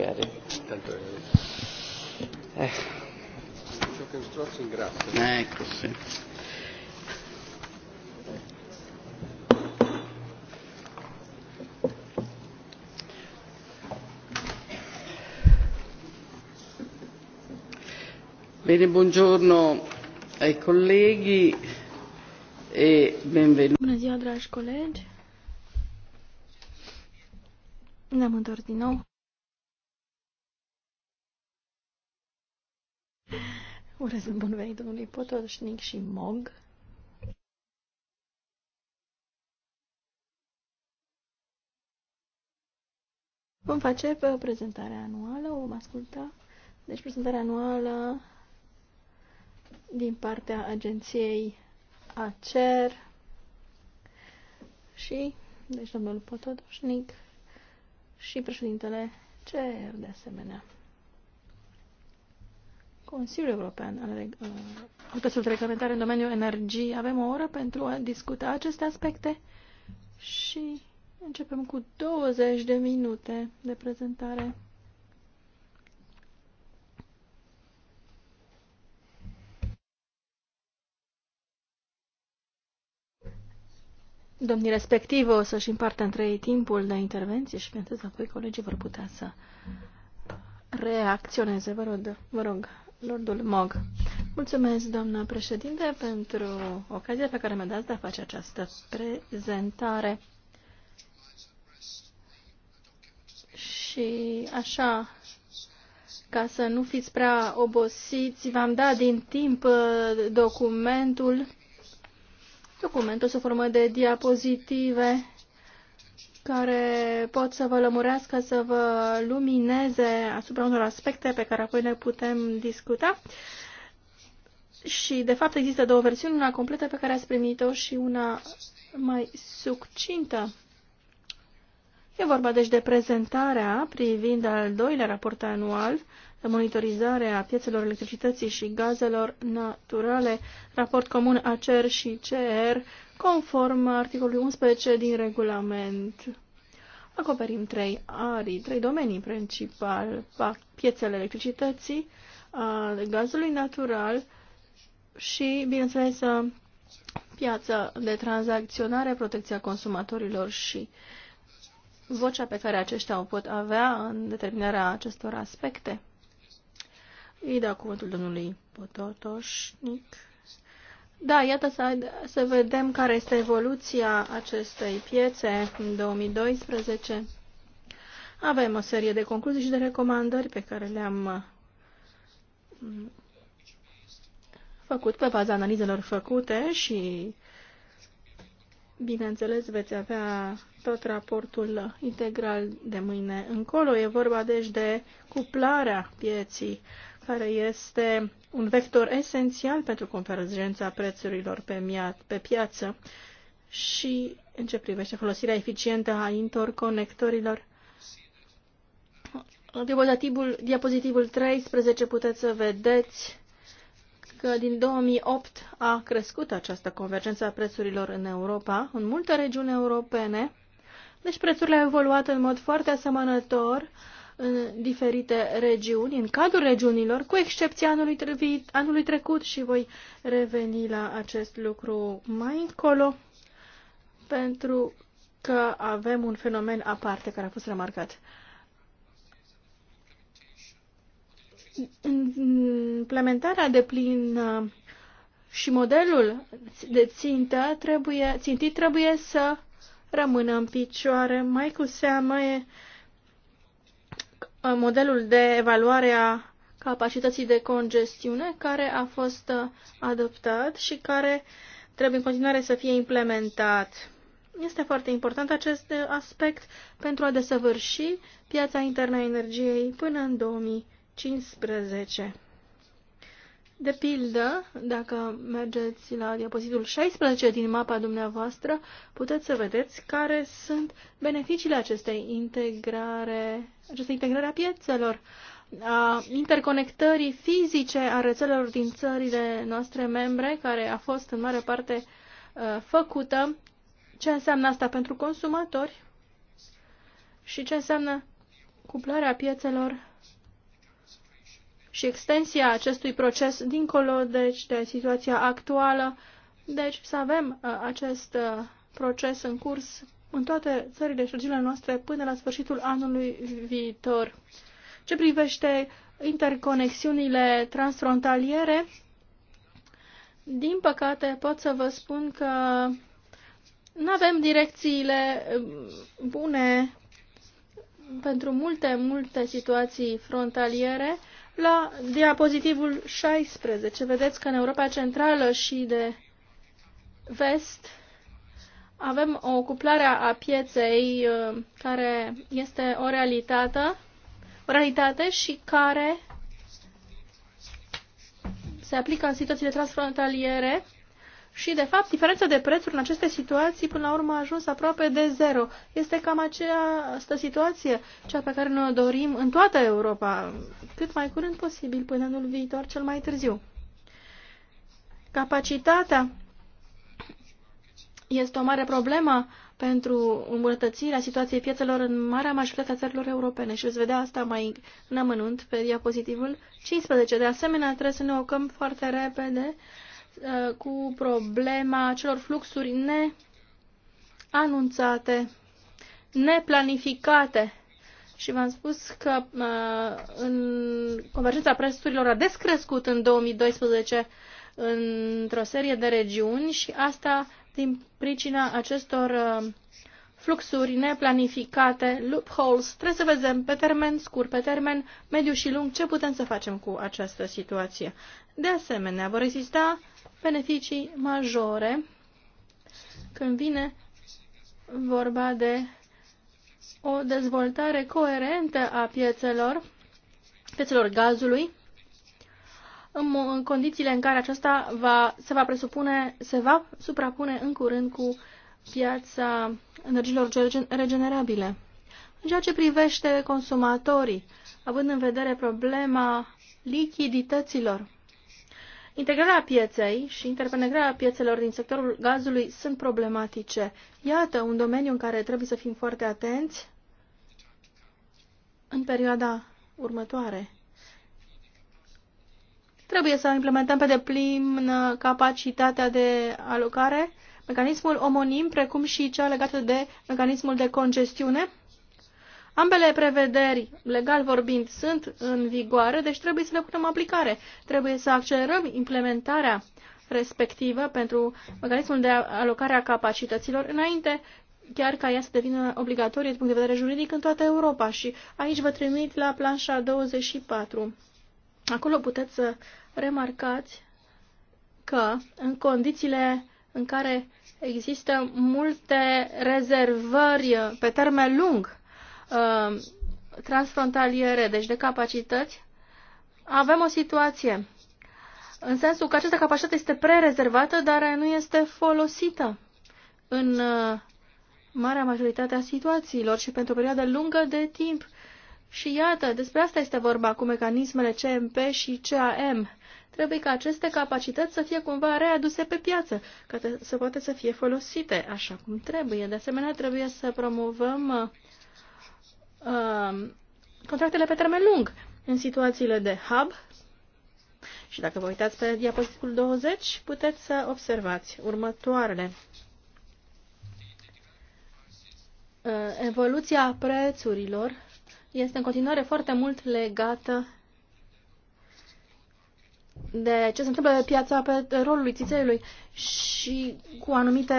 Chiari. Eh. Ecco, Bene, buongiorno ai colleghi e benvenuti. Buongiorno, dragi colleghi. Ne-am întors din nou. urez bun venit domnului Potoșnic și Mog. Vom face pe uh, o prezentare anuală, o vom asculta. Deci prezentarea anuală din partea agenției ACER și, deci, domnul Potodoșnic și președintele CER de asemenea. Consiliul European al uh, de Reglementare în domeniul energiei. Avem o oră pentru a discuta aceste aspecte și începem cu 20 de minute de prezentare. Domnii respectivă o să-și împartă între ei timpul de intervenție și, bineînțeles, apoi colegii vor putea să reacționeze. Vă rog, vă rog Lordul Mog. Mulțumesc, doamnă președinte, pentru ocazia pe care mi-a dat de a face această prezentare. Și așa, ca să nu fiți prea obosiți, v-am dat din timp uh, documentul. Documentul se formă de diapozitive care pot să vă lămurească, să vă lumineze asupra unor aspecte pe care apoi ne putem discuta. Și, de fapt, există două versiuni, una completă pe care ați primit-o și una mai succintă. E vorba, deci, de prezentarea privind al doilea raport anual de monitorizare a piețelor electricității și gazelor naturale, raport comun ACER și CR, conform articolului 11 din regulament. Acoperim trei arii, trei domenii principal, piețele electricității, gazului natural și, bineînțeles, piața de tranzacționare, protecția consumatorilor și vocea pe care aceștia o pot avea în determinarea acestor aspecte. Îi dau cuvântul domnului Pototoșnic. Da, iată să, să vedem care este evoluția acestei piețe în 2012. Avem o serie de concluzii și de recomandări pe care le-am mm, făcut pe baza analizelor făcute și, bineînțeles, veți avea tot raportul integral de mâine încolo. E vorba, deci, de cuplarea pieții care este un vector esențial pentru convergența prețurilor pe, mia, pe piață și în ce privește folosirea eficientă a interconectorilor. Diapozitivul, diapozitivul 13 puteți să vedeți că din 2008 a crescut această convergență a prețurilor în Europa, în multe regiuni europene. Deci prețurile au evoluat în mod foarte asemănător în diferite regiuni, în cadrul regiunilor, cu excepția anului, trevi, anului trecut și voi reveni la acest lucru mai încolo, pentru că avem un fenomen aparte care a fost remarcat. Implementarea de plin uh, și modelul de țintă trebuie, țintit trebuie să rămână în picioare, mai cu seamă e, Uh, modelul de evaluare a capacității de congestiune care a fost uh, adoptat și care trebuie în continuare să fie implementat. Este foarte important acest uh, aspect pentru a desăvârși piața internă a energiei până în 2015. De pildă, dacă mergeți la diapozitul 16 din mapa dumneavoastră, puteți să vedeți care sunt beneficiile acestei integrare, acestei integrare a piețelor, a interconectării fizice a rețelelor din țările noastre membre, care a fost în mare parte uh, făcută. Ce înseamnă asta pentru consumatori și ce înseamnă cuplarea piețelor și extensia acestui proces dincolo deci, de situația actuală. Deci să avem uh, acest uh, proces în curs în toate țările și regiunile noastre până la sfârșitul anului viitor. Ce privește interconexiunile transfrontaliere, din păcate pot să vă spun că nu avem direcțiile uh, bune pentru multe, multe situații frontaliere la diapozitivul 16 vedeți că în Europa Centrală și de vest avem o cuplare a pieței uh, care este o realitate, o realitate și care se aplică în situațiile transfrontaliere și, de fapt, diferența de prețuri în aceste situații, până la urmă, a ajuns aproape de zero. Este cam această situație, cea pe care ne dorim în toată Europa, cât mai curând posibil, până anul viitor, cel mai târziu. Capacitatea este o mare problemă pentru îmbunătățirea situației piețelor în marea majoritate a țărilor europene și veți vedea asta mai în amănunt pe diapozitivul 15. De asemenea, trebuie să ne ocăm foarte repede uh, Uh, cu problema celor fluxuri neanunțate, neplanificate. Și v-am spus că uh, în convergența prețurilor a descrescut în 2012 într-o serie de regiuni și asta din pricina acestor uh, fluxuri neplanificate, loopholes. Trebuie să vedem pe termen scurt, pe termen mediu și lung ce putem să facem cu această situație. De asemenea, vor exista beneficii majore când vine vorba de o dezvoltare coerentă a piețelor, piețelor gazului, în, condițiile în care aceasta va, se va presupune, se va suprapune în curând cu piața energiilor regenerabile. În ceea ce privește consumatorii, având în vedere problema lichidităților Integrarea pieței și interpenetrarea piețelor din sectorul gazului sunt problematice. Iată un domeniu în care trebuie să fim foarte atenți în perioada următoare. Trebuie să implementăm pe deplin uh, capacitatea de alocare, mecanismul omonim, precum și cea legată de mecanismul de congestiune Ambele prevederi, legal vorbind, sunt în vigoare, deci trebuie să le punem aplicare. Trebuie să accelerăm implementarea respectivă pentru mecanismul de alocare a capacităților înainte chiar ca ea să devină obligatorie din punct de vedere juridic în toată Europa. Și aici vă trimit la planșa 24. Acolo puteți să remarcați că în condițiile în care există multe rezervări pe termen lung Uh, transfrontaliere, deci de capacități, avem o situație în sensul că această capacitate este prerezervată, dar nu este folosită în uh, marea majoritate a situațiilor și pentru o perioadă lungă de timp. Și iată, despre asta este vorba cu mecanismele CMP și CAM. Trebuie ca aceste capacități să fie cumva readuse pe piață, ca să poate să fie folosite așa cum trebuie. De asemenea, trebuie să promovăm uh, Um, contractele pe termen lung în situațiile de hub. Și dacă vă uitați pe diapozitivul 20, puteți să observați următoarele. Uh, evoluția prețurilor este în continuare foarte mult legată de ce se întâmplă pe piața petrolului, țițeiului și cu anumite,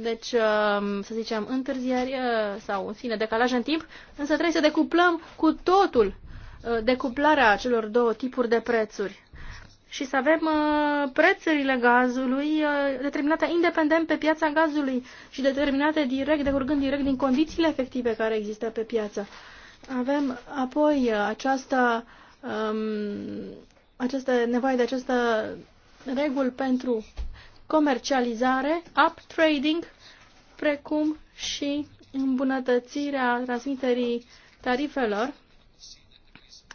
deci, um, să zicem, întârzieri uh, sau, în fine, decalaje în timp, însă trebuie să decuplăm cu totul uh, decuplarea celor două tipuri de prețuri și să avem uh, prețurile gazului determinate independent pe piața gazului și determinate direct, decurgând direct din condițiile efective care există pe piață. Avem apoi această um, aceste, nevoie de această reguli pentru comercializare, up trading, precum și îmbunătățirea transmiterii tarifelor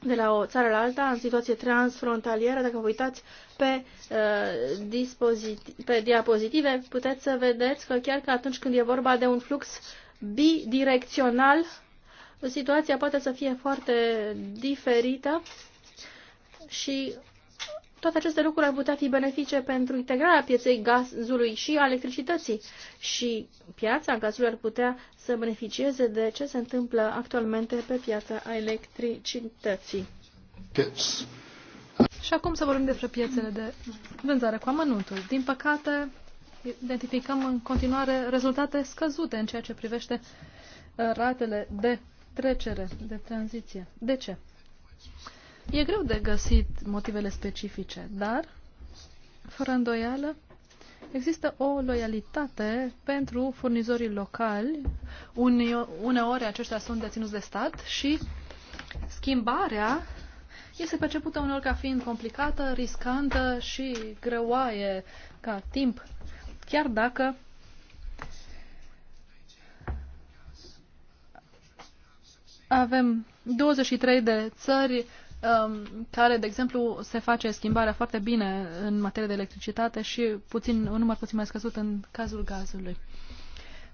de la o țară la alta în situație transfrontalieră. Dacă vă uitați pe, uh, pe diapozitive, puteți să vedeți că chiar că atunci când e vorba de un flux bidirecțional, situația poate să fie foarte diferită și toate aceste lucruri ar putea fi benefice pentru integrarea pieței gazului și a electricității și piața gazului ar putea să beneficieze de ce se întâmplă actualmente pe piața electricității. Pits. Și acum să vorbim despre piețele de vânzare cu amănuntul. Din păcate, identificăm în continuare rezultate scăzute în ceea ce privește uh, ratele de trecere, de tranziție. De ce? E greu de găsit motivele specifice, dar, fără îndoială, există o loialitate pentru furnizorii locali. Uneori aceștia sunt deținuți de stat și schimbarea este percepută uneori ca fiind complicată, riscantă și greoaie ca timp, chiar dacă avem 23 de țări Um, care, de exemplu, se face schimbarea foarte bine în materie de electricitate și puțin, un număr puțin mai scăzut în cazul gazului.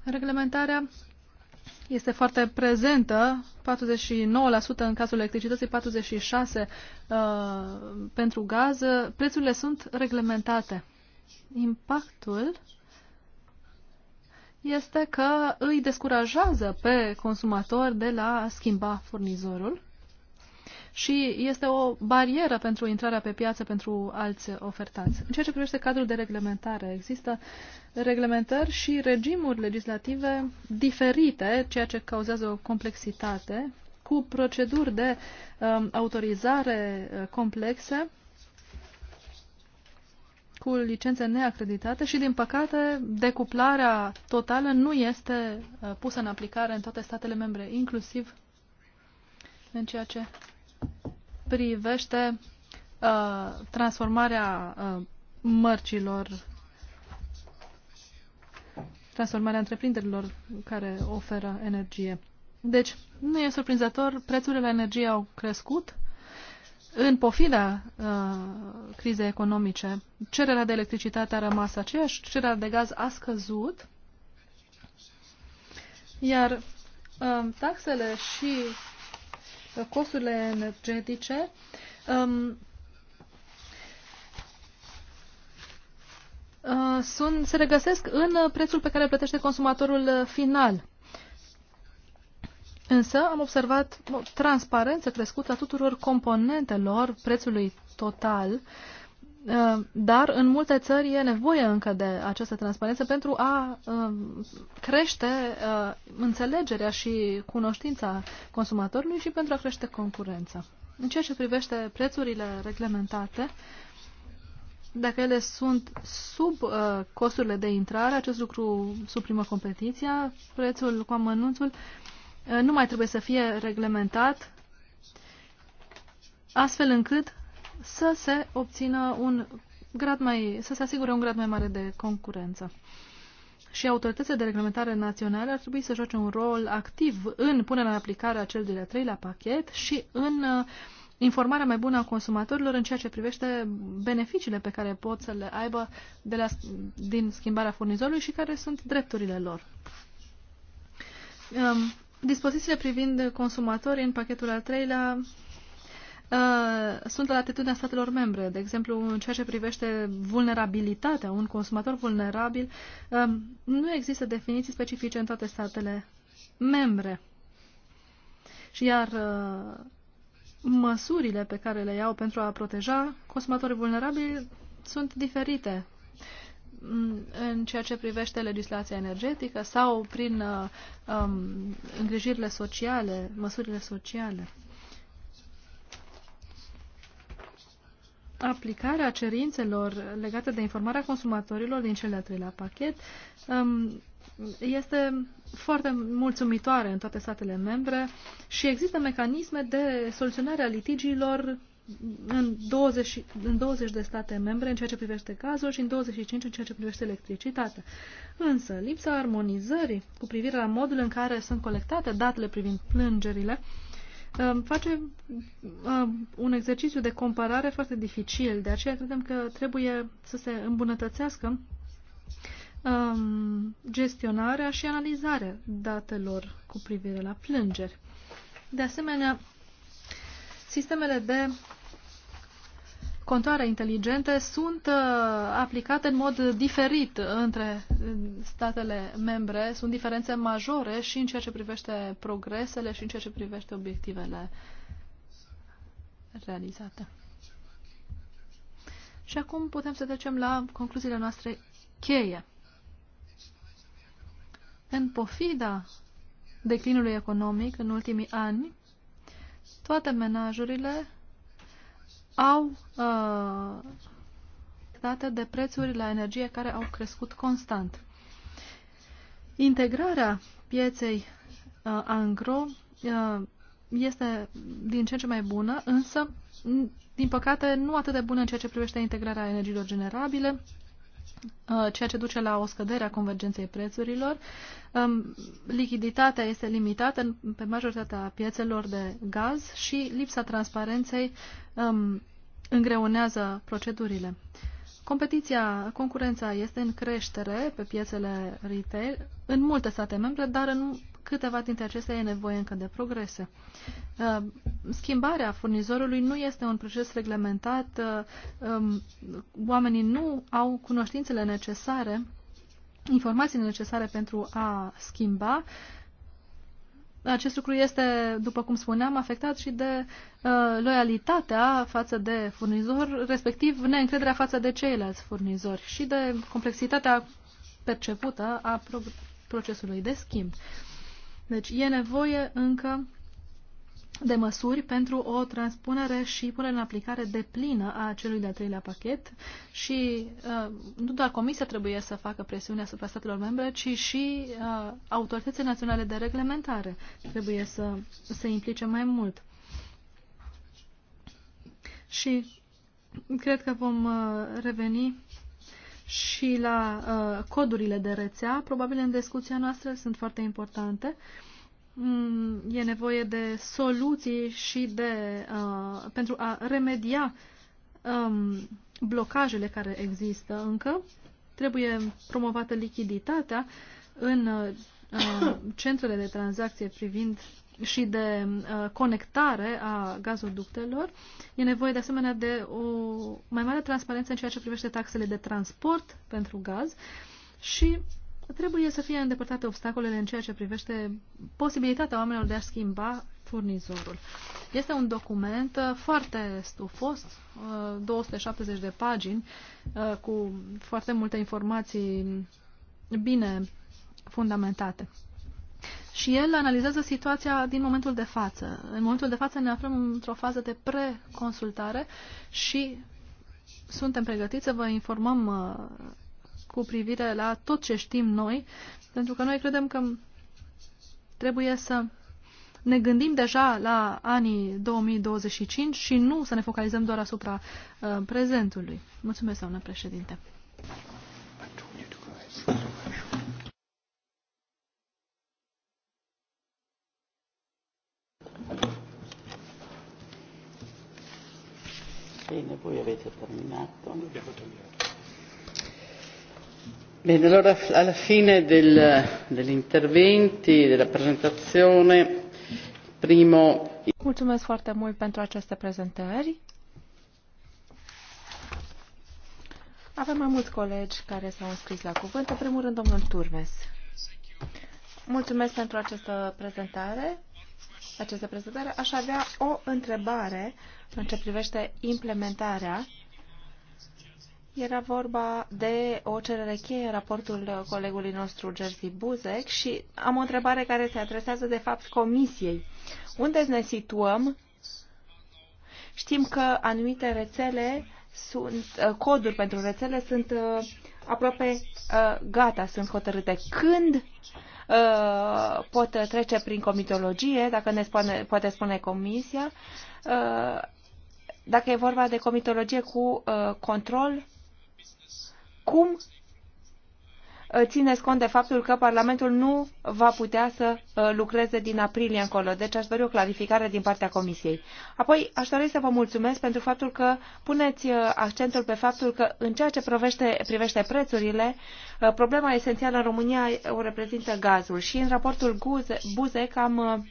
Reglementarea este foarte prezentă, 49% în cazul electricității, 46% uh, pentru gaz. Prețurile sunt reglementate. Impactul este că îi descurajează pe consumator de la schimba furnizorul și este o barieră pentru intrarea pe piață pentru alți ofertanți. În ceea ce privește cadrul de reglementare, există reglementări și regimuri legislative diferite, ceea ce cauzează o complexitate, cu proceduri de um, autorizare uh, complexe, cu licențe neacreditate și, din păcate, decuplarea totală nu este uh, pusă în aplicare în toate statele membre, inclusiv în ceea ce privește uh, transformarea uh, mărcilor, transformarea întreprinderilor care oferă energie. Deci, nu e surprinzător, prețurile la energie au crescut în pofida uh, crizei economice. Cererea de electricitate a rămas aceeași, cererea de gaz a scăzut, iar uh, taxele și costurile energetice. Um, uh, sunt, se regăsesc în prețul pe care îl plătește consumatorul final. Însă am observat o transparență crescută a tuturor componentelor prețului total Eh, dar în multe țări e nevoie încă de această transparență pentru a eh, crește eh, înțelegerea și cunoștința consumatorului și pentru a crește concurența. În ceea ce privește prețurile reglementate, dacă ele sunt sub uh, costurile de intrare, acest lucru suprimă competiția, prețul cu amănunțul uh, nu mai trebuie să fie reglementat astfel încât să se obțină un grad mai, să se asigure un grad mai mare de concurență. Și autoritățile de reglementare naționale ar trebui să joace un rol activ în punerea în aplicare a celui de la treilea pachet și în uh, informarea mai bună a consumatorilor în ceea ce privește beneficiile pe care pot să le aibă de la, din schimbarea furnizorului și care sunt drepturile lor. Um, dispozițiile privind consumatorii în pachetul al treilea Uh, sunt la atitudinea statelor membre. De exemplu, în ceea ce privește vulnerabilitatea, un consumator vulnerabil, um, nu există definiții specifice în toate statele membre. Și iar uh, măsurile pe care le iau pentru a proteja consumatorii vulnerabili sunt diferite mm, în ceea ce privește legislația energetică sau prin uh, um, îngrijirile sociale, măsurile sociale. aplicarea cerințelor legate de informarea consumatorilor din cel de-al treilea pachet um, este foarte mulțumitoare în toate statele membre și există mecanisme de soluționare a litigiilor în 20, în 20 de state membre în ceea ce privește gazul și în 25 în ceea ce privește electricitatea. Însă, lipsa armonizării cu privire la modul în care sunt colectate datele privind plângerile uh, face uh, un exercițiu de comparare foarte dificil, de aceea credem că trebuie să se îmbunătățească um, gestionarea și analizarea datelor cu privire la plângeri. De asemenea, sistemele de contoare inteligente sunt uh, aplicate în mod diferit între statele membre. Sunt diferențe majore și în ceea ce privește progresele și în ceea ce privește obiectivele realizate. Și acum putem să trecem la concluziile noastre cheie. În pofida declinului economic în ultimii ani, toate menajurile au uh, date de prețuri la energie care au crescut constant. Integrarea pieței uh, angro uh, este din ce în ce mai bună, însă, din păcate, nu atât de bună în ceea ce privește integrarea energiilor generabile Uh, ceea ce duce la o scădere a convergenței prețurilor. Um, lichiditatea este limitată pe majoritatea piețelor de gaz și lipsa transparenței um, îngreunează procedurile. Competiția, concurența este în creștere pe piețele retail în multe state membre, dar în câteva dintre acestea e nevoie încă de progrese. Uh, schimbarea furnizorului nu este un proces reglementat, uh, um, oamenii nu au cunoștințele necesare, informațiile necesare pentru a schimba. Acest lucru este, după cum spuneam, afectat și de uh, loialitatea față de furnizor, respectiv neîncrederea față de ceilalți furnizori și de complexitatea percepută a procesului de schimb. Uh, deci e nevoie încă de măsuri pentru o transpunere și punere în aplicare de plină a celui de-al treilea pachet și uh, nu doar Comisia trebuie să facă presiune asupra statelor membre, ci și uh, autoritățile naționale de reglementare trebuie să se implice mai mult. Și cred că vom uh, reveni și la uh, codurile de rețea. Probabil în discuția noastră sunt foarte importante. Mm, e nevoie de soluții și de, uh, pentru a remedia um, blocajele care există încă. Trebuie promovată lichiditatea în uh, uh centrele de tranzacție privind și de uh, conectare a gazoductelor. E nevoie de asemenea de o mai mare transparență în ceea ce privește taxele de transport pentru gaz și trebuie să fie îndepărtate obstacolele în ceea ce privește posibilitatea oamenilor de a schimba furnizorul. Este un document uh, foarte stufos, 270 uh, de pagini, cu foarte multe informații bine fundamentate. Și el analizează situația din momentul de față. În momentul de față ne aflăm într-o fază de preconsultare și suntem pregătiți să vă informăm uh, cu privire la tot ce știm noi, pentru că noi credem că trebuie să ne gândim deja la anii 2025 și nu să ne focalizăm doar asupra uh, prezentului. Mulțumesc, doamnă președinte. Bene, voi avete terminato. Bene, allora alla fine del, degli interventi, della presentazione, primo... Mulțumesc foarte mult pentru aceste prezentări. Avem mai mulți colegi care s-au înscris la cuvânt. În primul rând, domnul Turmes. Mulțumesc pentru această prezentare această prezentare, aș avea o întrebare în ce privește implementarea. Era vorba de o cerere cheie în raportul colegului nostru Jerzy Buzek și am o întrebare care se adresează de fapt comisiei. Unde ne situăm? Știm că anumite rețele sunt, uh, coduri pentru rețele sunt uh, aproape uh, gata, sunt hotărâte. Când Uh, pot trece prin comitologie, dacă ne spune, poate spune comisia. Uh, dacă e vorba de comitologie cu uh, control, cum Uh, țineți cont de faptul că Parlamentul nu va putea să uh, lucreze din aprilie încolo. Deci aș dori o clarificare din partea Comisiei. Apoi aș dori să vă mulțumesc pentru faptul că puneți uh, accentul pe faptul că în ceea ce privește, privește prețurile, problema esențială în România o reprezintă gazul. Și în raportul Buzek am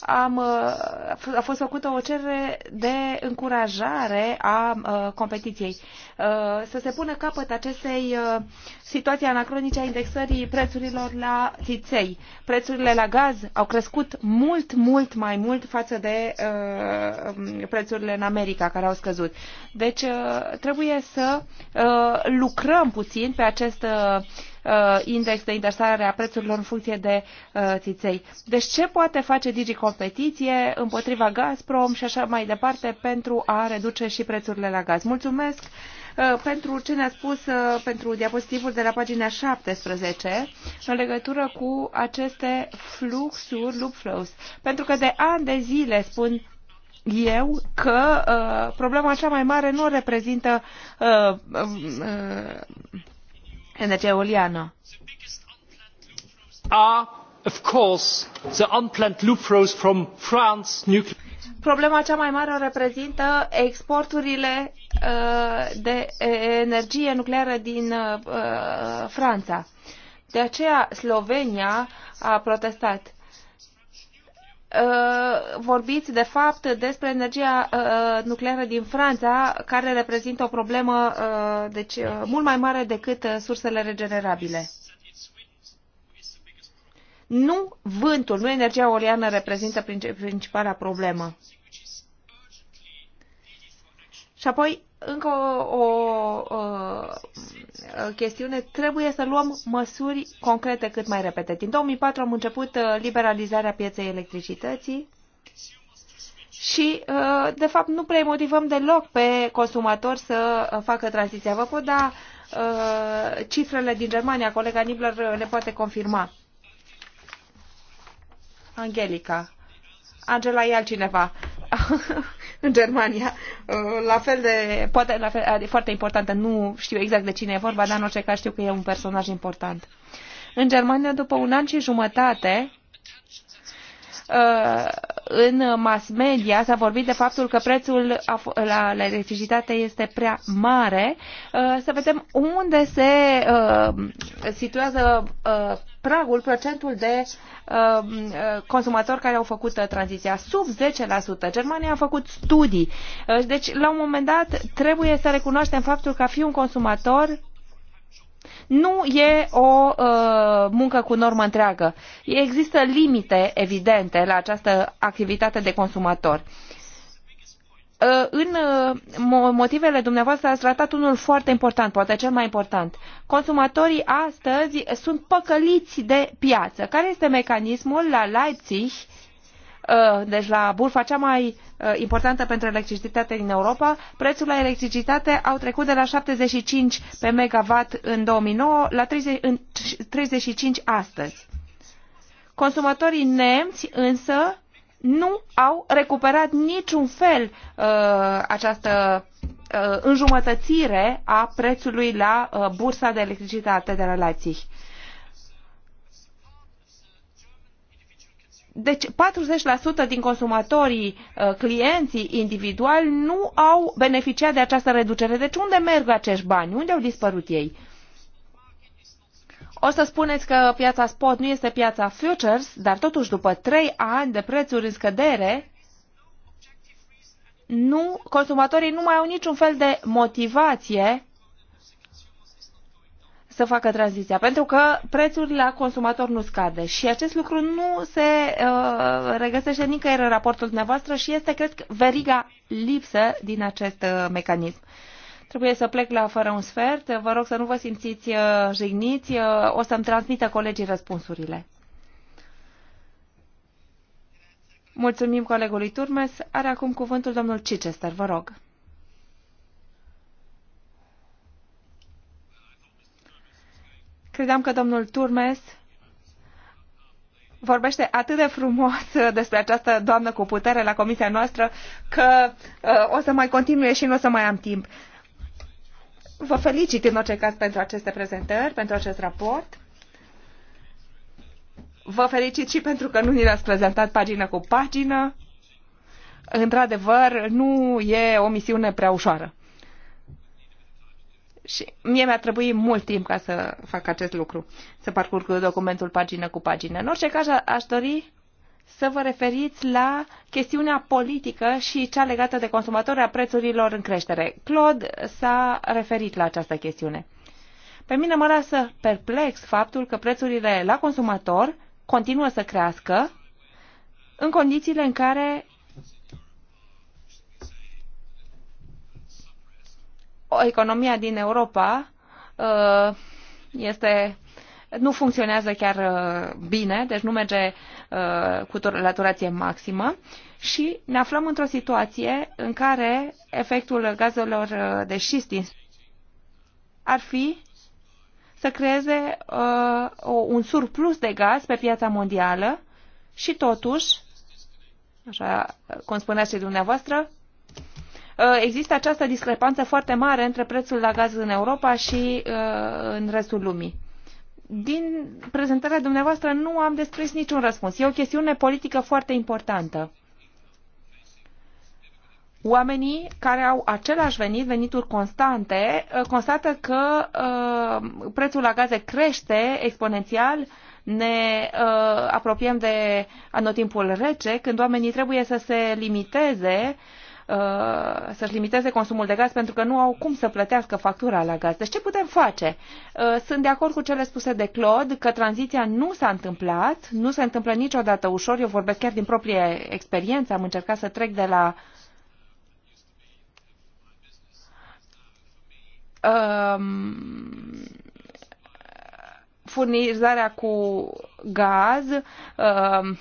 am, uh, a fost făcută o cerere de încurajare a uh, competiției. Uh, să se pună capăt acestei situații anacronice a indexării prețurilor la țiței. Prețurile la gaz au crescut mult, mult mai mult față de prețurile în America, care au scăzut. Deci trebuie să lucrăm puțin pe acest Uh, index de indexare a prețurilor în funcție de uh, țiței. Deci ce poate face Digi Competiție împotriva Gazprom și așa mai departe pentru a reduce și prețurile la gaz? Mulțumesc uh, pentru ce ne-a spus pentru diapozitivul de la pagina 17 în legătură cu aceste fluxuri, loop flows. Pentru că de ani de zile spun eu că uh, problema cea mai mare nu reprezintă uh, um, uh, energie problema cea mai mare o reprezintă exporturile uh, de energie nucleară din uh, uh, Franța. De aceea Slovenia a protestat. Uh, vorbiți de fapt despre energia uh, nucleară din Franța, care reprezintă o problemă uh, deci, mult mai mare decât sursele regenerabile. Nu vântul, nu energia oleană reprezintă principala problemă. Și apoi încă o, o, o chestiune, trebuie să luăm măsuri concrete cât mai repede. Din 2004 am început uh, liberalizarea pieței electricității și, uh, de fapt, nu prea motivăm deloc pe consumatori să uh, facă tranziția. Vă pot da cifrele din Germania, colega Nibler le poate confirma. Angelica. Angela e altcineva. în Germania. Uh, la fel de, poate la fel, de adică foarte importantă, nu știu exact de cine e vorba, dar în orice caz știu că e un personaj important. În Germania, după un an și jumătate, uh, în mass media s-a vorbit de faptul că prețul la electricitate este prea mare. Uh, să vedem unde se situează pragul, procentul de uh, uh, consumatori care au făcut uh, tranziția. Sub 10%. Germania a făcut studii. Uh, deci, la un moment dat, trebuie să recunoaștem faptul că a fi un consumator nu e o uh, muncă cu normă întreagă. Există limite evidente la această activitate de consumator. Uh, Uh, în uh, motivele dumneavoastră ați tratat unul foarte important, poate cel mai important. Consumatorii astăzi sunt păcăliți de piață. Care este mecanismul la Leipzig, uh, deci la burfa cea mai importantă pentru electricitate din Europa, prețul la electricitate au trecut de la 75 pe megawatt în 2009 la 30, în 35 astăzi. Consumatorii nemți însă nu au recuperat niciun fel uh, această uh, înjumătățire a prețului la uh, bursa de electricitate de la Leipzig. Deci 40% din consumatorii, uh, clienții individuali, nu au beneficiat de această reducere. Deci unde merg acești bani? Unde au dispărut ei? O să spuneți că piața spot nu este piața futures, dar totuși după trei ani de prețuri în scădere, nu, consumatorii nu mai au niciun fel de motivație să facă tranziția, pentru că prețul la consumator nu scade și acest lucru nu se uh, regăsește nicăieri în raportul dumneavoastră și este, cred, veriga lipsă din acest uh, mecanism. Uh, Trebuie să plec la fără un sfert. Vă rog să nu vă simțiți uh, jigniți. Uh, o să-mi transmită colegii răspunsurile. Mulțumim colegului Turmes. Are acum cuvântul domnul Chichester. Vă rog. Credeam că domnul Turmes vorbește atât de frumos uh, despre această doamnă cu putere la comisia noastră că uh, o să mai continue și nu o să mai am timp. Vă felicit în orice caz pentru aceste prezentări, pentru acest raport. Vă felicit și pentru că nu ni l-ați prezentat pagină cu pagină. Într-adevăr, nu e o misiune prea ușoară. Și mie mi-a trebuit mult timp ca să fac acest lucru, să parcurg documentul pagină cu pagină. În orice caz, aș dori să vă referiți la chestiunea politică și cea legată de consumatori a prețurilor în creștere. Claude s-a referit la această chestiune. Pe mine mă lasă perplex faptul că prețurile la consumator continuă să crească în condițiile în care o economia din Europa uh, este nu funcționează chiar uh, bine, deci nu merge uh, cu laturație maximă și ne aflăm într-o situație în care efectul gazelor uh, de șist ar fi să creeze un surplus de gaz pe piața mondială și totuși, așa cum spuneați și dumneavoastră, există această discrepanță foarte mare între prețul la gaz în Europa și în restul lumii din prezentarea dumneavoastră nu am desprins niciun răspuns. E o chestiune politică foarte importantă. Oamenii care au același venit, venituri constante, uh, constată că uh, prețul la gaze crește exponențial, ne uh, apropiem de anotimpul rece, când oamenii trebuie să se limiteze uh, Uh, să-și limiteze consumul de gaz pentru că nu au cum să plătească factura la gaz. Deci ce putem face? Uh, sunt de acord cu cele spuse de Claude că tranziția nu s-a întâmplat, nu se întâmplă niciodată ușor. Eu vorbesc chiar din proprie experiență. Am încercat să trec de la um, furnizarea cu gaz um,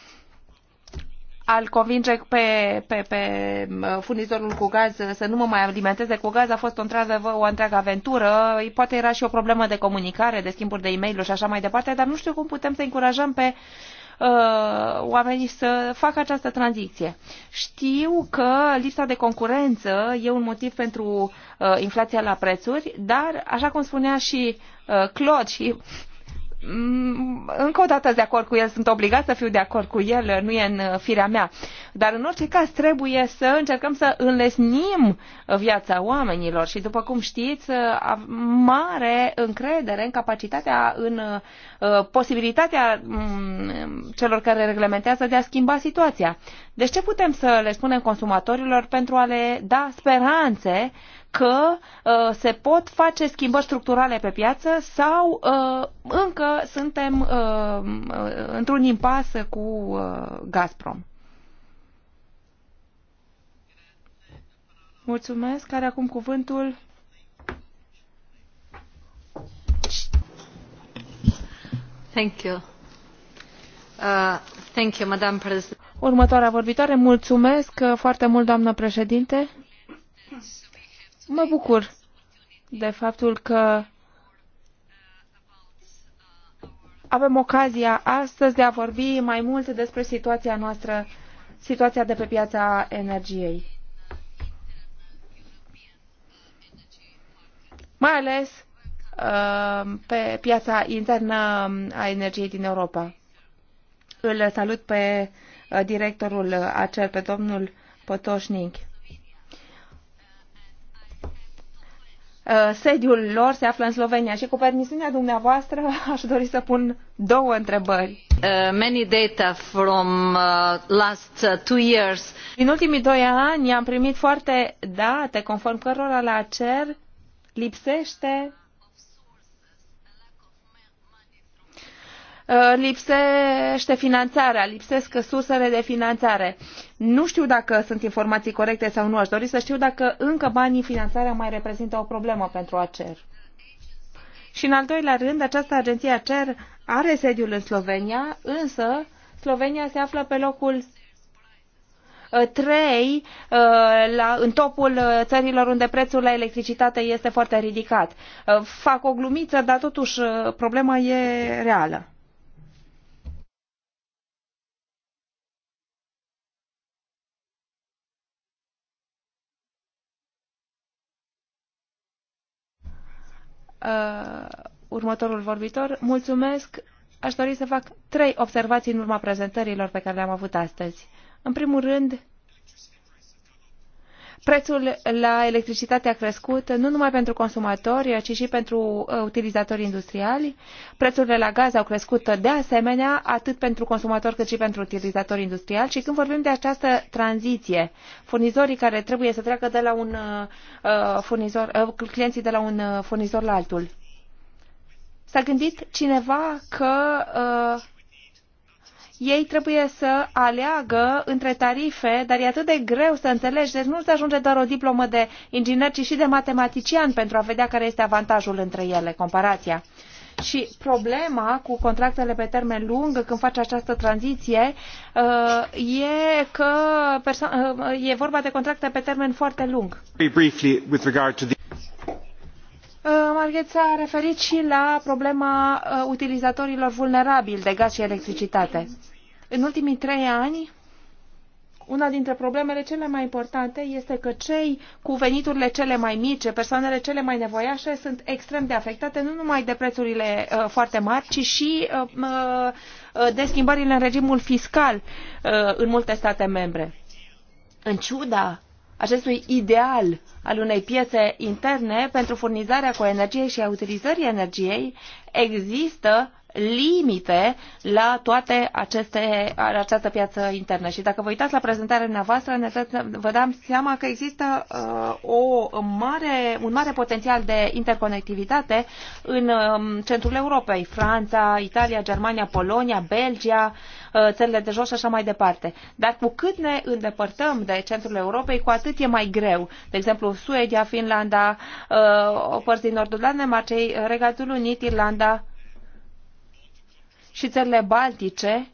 al convinge pe, pe, pe furnizorul cu gaz să nu mă mai alimenteze cu gaz a fost într-adevăr o întreagă aventură. Poate era și o problemă de comunicare, de schimburi de e mail și așa mai departe, dar nu știu cum putem să încurajăm pe uh, oamenii să facă această tranziție. Știu că lista de concurență e un motiv pentru uh, inflația la prețuri, dar, așa cum spunea și uh, Claude și Mm, încă o dată de acord cu el, sunt obligat să fiu de acord cu el, nu e în uh, firea mea. Dar în orice caz trebuie să încercăm să înlesnim viața oamenilor și după cum știți, uh, mare încredere în capacitatea, în uh, posibilitatea mm, celor care reglementează de a schimba situația. Deci ce putem să le spunem consumatorilor pentru a le da speranțe că uh, se pot face schimbări structurale pe piață sau uh, încă suntem uh, uh într-un impas cu uh, Gazprom. Mulțumesc. Care acum cuvântul? Thank you. Uh, thank you, Madam President. Următoarea vorbitoare, mulțumesc foarte mult, doamnă președinte. Mă bucur de faptul că avem ocazia astăzi de a vorbi mai mult despre situația noastră, situația de pe piața energiei. Mai ales uh, pe piața internă a energiei din Europa. Îl salut pe uh, directorul uh, acel, pe domnul Potoșnic. Uh, sediul lor se află în Slovenia și cu permisiunea dumneavoastră aș dori să pun două întrebări. Uh, many data from uh, last uh, two years. În ultimii doi ani am primit foarte date conform cărora la cer lipsește Uh, lipsește finanțarea, lipsesc sursele de finanțare. Nu știu dacă sunt informații corecte sau nu. Aș dori să știu dacă încă banii finanțarea mai reprezintă o problemă pentru ACER. Și în al doilea rând, această agenție ACER are sediul în Slovenia, însă Slovenia se află pe locul 3 uh, uh, la, în topul țărilor unde prețul la electricitate este foarte ridicat. Fac o glumiță, dar totuși problema e reală. uh, următorul vorbitor. Mulțumesc. Aș dori să fac trei observații în urma prezentărilor pe care le-am avut astăzi. În primul rând, Prețul la electricitate a crescut nu numai pentru consumatori, ci și pentru uh, utilizatorii industriali. Prețurile la gaz au crescut de asemenea, atât pentru consumatori cât și pentru utilizatorii industriali. Și când vorbim de această tranziție, furnizorii care trebuie să treacă de la un uh, uh furnizor, uh, clienții de la un uh, furnizor la altul, s-a gândit cineva că uh, ei trebuie să aleagă între tarife, dar e atât de greu să înțelegi, deci nu se ajunge doar o diplomă de inginer, ci și de matematician pentru a vedea care este avantajul între ele, comparația. Și problema cu contractele pe termen lung, când faci această tranziție, uh, e că uh, e vorba de contracte pe termen foarte lung. Uh, Marghet s-a referit și la problema uh, utilizatorilor vulnerabili de gaz și electricitate. În ultimii trei ani, una dintre problemele cele mai importante este că cei cu veniturile cele mai mici, persoanele cele mai nevoiașe, sunt extrem de afectate nu numai de prețurile uh, foarte mari, ci și uh, uh de schimbările în regimul fiscal uh, în multe state membre. În ciuda acestui ideal al unei piețe interne pentru furnizarea cu energie și a utilizării energiei există limite la toate aceste, această piață internă. Și dacă vă uitați la prezentarea dumneavoastră, vă dați seama că există uh, o mare, un mare potențial de interconectivitate în um, centrul Europei, Franța, Italia, Germania, Polonia, Belgia, uh, țările de jos și așa mai departe. Dar cu cât ne îndepărtăm de centrul Europei, cu atât e mai greu. De exemplu, Suedia, Finlanda, uh, o părți din nordul Danemarcei, Regatul Unit, Irlanda, și țările baltice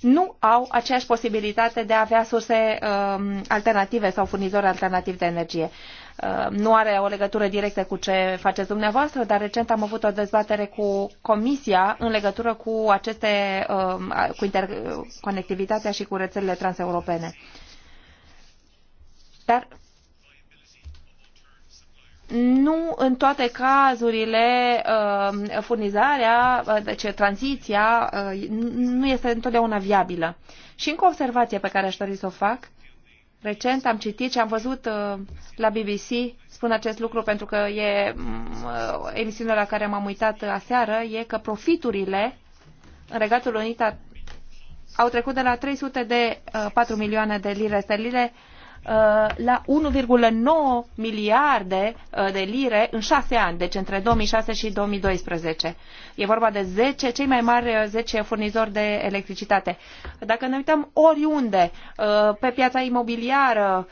nu au aceeași posibilitate de a avea surse uh, alternative sau furnizori alternativi de energie. Uh, nu are o legătură directă cu ce faceți dumneavoastră, dar recent am avut o dezbatere cu Comisia în legătură cu aceste, uh, cu interconectivitatea și cu rețelele transeuropene. Dar nu în toate cazurile uh, furnizarea, uh, deci tranziția, uh, nu este întotdeauna viabilă. Și încă o observație pe care aș dori să o fac. Recent am citit și am văzut la BBC, spun acest lucru pentru că e emisiunea la care m-am uitat aseară, e că profiturile în Regatul Unit au trecut de la 300 de 4 milioane de lire sterline Uh, la 1,9 miliarde uh, de lire în șase ani, deci între 2006 și 2012. E vorba de 10, cei mai mari 10 uh, furnizori de electricitate. Dacă ne uităm oriunde, pe piața imobiliară,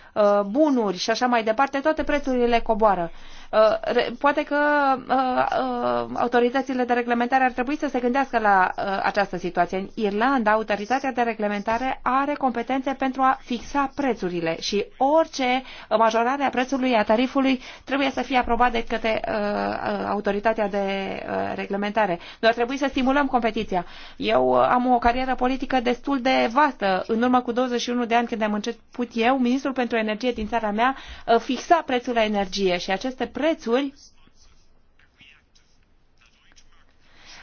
bunuri și așa mai departe, toate prețurile coboară. Uh, poate că uh, uh, autoritățile de reglementare ar trebui să se gândească la această situație. În Irlanda, autoritatea de reglementare are competențe pentru a fixa prețurile și orice majorare a prețului, a tarifului, trebuie să fie aprobat de către autoritatea de reglementare. Noi ar trebui să stimulăm competiția. Eu am o carieră politică destul de vastă. În urmă cu 21 de ani, când am început eu, ministrul pentru energie din țara mea fixa prețul la energie și aceste prețuri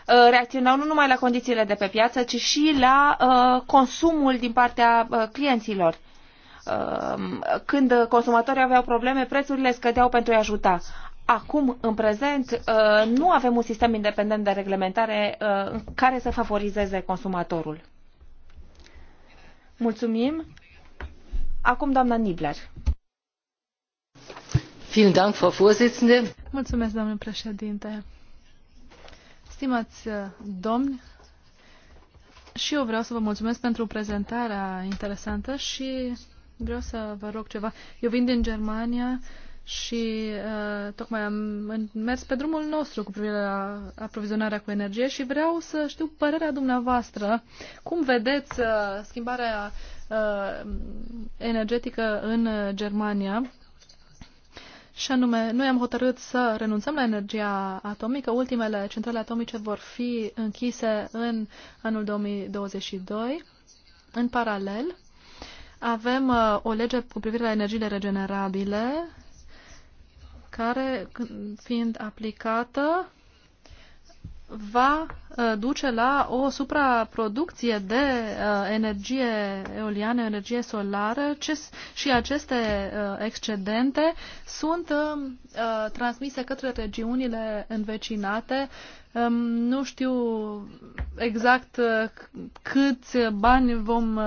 uh, reacționau nu numai la condițiile de pe piață, ci și la uh, consumul din partea uh, clienților. Când consumatorii aveau probleme, prețurile scădeau pentru a ajuta. Acum, în prezent, nu avem un sistem independent de reglementare care să favorizeze consumatorul. Mulțumim. Acum, doamna Nibler. Mulțumesc, domnule președinte. Stimați uh, domni, și eu vreau să vă mulțumesc pentru prezentarea interesantă și vreau să vă rog ceva. Eu vin din Germania și uh, tocmai am mers pe drumul nostru cu privire la aprovizionarea cu energie și vreau să știu părerea dumneavoastră. Cum vedeți uh, schimbarea uh, energetică în Germania? și anume, noi am hotărât să renunțăm la energia atomică. Ultimele centrale atomice vor fi închise în anul 2022. În paralel, avem uh, o lege cu privire la energiile regenerabile, care, fiind aplicată, va uh, duce la o supraproducție de uh, energie eoliană, energie solară ce, și aceste uh, excedente sunt um, transmise către regiunile învecinate. Um, nu știu exact câți bani vom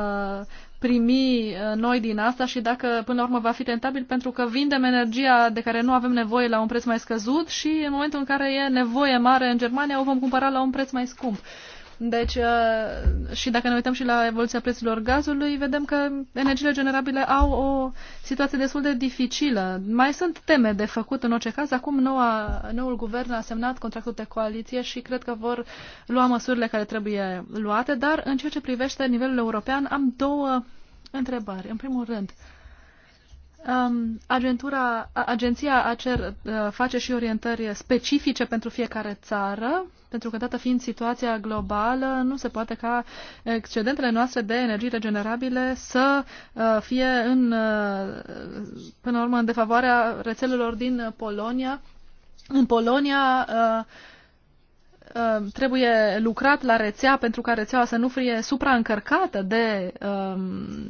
primi uh, noi din asta și dacă până la urmă va fi tentabil pentru că vindem energia de care nu avem nevoie la un preț mai scăzut și în momentul în care e nevoie mare în Germania o vom cumpăra la un preț mai scump. Deci, uh, și dacă ne uităm și la evoluția prețurilor gazului, vedem că energiile generabile au o situație destul de dificilă. Mai sunt teme de făcut în orice caz. Acum noua, noul guvern a semnat contractul de coaliție și cred că vor lua măsurile care trebuie luate, dar în ceea ce privește nivelul european am două întrebări. În primul rând, Um, agentura, agenția ACER uh, face și orientări specifice pentru fiecare țară, pentru că, dată fiind situația globală, nu se poate ca excedentele noastre de energii regenerabile să uh, fie, în, uh, până la urmă, în defavoarea rețelelor din Polonia. În Polonia, uh, uh trebuie lucrat la rețea pentru ca rețeaua să nu fie supraîncărcată de um,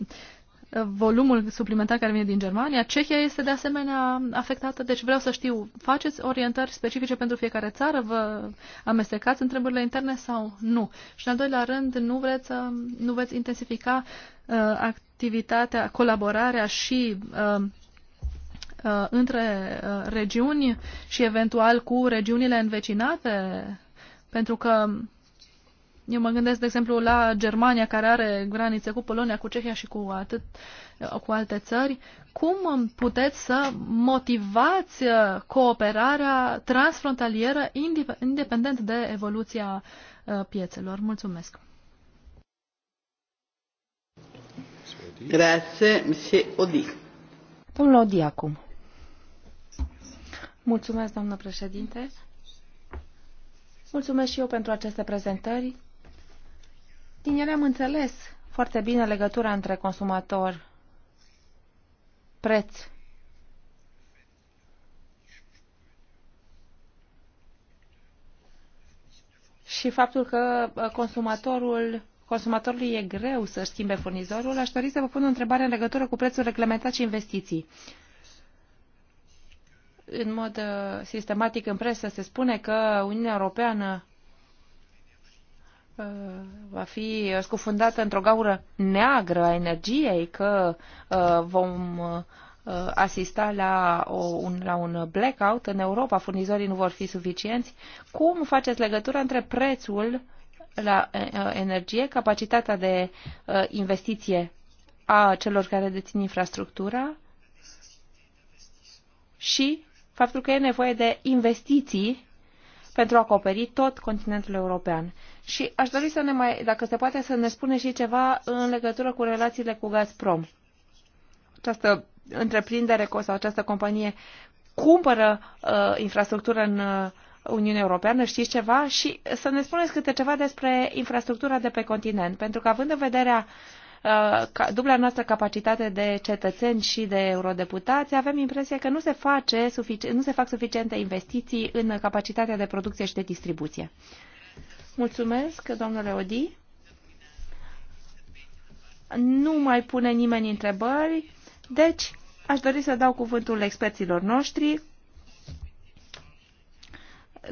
volumul suplimentar care vine din Germania. Cehia este de asemenea afectată, deci vreau să știu, faceți orientări specifice pentru fiecare țară? Vă amestecați întrebările interne sau nu? Și în al doilea rând, nu vreți, să uh, nu veți intensifica uh, activitatea, colaborarea și uh, uh, între uh, regiuni și eventual cu regiunile învecinate? Pentru că eu mă gândesc, de exemplu, la Germania, care are granițe cu Polonia, cu Cehia și cu, atât, cu alte țări. Cum puteți să motivați uh, cooperarea transfrontalieră independent de evoluția uh, piețelor? Mulțumesc! Grazie, Odi. Domnul Odi acum. Mulțumesc, doamnă președinte. Mulțumesc și eu pentru aceste prezentări. Din ele am înțeles foarte bine legătura între consumator, preț și faptul că consumatorul consumatorului e greu să schimbe furnizorul, aș dori să vă pun o întrebare în legătură cu prețul reglementat și investiții. În mod uh, sistematic în presă se spune că Uniunea Europeană Uh, va fi scufundată într-o gaură neagră a energiei, că uh, vom uh, asista la, o, un, la un blackout în Europa, furnizorii nu vor fi suficienți. Cum faceți legătura între prețul la energie, capacitatea de investiție a celor care dețin infrastructura și faptul că e nevoie de investiții pentru a acoperi tot continentul european. Și aș dori să ne mai, dacă se poate, să ne spune și ceva în legătură cu relațiile cu Gazprom. Această întreprindere sau această companie cumpără uh, infrastructură în uh, Uniunea Europeană, știți ceva? Și să ne spuneți câte ceva despre infrastructura de pe continent, pentru că având în vederea uh, dubla noastră capacitate de cetățeni și de eurodeputați, avem impresia că nu se, face nu se fac suficiente investiții în capacitatea de producție și de distribuție. Uh, Mulțumesc, domnule Odi. Nu mai pune nimeni întrebări, deci aș dori să dau cuvântul experților noștri,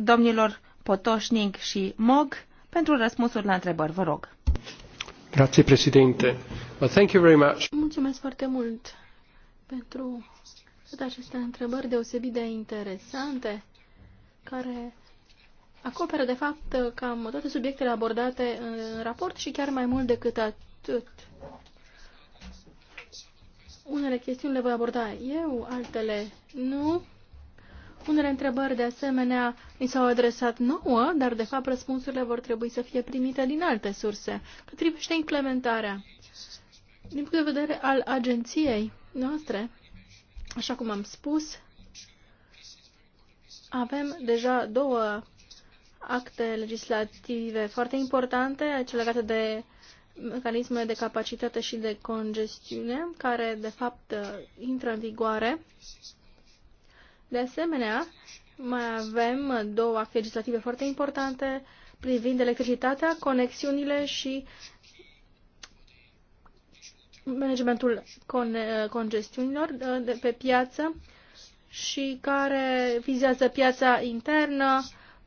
domnilor Potoșnic și Mog, pentru răspunsuri la întrebări. Vă rog. Grazie, președinte. Well, thank you very much. Mulțumesc foarte mult pentru toate aceste întrebări deosebit de interesante, care acoperă, de fapt, cam toate subiectele abordate în raport și chiar mai mult decât atât. Unele chestiuni le voi aborda eu, altele nu. Unele întrebări, de asemenea, mi s-au adresat nouă, dar, de fapt, răspunsurile vor trebui să fie primite din alte surse. Cât privește implementarea, din punct de vedere al agenției noastre, așa cum am spus, avem deja două acte legislative foarte importante, cele legate de mecanisme de capacitate și de congestiune, care de fapt intră în vigoare. De asemenea, mai avem două acte legislative foarte importante privind electricitatea, conexiunile și managementul con congestiunilor uh, de pe piață și care vizează piața internă,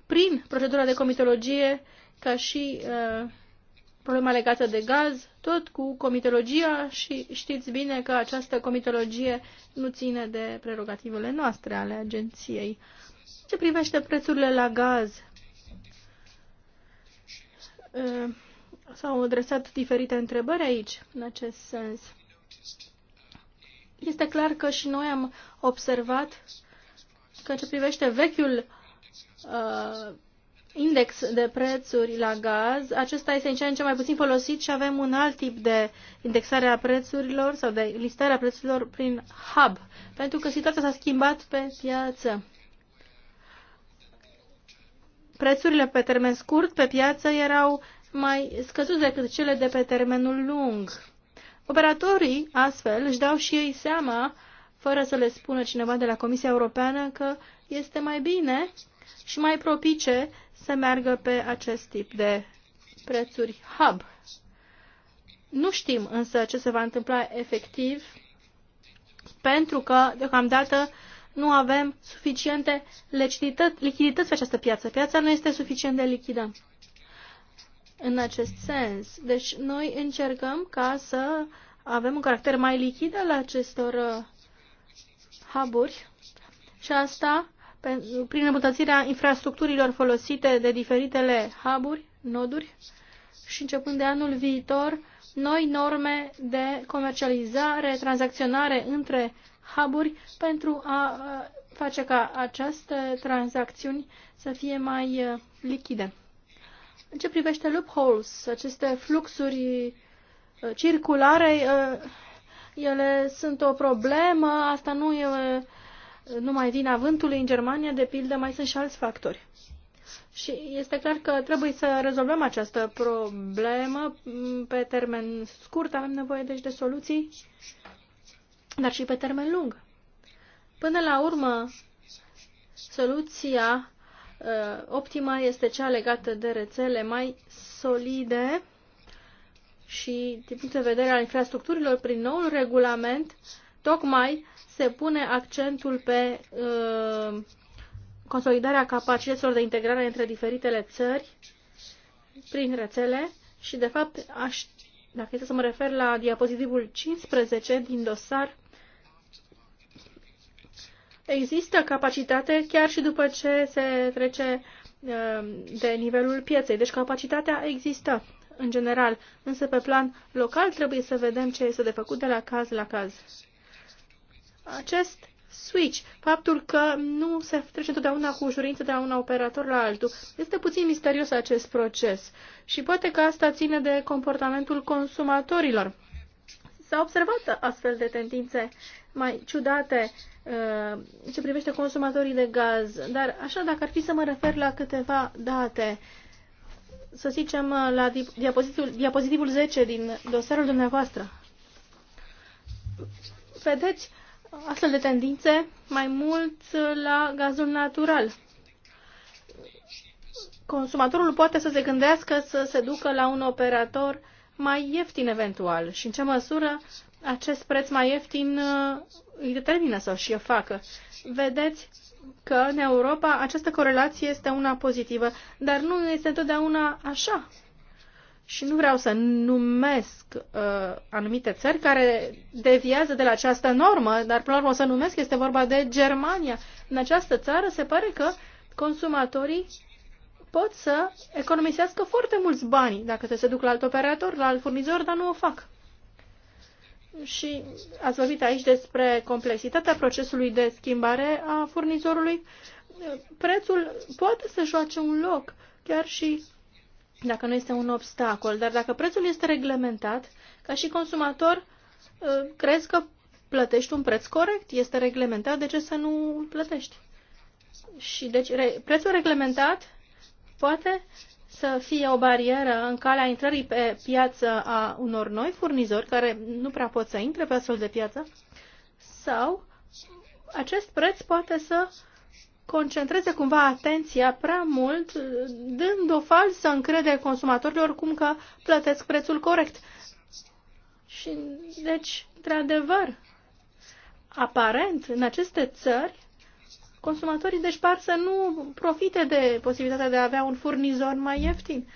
prin procedura de comitologie, ca și uh, problema legată de gaz, tot cu comitologia și știți bine că această comitologie nu ține de prerogativele noastre ale agenției. Ce privește prețurile la gaz, uh, s-au adresat diferite întrebări aici, în acest sens. Este clar că și noi am observat că ce privește vechiul uh, index de prețuri la gaz, acesta este în ce în ce mai puțin folosit și avem un alt tip de indexare a prețurilor sau de listare a prețurilor prin hub, pentru că situația s-a schimbat pe piață. Prețurile pe termen scurt pe piață erau mai scăzute decât cele de pe termenul lung. Operatorii, astfel, își dau și ei seama, fără să le spună cineva de la Comisia Europeană, că este mai bine și mai propice să meargă pe acest tip de prețuri hub. Nu știm însă ce se va întâmpla efectiv, pentru că deocamdată nu avem suficiente lichidități pe această piață. Piața nu este suficient de lichidă în acest sens. Deci noi încercăm ca să avem un caracter mai lichid al acestor uh, huburi și asta prin îmbunătățirea infrastructurilor folosite de diferitele hub-uri, noduri și începând de anul viitor, noi norme de comercializare, tranzacționare între hub pentru a face ca aceste tranzacțiuni să fie mai lichide. În ce privește loopholes, aceste fluxuri circulare, ele sunt o problemă, asta nu e numai vina vântului în Germania, de pildă, mai sunt și alți factori. Și este clar că trebuie să rezolvăm această problemă pe termen scurt, avem nevoie deci de soluții, dar și pe termen lung. Până la urmă, soluția uh, optimă este cea legată de rețele mai solide și din punct de vedere al infrastructurilor, prin noul regulament, tocmai se pune accentul pe uh, consolidarea capacităților de integrare între diferitele țări prin rețele și, de fapt, aș, dacă este să mă refer la diapozitivul 15 din dosar, există capacitate chiar și după ce se trece uh, de nivelul pieței. Deci capacitatea există în general, însă pe plan local trebuie să vedem ce este de făcut de la caz la caz acest switch, faptul că nu se trece întotdeauna cu ușurință de la un operator la altul. Este puțin misterios acest proces și poate că asta ține de comportamentul consumatorilor. S-au observat astfel de tendințe mai ciudate uh, ce privește consumatorii de gaz, dar așa dacă ar fi să mă refer la câteva date, să zicem uh, la diapozitivul, diapozitivul 10 din dosarul dumneavoastră, vedeți astfel de tendințe mai mult la gazul natural. Consumatorul poate să se gândească să se ducă la un operator mai ieftin eventual și în ce măsură acest preț mai ieftin uh, îi determină să și o facă. Vedeți că în Europa această corelație este una pozitivă, dar nu este întotdeauna așa și nu vreau să numesc uh, anumite țări care deviază de la această normă, dar până la urmă o să numesc, este vorba de Germania. În această țară se pare că consumatorii pot să economisească foarte mulți bani dacă se duc la alt operator, la alt furnizor, dar nu o fac. Și ați vorbit aici despre complexitatea procesului de schimbare a furnizorului. Prețul poate să joace un loc, chiar și dacă nu este un obstacol. Dar dacă prețul este reglementat, ca și consumator, ă, crezi că plătești un preț corect, este reglementat, de ce să nu plătești? Și deci re, prețul reglementat poate să fie o barieră în calea intrării pe piață a unor noi furnizori care nu prea pot să intre pe astfel de piață sau acest preț poate să concentreze cumva atenția prea mult, dând o falsă încredere consumatorilor cum că plătesc prețul corect. Și deci, într-adevăr, aparent, în aceste țări, consumatorii deci par să nu profite de posibilitatea de a avea un furnizor mai ieftin.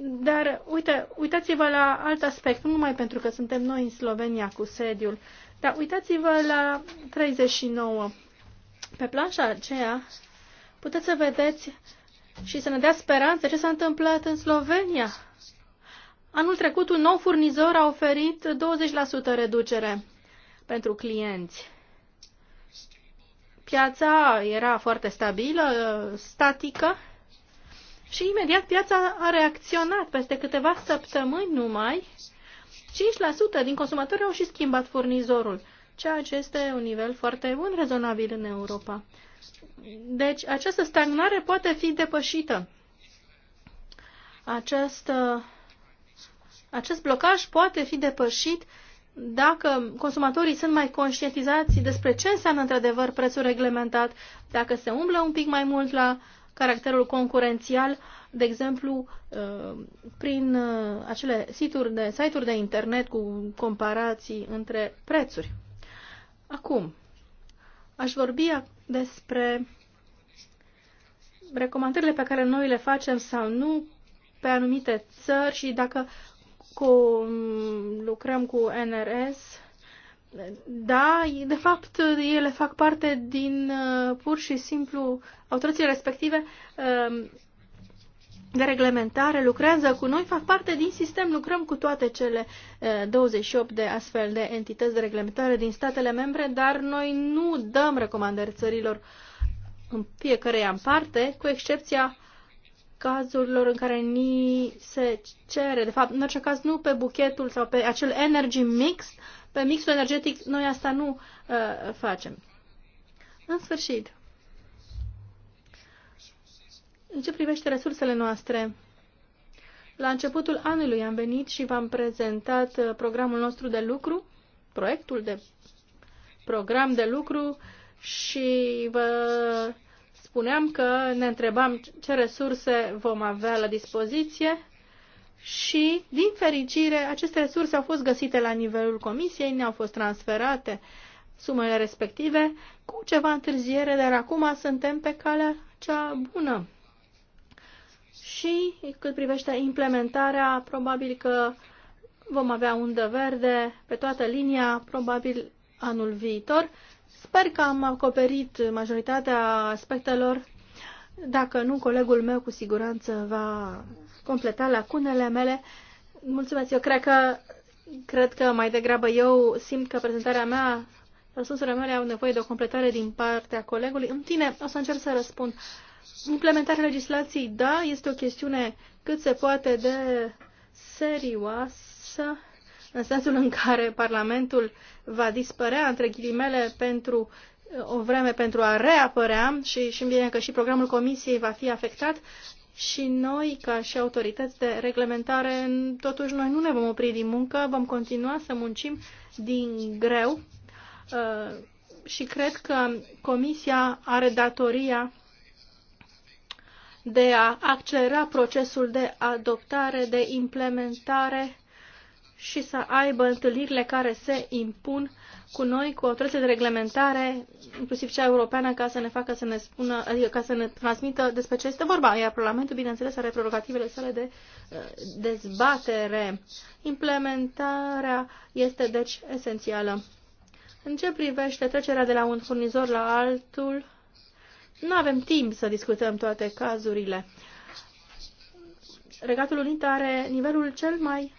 Dar, uite, uitați-vă la alt aspect, nu numai pentru că suntem noi în Slovenia cu sediul, dar uitați-vă la 39 pe planșa aceea puteți să vedeți și să ne dea speranță ce s-a întâmplat în Slovenia. Anul trecut, un nou furnizor a oferit 20% reducere pentru clienți. Piața era foarte stabilă, statică și imediat piața a reacționat. Peste câteva săptămâni numai, 5% din consumatori au și schimbat furnizorul ceea ce este un nivel foarte bun, rezonabil în Europa. Deci această stagnare poate fi depășită. Acest, uh, acest blocaj poate fi depășit dacă consumatorii sunt mai conștientizați despre ce înseamnă într-adevăr prețul reglementat, dacă se umblă un pic mai mult la caracterul concurențial, de exemplu, uh, prin uh, acele site-uri de, site de internet cu comparații între prețuri. Acum, aș vorbi despre recomandările pe care noi le facem sau nu pe anumite țări și dacă cu, lucrăm cu NRS. Da, de fapt, ele fac parte din uh, pur și simplu autoritățile respective uh, de reglementare lucrează cu noi, fac parte din sistem, lucrăm cu toate cele 28 de astfel de entități de reglementare din statele membre, dar noi nu dăm recomandări țărilor în fiecare în parte, cu excepția cazurilor în care ni se cere, de fapt, în orice caz, nu pe buchetul sau pe acel energy mix, pe mixul energetic, noi asta nu uh, facem. În sfârșit, în ce privește resursele noastre, la începutul anului am venit și v-am prezentat uh, programul nostru de lucru, proiectul de program de lucru și vă spuneam că ne întrebam ce resurse vom avea la dispoziție și, din fericire, aceste resurse au fost găsite la nivelul comisiei, ne-au fost transferate sumele respective cu ceva întârziere, dar acum suntem pe calea cea bună și cât privește implementarea, probabil că vom avea undă verde pe toată linia, probabil anul viitor. Sper că am acoperit majoritatea aspectelor. Dacă nu, colegul meu cu siguranță va completa lacunele mele. Mulțumesc, eu cred că, cred că mai degrabă eu simt că prezentarea mea, răspunsurile mele au nevoie de o completare din partea colegului. În tine, o să încerc să răspund Implementarea legislației, da, este o chestiune cât se poate de serioasă, în sensul în care Parlamentul va dispărea, între ghilimele, pentru o vreme pentru a reapărea și, și bine că și programul Comisiei va fi afectat și noi, ca și autorități de reglementare, totuși noi nu ne vom opri din muncă, vom continua să muncim din greu uh, și cred că Comisia are datoria de a accelera procesul de adoptare, de implementare și să aibă întâlnirile care se impun cu noi, cu autoritățile de reglementare, inclusiv cea europeană, ca să ne facă să ne spună, adică ca să ne transmită despre ce este vorba. Iar Parlamentul, bineînțeles, are prerogativele sale de uh, dezbatere. Implementarea este, deci, esențială. În ce privește trecerea de la un furnizor la altul, nu avem timp să discutăm toate cazurile. Regatul Unit are nivelul cel mai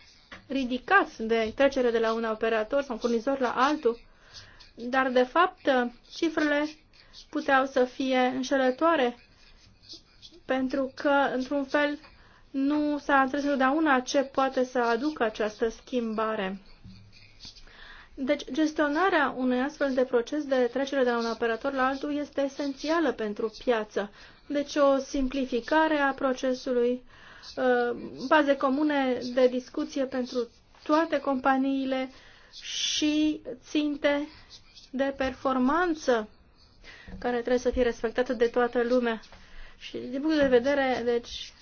ridicat de trecere de la un operator sau un furnizor la altul, dar de fapt cifrele puteau să fie înșelătoare pentru că, într-un fel, nu s-a înțeles de una ce poate să aducă această schimbare. Deci, gestionarea unui astfel de proces de trecere de la un operator la altul este esențială pentru piață. Deci, o simplificare a procesului, uh, baze comune de discuție pentru toate companiile și ținte de performanță care trebuie să fie respectată de toată lumea. Și din punct de vedere, deci,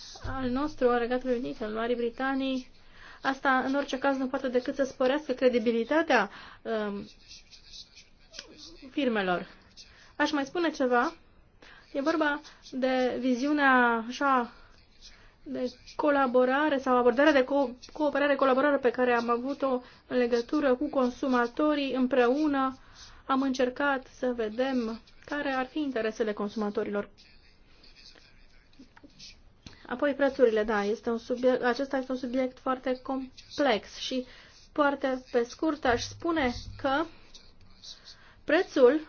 al nostru, al Regatului Unit, al Marii Britanii, Asta, în orice caz, nu poate decât să sporească credibilitatea um, firmelor. Aș mai spune ceva. E vorba de viziunea așa de colaborare sau abordarea de co- cooperare, colaborare pe care am avut-o în legătură cu consumatorii împreună. Am încercat să vedem care ar fi interesele consumatorilor Apoi prețurile, da, este un subiect, acesta este un subiect foarte complex și foarte pe scurt aș spune că prețul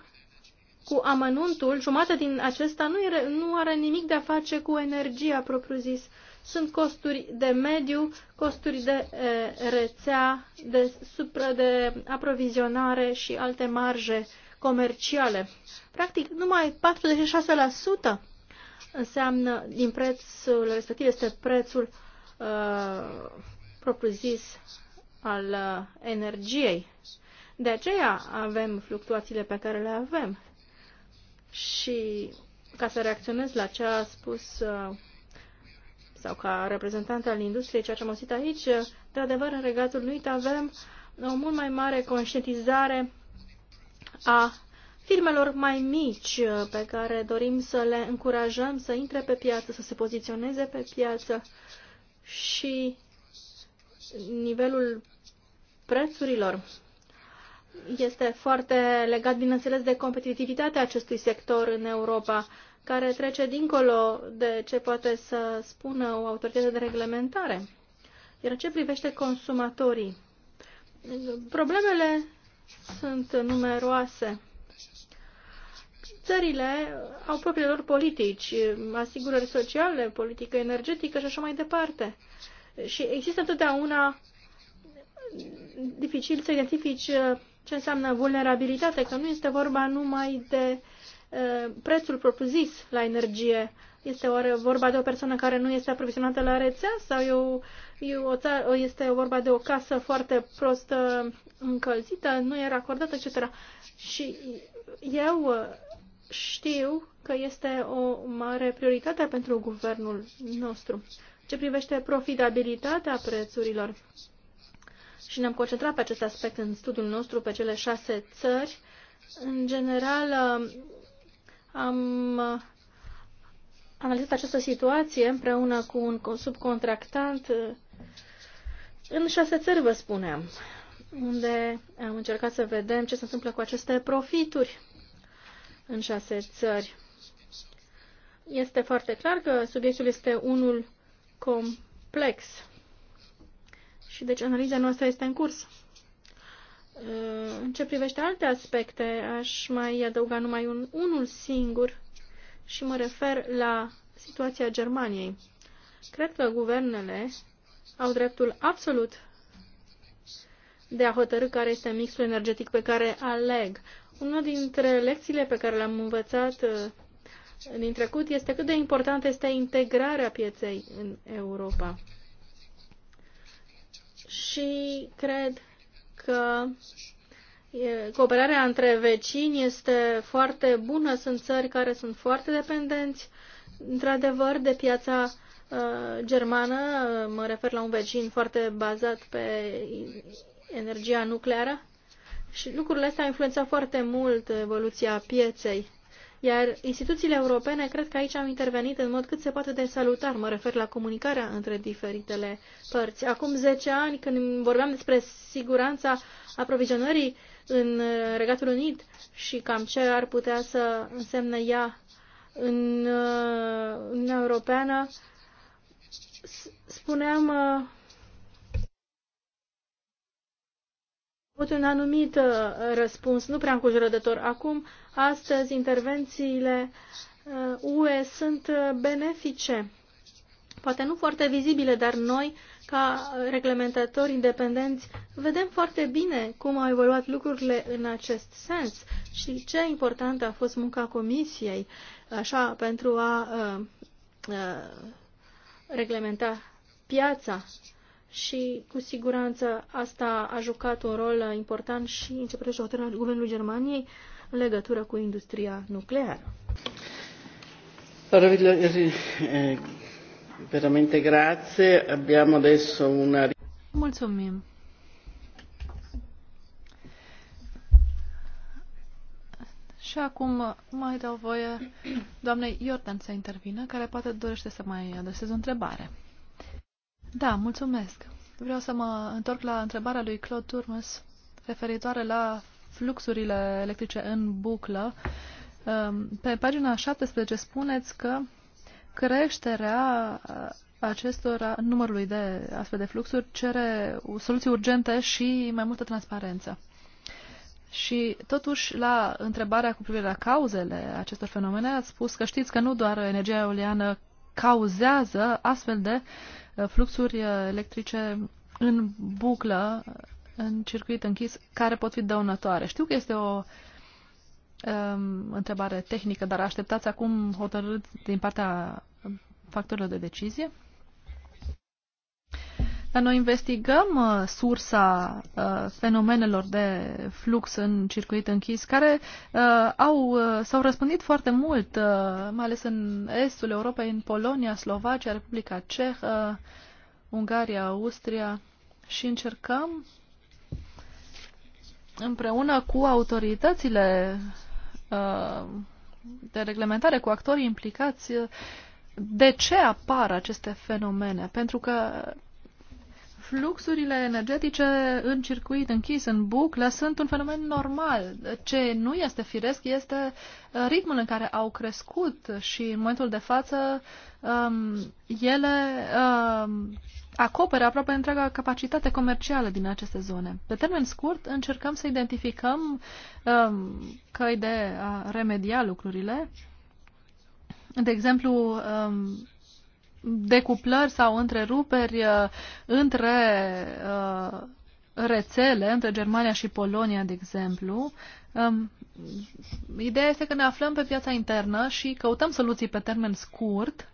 cu amănuntul, jumătate din acesta nu, e, nu are nimic de a face cu energia propriu-zis. Sunt costuri de mediu, costuri de e, rețea, de, supra, de aprovizionare și alte marje comerciale. Practic, numai 46% înseamnă din prețul respectiv este prețul uh, propriu-zis al uh, energiei. De aceea avem fluctuațiile pe care le avem. Și ca să reacționez la ce a spus uh, sau ca reprezentant al industriei, ceea ce am auzit aici, de adevăr în Regatul lui, avem o mult mai mare conștientizare a firmelor mai mici uh, pe care dorim să le încurajăm să intre pe piață, să se poziționeze pe piață și nivelul prețurilor este foarte legat, bineînțeles, de competitivitatea acestui sector în Europa, care trece dincolo de ce poate să spună o autoritate de reglementare. Iar ce privește consumatorii, problemele sunt numeroase Țările au propriile lor politici, asigurări sociale, politică energetică și așa mai departe. Și există întotdeauna dificil să identifici uh, ce înseamnă vulnerabilitate, că nu este vorba numai de uh, prețul propriu-zis la energie. Este oare vorba de o persoană care nu este aprovizionată la rețea sau e o, e o țară, este vorba de o casă foarte prost uh, încălzită, nu era acordată, etc. Și eu știu că este o mare prioritate pentru guvernul nostru. Ce privește profitabilitatea prețurilor, și ne-am concentrat pe acest aspect în studiul nostru, pe cele șase țări, în general am analizat această situație împreună cu un subcontractant în șase țări, vă spuneam, unde am încercat să vedem ce se întâmplă cu aceste profituri în șase țări. Este foarte clar că subiectul este unul complex și deci analiza noastră este în curs. În ce privește alte aspecte, aș mai adăuga numai un, unul singur și mă refer la situația Germaniei. Cred că guvernele au dreptul absolut de a hotărâ care este mixul energetic pe care aleg. Una dintre lecțiile pe care le-am învățat uh, din trecut este cât de importantă este integrarea pieței în Europa. Și cred că cooperarea între vecini este foarte bună. Sunt țări care sunt foarte dependenți, într-adevăr, de piața uh, germană. Mă refer la un vecin foarte bazat pe energia nucleară și lucrurile astea au influențat foarte mult evoluția pieței. Iar instituțiile europene cred că aici au intervenit în mod cât se poate de salutar, mă refer la comunicarea între diferitele părți. Acum 10 ani, când vorbeam despre siguranța aprovizionării în Regatul Unit și cam ce ar putea să însemne ea în uh, Uniunea Europeană, spuneam uh, avut un anumit uh, răspuns, nu prea încujurător. Acum, astăzi, intervențiile UE uh, sunt uh, benefice, poate nu foarte vizibile, dar noi, ca reglementatori independenți, vedem foarte bine cum au evoluat lucrurile în acest sens și ce importantă a fost munca Comisiei, așa, pentru a, uh, a reglementa piața și cu siguranță asta a jucat un rol important și în ce privește hotărârea Guvernului Germaniei în legătură cu industria nucleară. Eh, veramente grazie. Abbiamo adesso una... Mulțumim. Și acum mai dau voie doamnei Iordan să intervină, care poate dorește să mai adreseze o întrebare. Da, mulțumesc. Vreau să mă întorc la întrebarea lui Claude Turmes referitoare la fluxurile electrice în buclă. Um, pe pagina 17 spuneți că creșterea uh, acestor numărului de astfel de fluxuri cere soluții urgente și mai multă transparență. Și totuși, la întrebarea cu privire la cauzele acestor fenomene, ați spus că știți că nu doar energia eoliană cauzează astfel de fluxuri uh, electrice în buclă, în circuit închis, care pot fi dăunătoare. Știu că este o um, întrebare tehnică, dar așteptați acum hotărât din partea factorilor de decizie? Noi investigăm uh, sursa uh, fenomenelor de flux în circuit închis, care uh, au, uh, s-au răspândit foarte mult, uh, mai ales în estul Europei, în Polonia, Slovacia, Republica Cehă, Ungaria, Austria și încercăm împreună cu autoritățile uh, de reglementare, cu actorii implicați, de ce apar aceste fenomene? Pentru că fluxurile energetice în circuit închis, în buclă, sunt un fenomen normal. Ce nu este firesc este uh, ritmul în care au crescut și în momentul de față um, ele um, acoperă aproape întreaga capacitate comercială din aceste zone. Pe termen scurt, încercăm să identificăm um, căi de a uh, remedia lucrurile. De exemplu, um, decuplări sau întreruperi uh, între uh, rețele, între Germania și Polonia, de exemplu. Um, ideea este că ne aflăm pe piața internă și căutăm soluții pe termen scurt,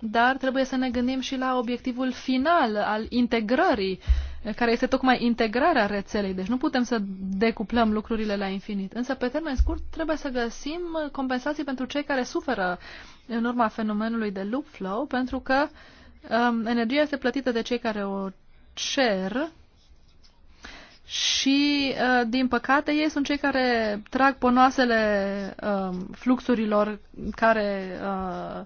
dar trebuie să ne gândim și la obiectivul final al integrării, care este tocmai integrarea rețelei. Deci nu putem să decuplăm lucrurile la infinit. Însă, pe termen scurt, trebuie să găsim compensații pentru cei care suferă în urma fenomenului de loop flow, pentru că um, energia este plătită de cei care o cer și, uh, din păcate, ei sunt cei care trag ponoasele uh, fluxurilor care uh,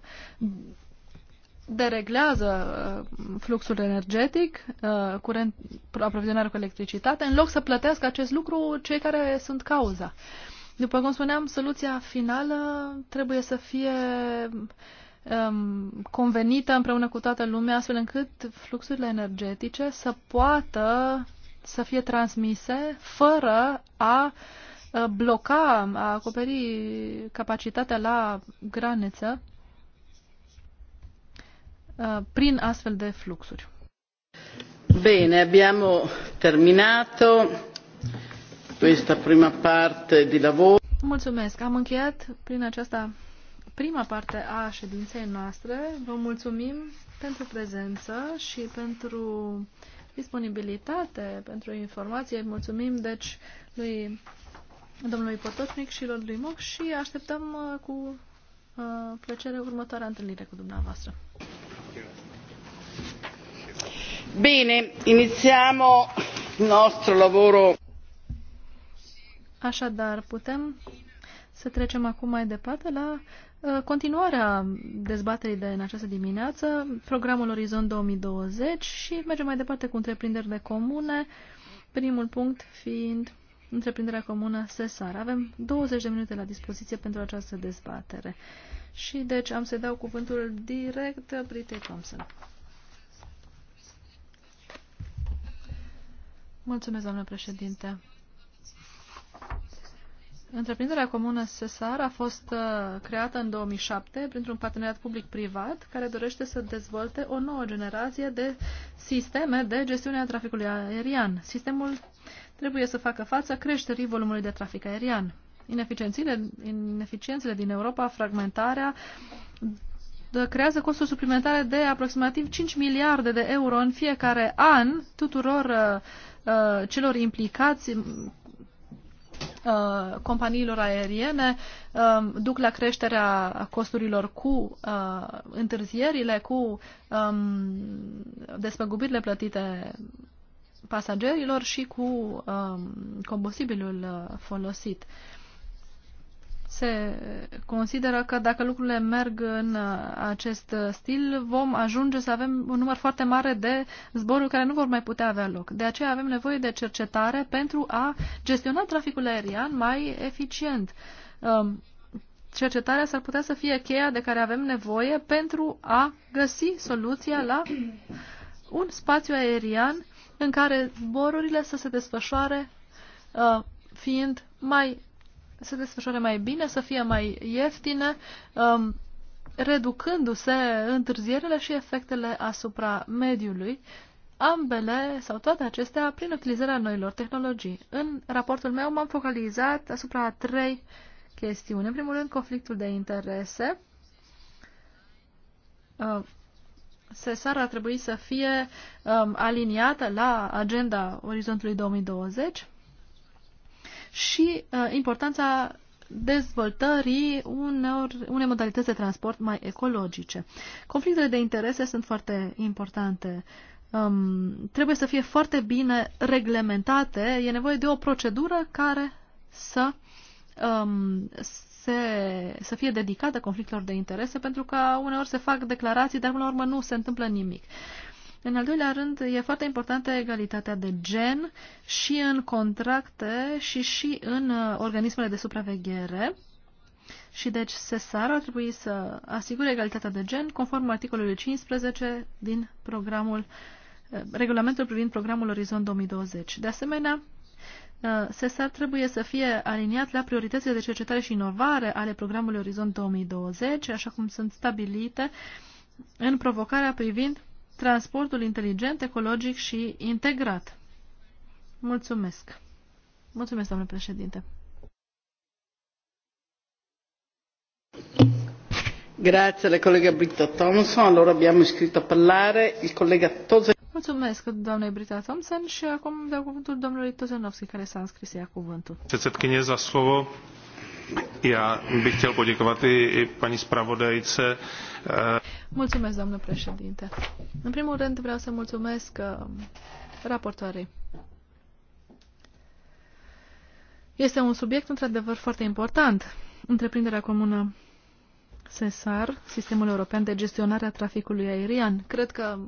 dereglează uh, fluxul energetic, uh, curent, aprovizionarea cu electricitate, în loc să plătească acest lucru cei care sunt cauza. După cum spuneam, soluția finală trebuie să fie um, convenită împreună cu toată lumea, astfel încât fluxurile energetice să poată să fie transmise fără a uh, bloca, a acoperi capacitatea la graniță uh, prin astfel de fluxuri. Bine, abbiamo terminato questa prima parte di lavoro. Mulțumesc. Am încheiat prin aceasta prima parte a ședinței noastre. Vă mulțumim pentru prezență și pentru disponibilitate, pentru informație. Mulțumim, deci, lui domnului Potocnic și lui Moc și așteptăm uh, cu uh, plăcere următoarea întâlnire cu dumneavoastră. Bine, iniziamo il nostro lavoro. Așadar, putem să trecem acum mai departe la uh, continuarea dezbaterii de în această dimineață, programul Orizont 2020 și mergem mai departe cu întreprinderile comune, primul punct fiind întreprinderea comună SESAR. Avem 20 de minute la dispoziție pentru această dezbatere. Și deci am să dau cuvântul direct Britei Thompson. Mulțumesc, doamnă președinte. Întreprinderea comună SESAR a fost uh, creată în 2007 printr-un parteneriat public-privat care dorește să dezvolte o nouă generație de sisteme de gestiune a traficului aerian. Sistemul trebuie să facă față creșterii volumului de trafic aerian. Ineficiențile, ineficiențele din Europa, fragmentarea, creează costuri suplimentare de aproximativ 5 miliarde de euro în fiecare an tuturor uh, uh celor implicați, Uh, companiilor aeriene um, duc la creșterea costurilor cu uh, întârzierile, cu um, despăgubirile plătite pasagerilor și cu um, combustibilul uh, folosit se consideră că dacă lucrurile merg în uh, acest stil, vom ajunge să avem un număr foarte mare de zboruri care nu vor mai putea avea loc. De aceea avem nevoie de cercetare pentru a gestiona traficul aerian mai eficient. Um, cercetarea s-ar putea să fie cheia de care avem nevoie pentru a găsi soluția la un spațiu aerian în care zborurile să se desfășoare uh, fiind mai se desfășoare mai bine, să fie mai ieftine, um, reducându-se întârzierele și efectele asupra mediului, ambele sau toate acestea prin utilizarea noilor tehnologii. În raportul meu m-am focalizat asupra trei chestiuni. În primul rând, conflictul de interese. Uh, SESAR ar trebui să fie um, aliniată la agenda orizontului 2020 și uh, importanța dezvoltării uneori, unei modalități de transport mai ecologice. Conflictele de interese sunt foarte importante. Um, trebuie să fie foarte bine reglementate. E nevoie de o procedură care să, um, se, să fie dedicată conflictelor de interese, pentru că uneori se fac declarații, dar până la urmă nu se întâmplă nimic. Uh, în al doilea rând, e foarte importantă egalitatea de gen și în contracte și și în uh, organismele de supraveghere. Și deci SESAR ar trebui să asigure egalitatea de gen conform articolului 15 din programul, uh, regulamentul privind programul Orizont 2020. De asemenea, uh, SESAR trebuie să fie aliniat la prioritățile de cercetare și inovare ale programului Orizont 2020, așa cum sunt stabilite în provocarea privind transportul inteligent, ecologic și integrat. Mulțumesc. Mulțumesc, domnule președinte. Grazie alla collega Britta Thompson. Allora abbiamo iscritto a parlare il collega Tozen. Mulțumesc, doamne Britta Thompson, și acum dau cuvântul domnului Tozenovski, care s-a înscris ia cuvântul. Předsedkyně za slovo. Já bych chtěl poděkovat i, i paní zpravodajce. Uh, Mulțumesc, doamnă președinte. În primul rând vreau să mulțumesc uh, raportoarei. Este un subiect într-adevăr foarte important. Întreprinderea comună SESAR, Sistemul European de Gestionare a Traficului Aerian. Cred că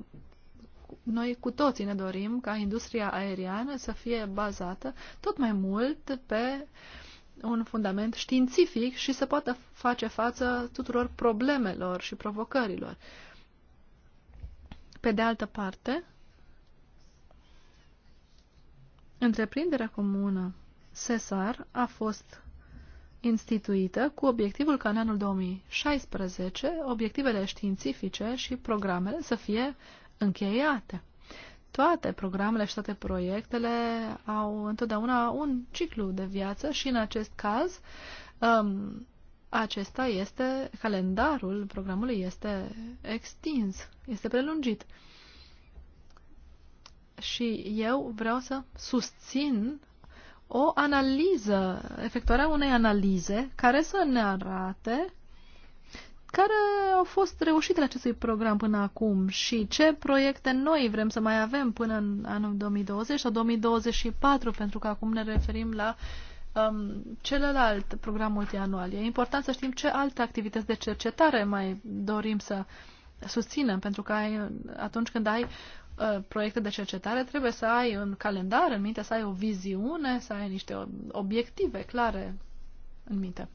noi cu toții ne dorim ca industria aeriană să fie bazată tot mai mult pe uh, un fundament științific și să poată face față tuturor problemelor și provocărilor. Pe de altă parte, întreprinderea comună SESAR a fost instituită cu obiectivul ca în anul 2016 obiectivele științifice și programele să fie încheiate toate programele și toate proiectele au întotdeauna un ciclu de viață și în acest caz um, acesta este, calendarul programului este extins, este prelungit. Și eu vreau să susțin o analiză, efectuarea unei analize care să ne arate care au fost reușitele acestui program până acum și ce proiecte noi vrem să mai avem până în anul 2020 sau 2024, pentru că acum ne referim la um, celălalt program multianual. E important să știm ce alte activități de cercetare mai dorim să susținem, pentru că ai, atunci când ai uh, proiecte de cercetare, trebuie să ai un calendar în minte, să ai o viziune, să ai niște obiective clare în minte.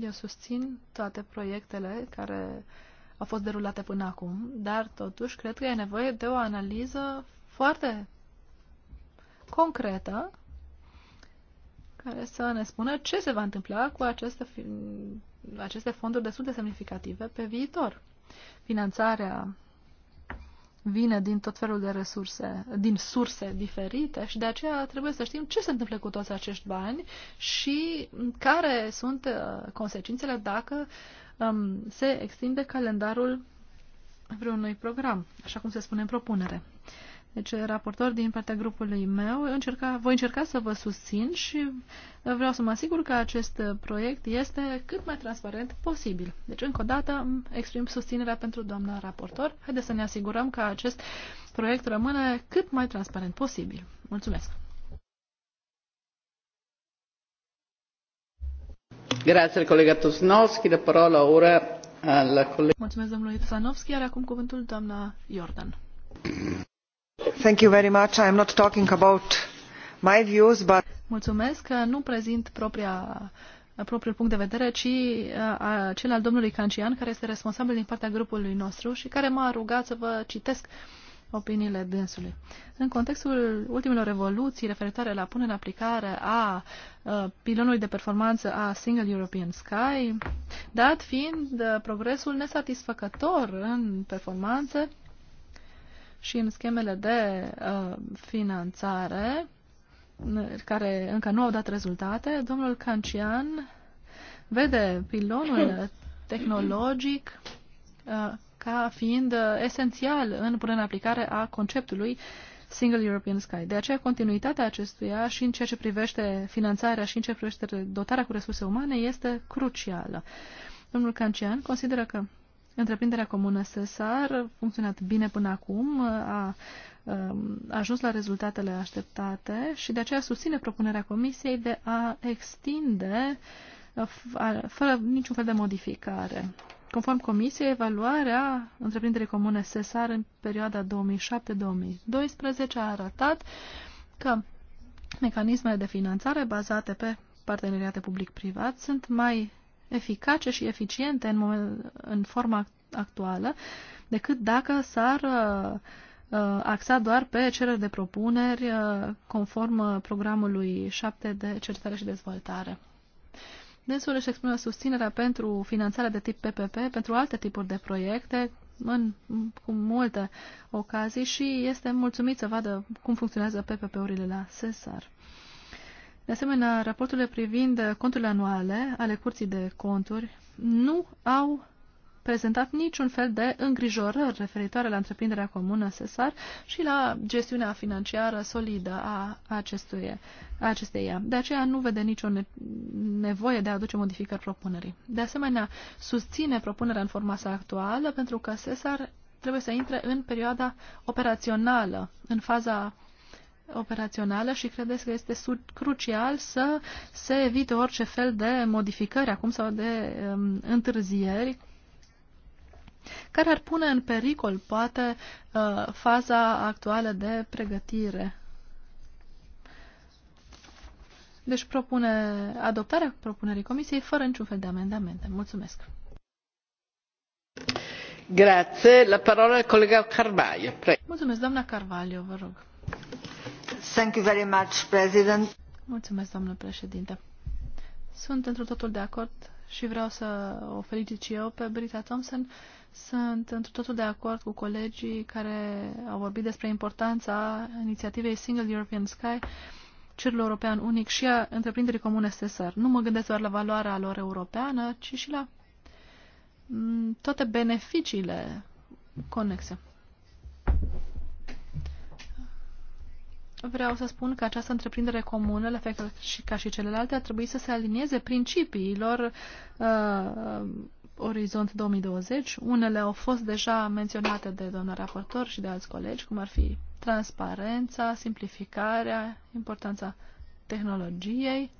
Eu susțin toate proiectele care au fost derulate până acum, dar totuși cred că e nevoie de o analiză foarte concretă care să ne spună ce se va întâmpla cu aceste, aceste fonduri destul de semnificative pe viitor. Finanțarea vine din tot felul de resurse, din surse diferite și de aceea trebuie să știm ce se întâmplă cu toți acești bani și care sunt uh, consecințele dacă um, se extinde calendarul vreunui program, așa cum se spune în propunere. Deci, raportor din partea grupului meu, încerca, voi încerca să vă susțin și vreau să mă asigur că acest proiect este cât mai transparent posibil. Deci, încă o dată, exprim susținerea pentru doamna raportor. Haideți să ne asigurăm că acest proiect rămâne cât mai transparent posibil. Mulțumesc! Grazie, colega Tosnovski. de parola ora alla collega... Mulțumesc, domnului Tosnovski. iar acum cuvântul doamna Jordan. Mulțumesc că nu prezint propria propriul punct de vedere, ci cel al domnului Cancian, care este responsabil din partea grupului nostru și care m-a rugat să vă citesc opiniile dânsului. În contextul ultimelor revoluții referitoare la punerea în aplicare a, a pilonului de performanță a Single European Sky, dat fiind uh, progresul nesatisfăcător în performanțe, și în schemele de uh, finanțare care încă nu au dat rezultate, domnul Cancian vede pilonul tehnologic uh, ca fiind uh, esențial în punerea în aplicare a conceptului Single European Sky. De aceea, continuitatea acestuia și în ceea ce privește finanțarea și în ceea ce privește dotarea cu resurse umane este crucială. Domnul Cancian consideră că Întreprinderea comună SESAR a funcționat bine până acum, a, a ajuns la rezultatele așteptate și de aceea susține propunerea Comisiei de a extinde fără niciun fel de modificare. Conform Comisiei, evaluarea întreprinderii comune SESAR în perioada 2007-2012 a arătat că mecanismele de finanțare bazate pe parteneriate public-privat sunt mai eficace și eficiente în, în forma actuală decât dacă s-ar uh, uh, axa doar pe cereri de propuneri uh, conform programului 7 de cercetare și dezvoltare. Dânsul își exprimă susținerea pentru finanțarea de tip PPP, pentru alte tipuri de proiecte, în, cu multe ocazii și este mulțumit să vadă cum funcționează PPP-urile la SESAR. De asemenea, raporturile privind uh, conturile anuale ale curții de conturi nu au prezentat niciun fel de îngrijorări referitoare la întreprinderea comună SESAR și la gestiunea financiară solidă a, acestuie, acesteia. De aceea nu vede nicio nevoie de a aduce modificări propunerii. De asemenea, susține propunerea în forma sa actuală pentru că SESAR trebuie să intre în perioada operațională, în faza operațională și credeți că este crucial să se evite orice fel de modificări acum sau de um, întârzieri care ar pune în pericol, poate, uh, faza actuală de pregătire. Deci propune adoptarea propunerii Comisiei fără niciun fel de amendamente. Mulțumesc. Grazie. La parola al collega Carvalho. Mulțumesc, doamna Carvalho, vă rog. Mulțumesc, doamnă președinte. Sunt într totul de acord și vreau să o felicit și eu pe Brita Thompson. Sunt într totul de acord cu colegii care au vorbit despre importanța inițiativei Single European Sky, cerul european unic și a întreprinderii comune SESAR. Nu mă gândesc doar la valoarea lor europeană, ci și la mm, toate beneficiile conexe. Vreau să spun că această întreprindere comună, la fel și ca și celelalte, ar trebui să se alinieze principiilor uh, Orizont 2020. Unele au fost deja menționate de doamna raportor și de alți colegi, cum ar fi transparența, simplificarea, importanța tehnologiei,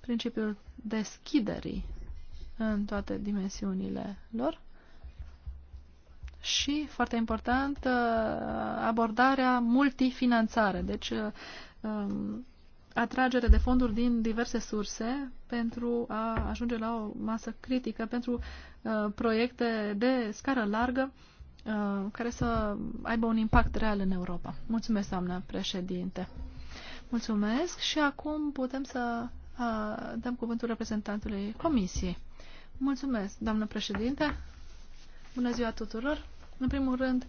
principiul deschiderii în toate dimensiunile lor și, foarte important, uh, abordarea multifinanțare, deci uh, um, atragere de fonduri din diverse surse pentru a ajunge la o masă critică, pentru uh, proiecte de scară largă care să aibă un impact real în Europa. Mulțumesc, doamnă președinte. Mulțumesc și acum putem să dăm cuvântul reprezentantului Comisiei. Mulțumesc, doamnă președinte. Bună ziua tuturor! În primul rând,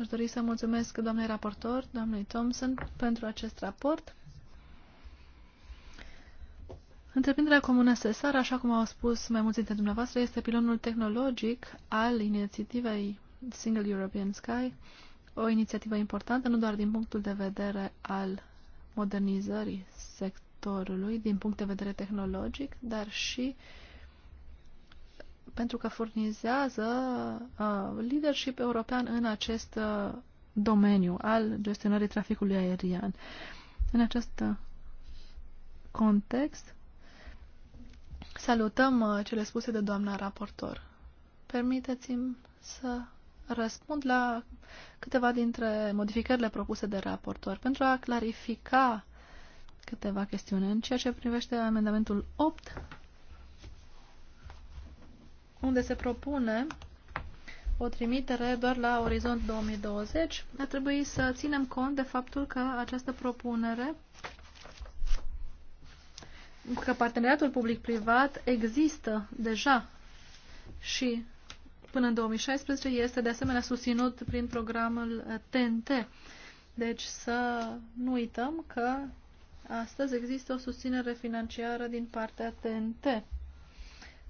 aș dori să mulțumesc doamnei raportor, doamnei Thompson, pentru acest raport. Întreprinderea comună SESAR, așa cum au spus mai mulți dintre dumneavoastră, este pilonul tehnologic al inițiativei Single European Sky, o inițiativă importantă nu doar din punctul de vedere al modernizării sectorului, din punct de vedere tehnologic, dar și uh, pentru că furnizează uh, leadership european în acest uh, domeniu al gestionării traficului aerian. În acest uh, context, salutăm uh, cele spuse de doamna raportor. Permiteți-mi să răspund la câteva dintre modificările propuse de raportor pentru a clarifica câteva chestiuni. În ceea ce privește amendamentul 8, unde se propune o trimitere doar la orizont 2020, ar trebui să ținem cont de faptul că această propunere, că parteneriatul public-privat există deja și până în 2016 este de asemenea susținut prin programul TNT. Deci să nu uităm că astăzi există o susținere financiară din partea TNT.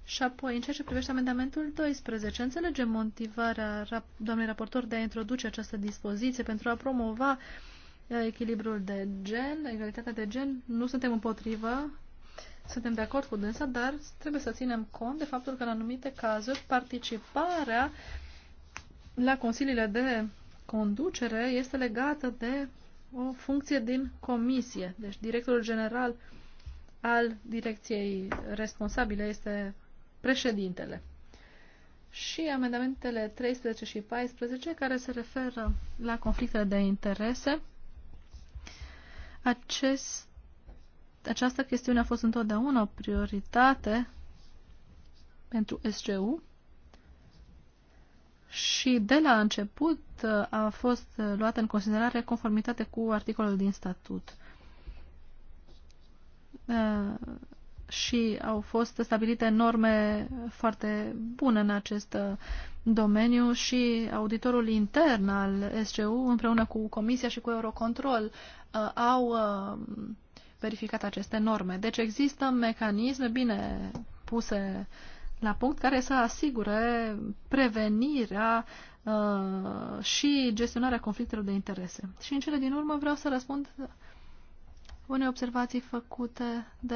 Și apoi, în ceea ce privește amendamentul 12, înțelegem motivarea rap doamnei raportor de a introduce această dispoziție pentru a promova uh, echilibrul de gen, egalitatea de gen. Nu suntem împotrivă, suntem de acord cu dânsa, dar trebuie să ținem cont de faptul că în anumite cazuri participarea la consiliile de conducere este legată de o funcție din comisie. Deci directorul general al direcției responsabile este președintele. Și amendamentele 13 și 14 care se referă la conflictele de interese. Acest, această chestiune a fost întotdeauna o prioritate pentru SGU și de la început uh, a fost luată în considerare conformitate cu articolul din statut uh, și au fost stabilite norme foarte bune în acest uh, domeniu și auditorul intern al SCU împreună cu Comisia și cu Eurocontrol uh, au uh, verificat aceste norme. Deci există mecanisme bine puse la punct care să asigure prevenirea și gestionarea conflictelor de interese. Și în cele din urmă vreau să răspund unei observații făcute de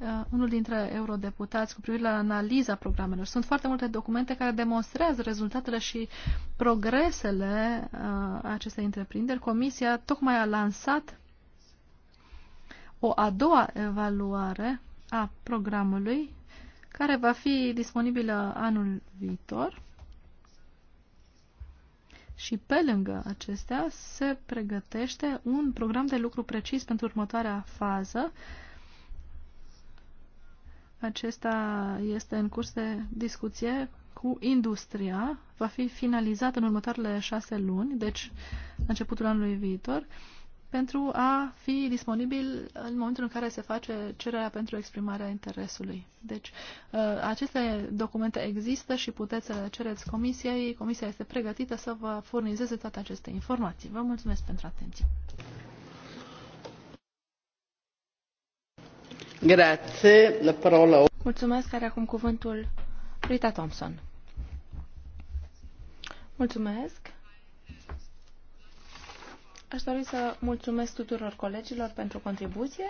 Uh, unul dintre eurodeputați cu privire la analiza programelor. Sunt foarte multe documente care demonstrează rezultatele și progresele uh, acestei întreprinderi. Comisia tocmai a lansat o a doua evaluare a programului care va fi disponibilă anul viitor. Și pe lângă acestea se pregătește un program de lucru precis pentru următoarea fază uh, acesta este în curs de discuție cu industria. Va fi finalizat în următoarele șase luni, deci începutul anului viitor, pentru a fi disponibil în momentul în care se face cererea pentru exprimarea interesului. Deci, uh, aceste documente există și puteți să le cereți comisiei. Comisia este pregătită să vă furnizeze toate aceste informații. Vă mulțumesc pentru atenție. Grazie, la parola. Mulțumesc, are acum cuvântul Rita Thompson. Mulțumesc. Aș dori să mulțumesc tuturor colegilor pentru contribuție.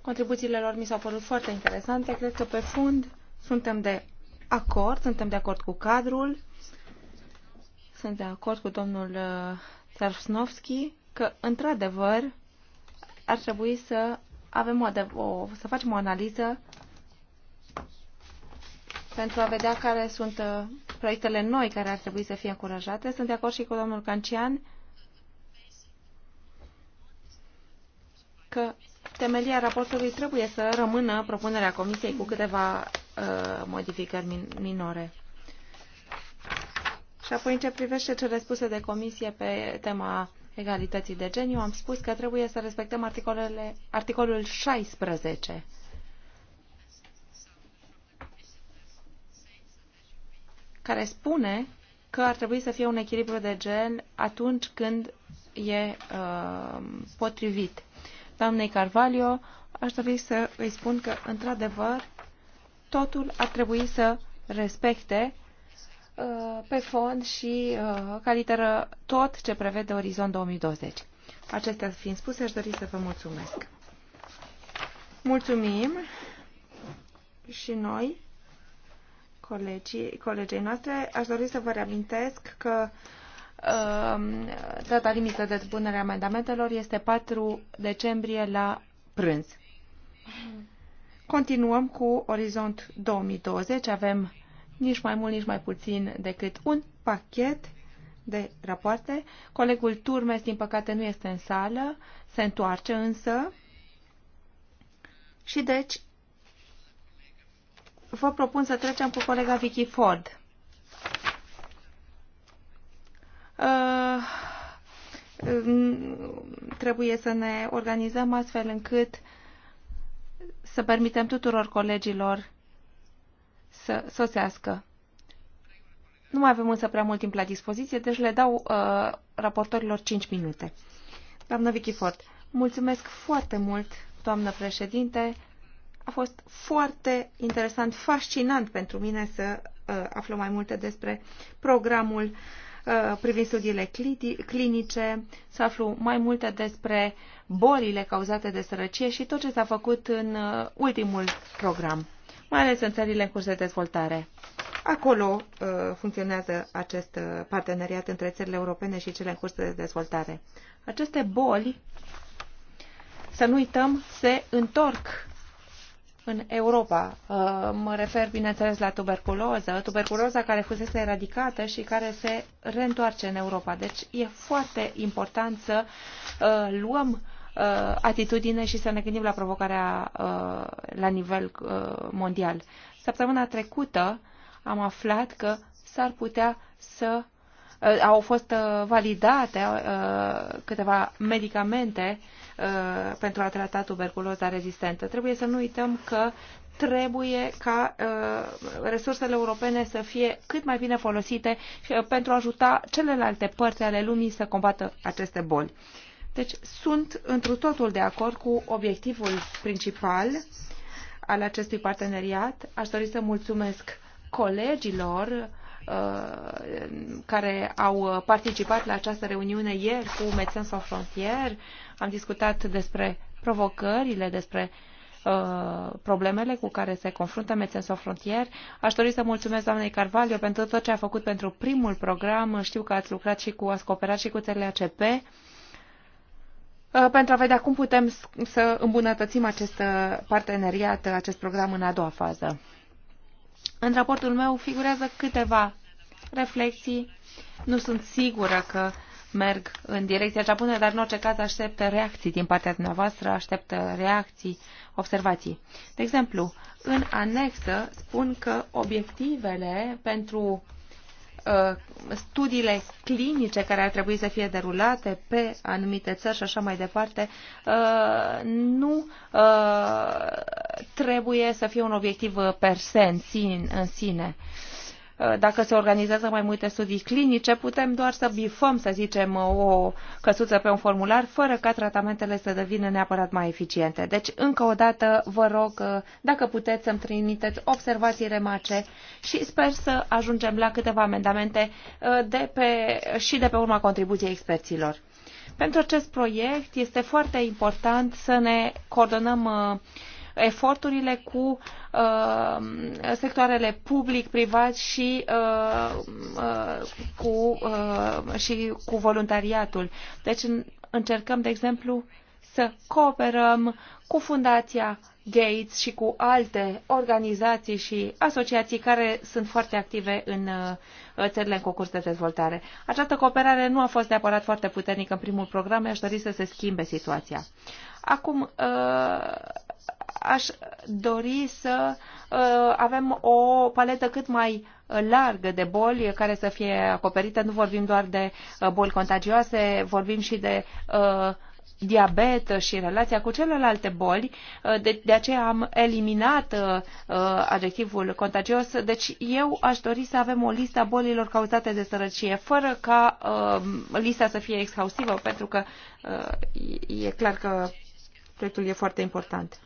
Contribuțiile lor mi s-au părut foarte interesante. Cred că pe fund suntem de acord, suntem de acord cu cadrul, sunt de acord cu domnul uh, Tsarsnovski că, într-adevăr, ar trebui să avem o, o, să facem o analiză pentru a vedea care sunt uh, proiectele noi care ar trebui să fie încurajate. Sunt de acord și cu domnul Cancian că temelia raportului trebuie să rămână propunerea Comisiei cu câteva uh, modificări min minore. Și apoi, în ce privește cele spuse de Comisie pe tema egalității de gen, eu am spus că trebuie să respectăm articolele, articolul 16. care spune că ar trebui să fie un echilibru de gen atunci când e uh, potrivit. Doamnei Carvalho, aș dori să îi spun că, într-adevăr, totul ar trebui să respecte Uh, pe fond și uh, ca literă tot ce prevede Orizont 2020. Acestea fiind spuse, aș dori să vă mulțumesc. Mulțumim și noi, colegii, colegii noastre, aș dori să vă reamintesc că um, data limită de depunere amendamentelor este 4 decembrie la prânz. Continuăm cu Orizont 2020. Avem nici mai mult, nici mai puțin decât un pachet de rapoarte. Colegul Turmes, din păcate, nu este în sală, se întoarce însă. Și deci, vă propun să trecem cu colega Vicky Ford. Uh, trebuie să ne organizăm astfel încât să permitem tuturor colegilor să sosească. Nu mai avem însă prea mult timp la dispoziție, deci le dau uh, raportorilor 5 minute. Doamnă Vicky Ford, mulțumesc foarte mult, doamnă președinte. A fost foarte interesant, fascinant pentru mine să uh, aflu mai multe despre programul uh, privind studiile clinice, să aflu mai multe despre bolile cauzate de sărăcie și tot ce s-a făcut în uh, ultimul program mai ales în țările în curs de dezvoltare. Acolo uh, funcționează acest uh, parteneriat între țările europene și cele în curs de dezvoltare. Aceste boli, să nu uităm, se întorc în Europa. Uh, mă refer, bineînțeles, la tuberculoză, tuberculoza care fusese eradicată și care se reîntoarce în Europa. Deci e foarte important să luăm uh, atitudine și să ne gândim la provocarea uh, la nivel uh, mondial. Săptămâna trecută am aflat că s-ar putea să uh, au fost uh, validate uh, câteva medicamente uh, pentru a trata tuberculoza rezistentă. Trebuie să nu uităm că trebuie ca uh, resursele europene să fie cât mai bine folosite și, uh, pentru a ajuta celelalte părți ale lumii să combată aceste boli. Uh, deci sunt întru totul de acord cu obiectivul principal al acestui parteneriat. Aș dori să mulțumesc colegilor uh, care au participat la această reuniune ieri cu Médecins Sans Frontières. Am discutat despre provocările, despre uh, problemele cu care se confruntă Médecins Sans Frontières. Aș dori să mulțumesc doamnei Carvalho pentru tot ce a făcut pentru primul program. Știu că ați lucrat și cu, ați cooperat și cu țările ACP. Uh, pentru a vedea cum putem să îmbunătățim acest uh, parteneriat, uh, acest program în a doua fază. În raportul meu figurează câteva reflexii. Nu sunt sigură că merg în direcția cea bună, dar în orice caz aștept reacții din partea dumneavoastră, aștept reacții, observații. De exemplu, în anexă spun că obiectivele pentru Uh, studiile clinice care ar trebui să fie derulate pe anumite țări și așa mai departe, uh, nu uh, trebuie să fie un obiectiv per se în sine. În sine Uh, dacă se organizează mai multe studii clinice, putem doar să bifăm, să zicem, uh, o căsuță pe un formular, fără ca tratamentele să devină neapărat mai eficiente. Deci, încă o dată, vă rog, uh, dacă puteți să-mi trimiteți observații, remace și sper să ajungem la câteva amendamente de pe, și de pe urma contribuției experților. Pentru acest proiect este foarte important să ne coordonăm uh, eforturile cu uh, sectoarele public, privat și, uh, uh, cu, uh, și cu voluntariatul. Deci încercăm, de exemplu, să cooperăm cu Fundația Gates și cu alte organizații și asociații care sunt foarte active în uh, țările în concurs de dezvoltare. Această cooperare nu a fost neapărat foarte puternică în primul program, aș dori să se schimbe situația. Acum, uh, aș dori să uh, avem o paletă cât mai largă de boli care să fie acoperită. Nu vorbim doar de uh, boli contagioase, vorbim și de diabet și relația cu celelalte boli, de, de aceea am eliminat uh, adjectivul contagios. Deci eu aș dori să avem o listă a bolilor cauzate de sărăcie, fără ca uh, lista să fie exhaustivă, pentru că uh, e clar că Proiectul e foarte important.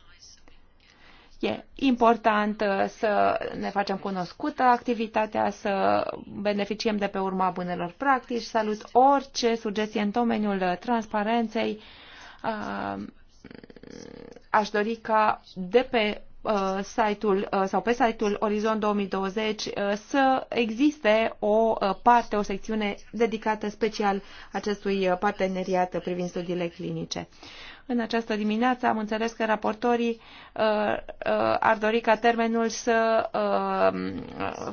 E important uh, să ne facem cunoscută activitatea, să beneficiem de pe urma bunelor practici. Salut orice sugestie în domeniul uh, transparenței. Uh, aș dori ca de pe site-ul sau pe site-ul Orizon 2020 să existe o parte, o secțiune dedicată special acestui parteneriat privind studiile clinice. În această dimineață am înțeles că raportorii uh, uh, ar dori ca termenul să uh,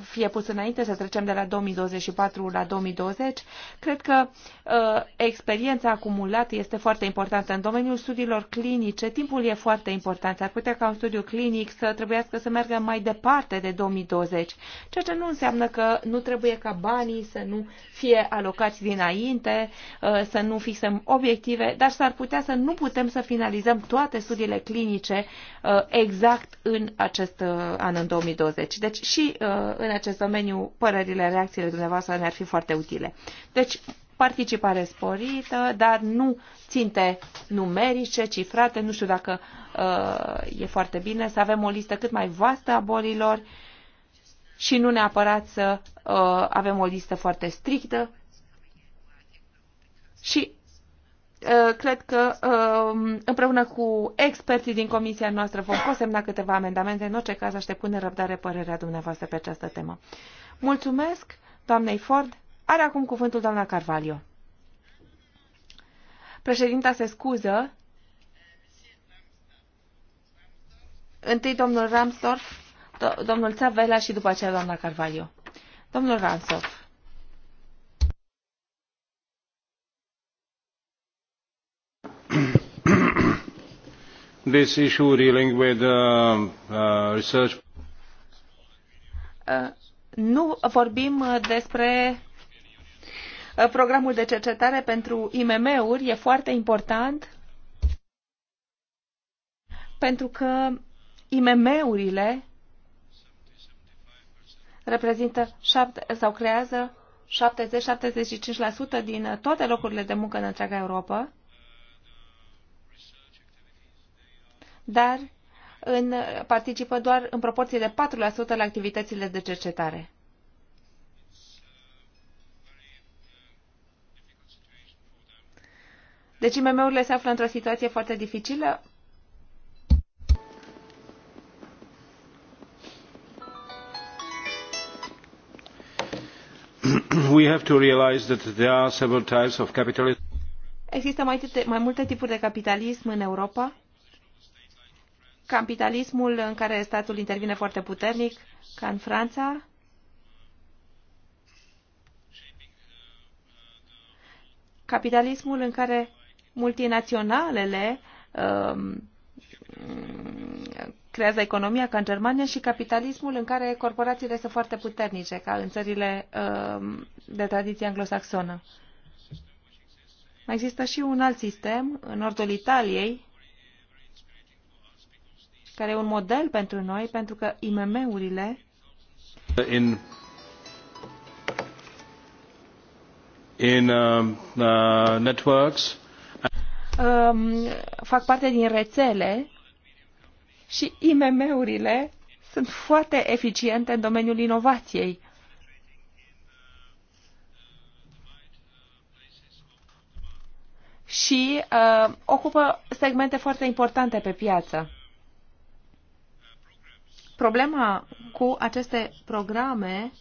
fie pus înainte, să trecem de la 2024 la 2020. Cred că uh, experiența acumulată este foarte importantă. În domeniul studiilor clinice, timpul e foarte important. Ar putea ca un studiu clinic să trebuiască să meargă mai departe de 2020, ceea ce nu înseamnă că nu trebuie ca banii să nu fie alocați dinainte, uh, să nu fixăm obiective, dar s-ar putea să nu putem putem să finalizăm toate studiile clinice uh, exact în acest uh, an, în 2020. Deci și uh, în acest domeniu părerile, reacțiile dumneavoastră ne-ar fi foarte utile. Deci participare sporită, dar nu ținte numerice, cifrate, nu știu dacă uh, e foarte bine să avem o listă cât mai vastă a bolilor și nu neapărat să uh, avem o listă foarte strictă și Uh, cred că um, împreună cu experții din comisia noastră vom consemna câteva amendamente. În orice caz, aștept cu nerăbdare părerea dumneavoastră pe această temă. Mulțumesc, doamnei Ford. Are acum cuvântul doamna Carvalho. Președinta se scuză. Întâi domnul Ramsdorf, domnul Țavela și după aceea doamna Carvalho. Domnul Ramsdorf. this issue dealing with uh, uh, research. Uh, nu vorbim uh, despre uh, programul de cercetare pentru IMM-uri. E foarte important pentru că IMM-urile reprezintă șapte, sau creează 70-75% din toate locurile de muncă în întreaga Europa. dar în, participă doar în proporție de 4% la activitățile de cercetare. Deci IMM-urile se află într-o situație foarte dificilă. We have to realize that there are several types of capitalism. Există mai, mai multe tipuri de capitalism în Europa capitalismul în care statul intervine foarte puternic, ca în Franța, capitalismul în care multinaționalele um, creează economia ca în Germania și capitalismul în care corporațiile sunt foarte puternice ca în țările um, de tradiție anglosaxonă. Mai există și un alt sistem în nordul Italiei care e un model pentru noi, pentru că IMM-urile in in uh, uh, networks um, fac parte din rețele și IMM-urile sunt foarte eficiente în domeniul inovației. Și uh, ocupă segmente foarte importante pe piață. Problema cu aceste programe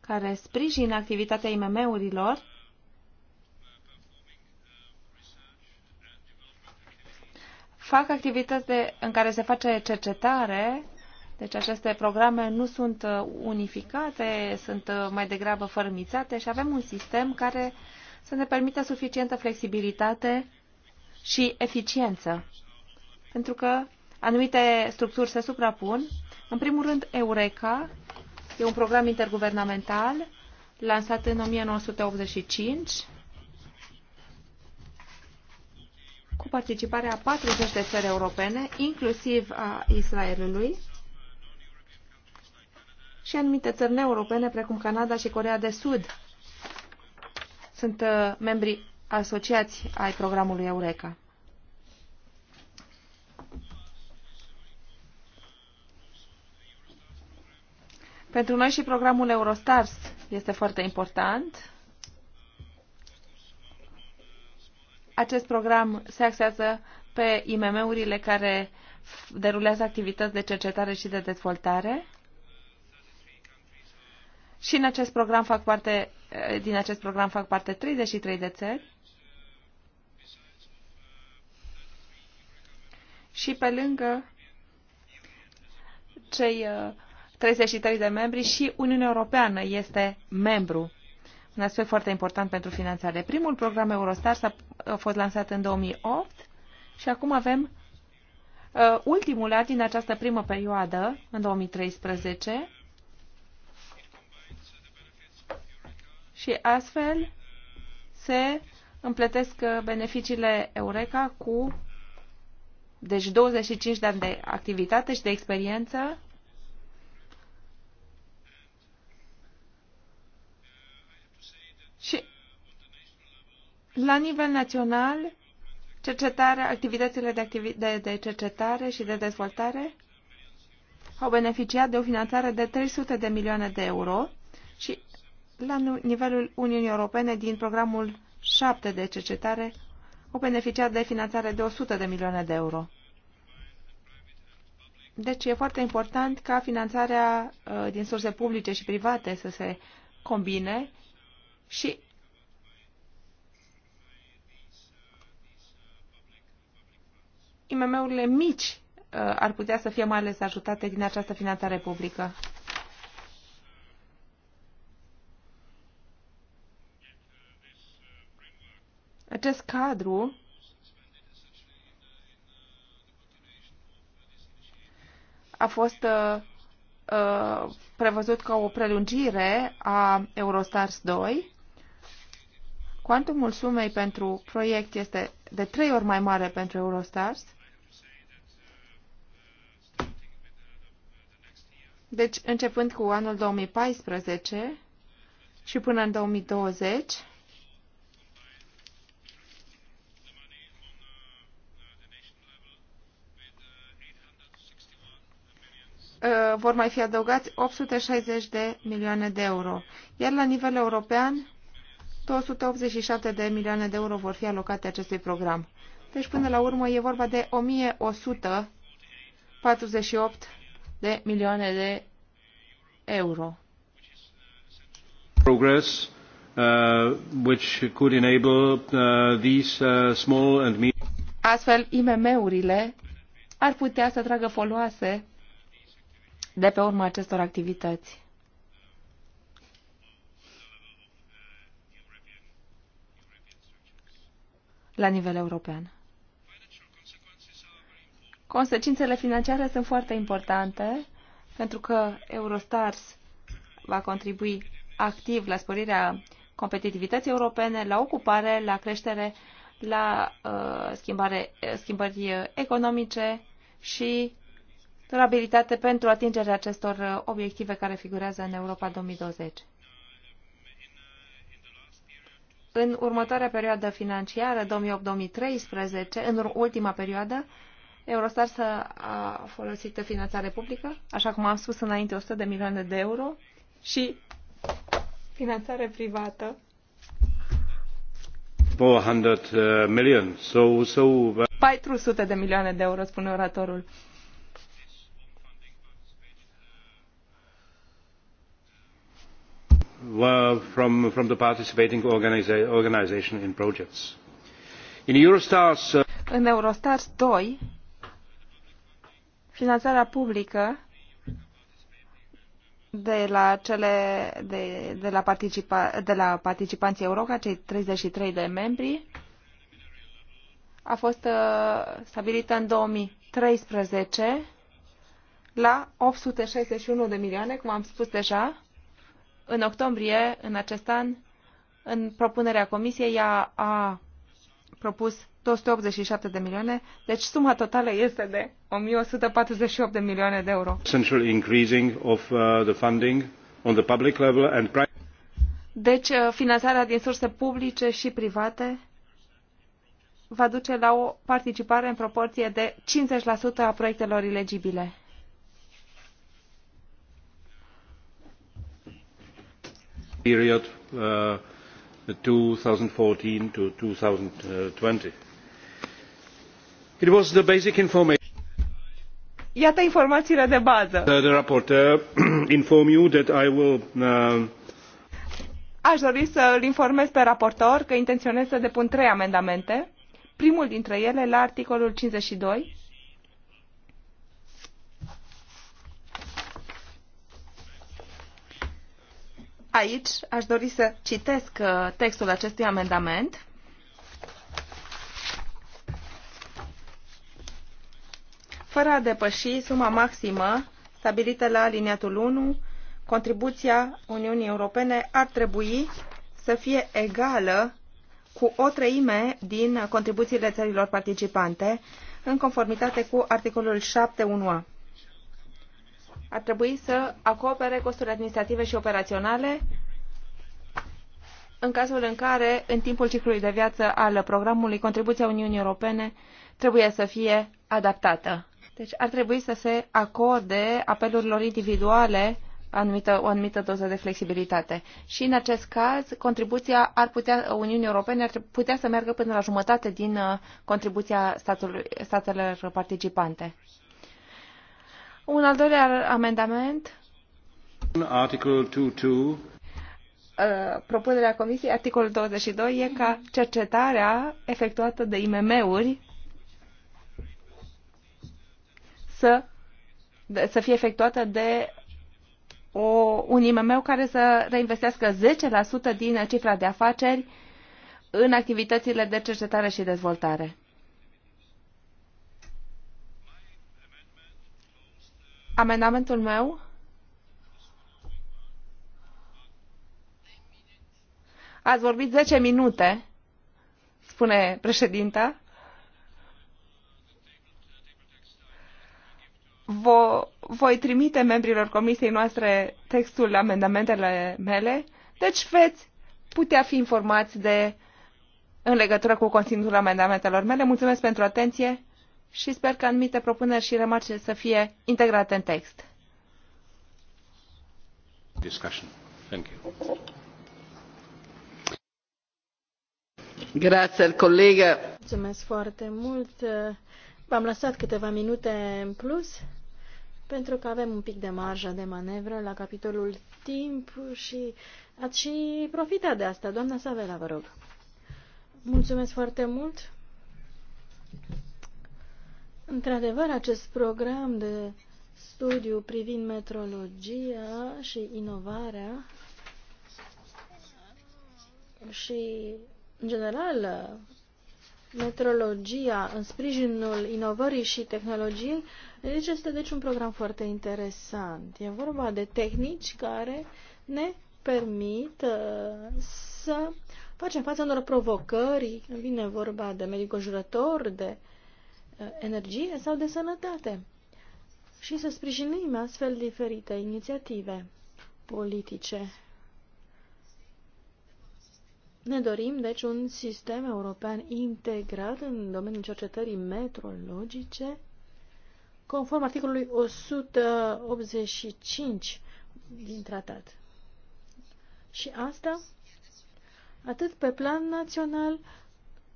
care sprijină activitatea IMM-urilor fac activități în care se face cercetare, deci aceste programe nu sunt uh, unificate, sunt uh, mai degrabă fărmițate și avem un sistem care să ne permită suficientă flexibilitate și eficiență. Pentru că Anumite structuri se suprapun. În primul rând, Eureka e un program interguvernamental lansat în 1985 cu participarea a 40 de țări europene, inclusiv a Israelului și anumite țări neeuropene, precum Canada și Corea de Sud, sunt uh, membri asociați ai programului Eureka. Pentru noi și programul Eurostars este foarte important. Acest program se axează pe IMM-urile care derulează activități de cercetare și de dezvoltare. Și în acest program fac parte, din acest program fac parte 33 de țări. Și pe lângă cei uh, 33 de membri și Uniunea Europeană este membru. Un aspect foarte important pentru finanțare. Primul program Eurostar s-a fost lansat în 2008 și acum avem uh, ultimul an din această primă perioadă, în 2013, și astfel se împletesc uh, beneficiile Eureka cu deci 25 de ani de activitate și de experiență Și la nivel național, cercetarea, activitățile de, activi de, de cercetare și de dezvoltare au beneficiat de o finanțare de 300 de milioane de euro și la nivelul Uniunii Europene din programul 7 de cercetare au beneficiat de finanțare de 100 de milioane de euro. Deci e foarte important ca finanțarea uh, din surse publice și private să se combine și IMM-urile mici uh, ar putea să fie mai ales ajutate din această finanțare publică. Acest cadru a fost uh, uh prevăzut ca o prelungire a Eurostars 2 Cuantumul sumei pentru proiect este de trei ori mai mare pentru Eurostars. Deci, începând cu anul 2014 și până în 2020, uh, vor mai fi adăugați 860 de milioane de euro. Iar la nivel european, 287 de milioane de euro vor fi alocate acestui program. Deci, până la urmă, e vorba de 1148 de milioane de euro. Progress. Uh, which could enable uh, these uh, small and Astfel, IMM-urile ar putea să tragă foloase de pe urma acestor activități. la nivel european. Consecințele financiare sunt foarte importante pentru că Eurostars va contribui activ la sporirea competitivității europene, la ocupare, la creștere, la uh, schimbare, uh, schimbări economice și durabilitate pentru atingerea acestor uh, obiective care figurează în Europa 2020 în următoarea perioadă financiară, 2008-2013, în ultima perioadă, Eurostar s-a folosit finanțare publică, așa cum am spus înainte, 100 de milioane de euro și finanțare privată. 400 uh, uh, de milioane de euro, spune oratorul. from, the participating organization in projects. In Eurostars, uh, În Eurostars 2, finanțarea publică de la, cele, de, de la, participa, de la participanții Euroca, cei 33 de membri, a fost uh, stabilită în 2013 la 861 de milioane, cum am spus deja, în octombrie, în acest an, în propunerea comisiei, ea a propus 287 de milioane, deci suma totală este de 1148 de milioane de euro. Uh, the on the level and Deci uh, finanțarea din surse publice și private va duce la o participare în proporție de 50% a proiectelor elegibile. period uh, two 2014 and 2020. It was the basic information. Iată informațiile de bază. The, uh, the rapporteur inform you that I will uh, Aș dori să îl informez pe raportor că intenționez să depun trei amendamente, primul dintre ele la articolul 52, Aici aș dori să citesc uh, textul acestui amendament. Fără a depăși suma maximă stabilită la aliniatul 1, contribuția Uniunii Europene ar trebui să fie egală cu o treime din contribuțiile țărilor participante, în conformitate cu articolul 7.1a ar trebui să acopere costurile administrative și operaționale în cazul în care, în timpul ciclului de viață al programului, contribuția Uniunii Europene trebuie să fie adaptată. Deci ar trebui să se acorde apelurilor individuale anumită, o anumită doză de flexibilitate. Și în acest caz, contribuția ar putea, Uniunii Europene ar putea să meargă până la jumătate din uh, contribuția statului, statelor participante. Un al doilea amendament. Article 22 uh, propunerea Comisiei, articolul 22, e ca cercetarea efectuată de IMM-uri să, să fie efectuată de o, un IMM care să reinvestească 10% din cifra de afaceri în activitățile de cercetare și dezvoltare. Amendamentul meu Ați vorbit 10 minute, spune președinta. Vo, voi trimite membrilor comisiei noastre textul amendamentele mele, deci veți putea fi informați de, în legătură cu conținutul amendamentelor mele. Mulțumesc pentru atenție și sper că anumite propuneri și remarce să fie integrate în text. Discussion. Thank you. Grazie, colega. Mulțumesc foarte mult. V-am lăsat câteva minute în plus pentru că avem un pic de marjă de manevră la capitolul timp și ați și profitat de asta. Doamna Savela, vă rog. Mulțumesc foarte mult. Într-adevăr, acest program de studiu privind metrologia și inovarea și, în general, metrologia în sprijinul inovării și tehnologiei, deci este deci un program foarte interesant. E vorba de tehnici care ne permit uh, să facem față unor provocări, vine vorba de mediul conjurător, de Uh, energie sau de sănătate și să sprijinim astfel diferite inițiative politice. Ne dorim, deci, un sistem european integrat în domeniul cercetării metrologice, conform articolului 185 din tratat. Și asta atât pe plan național,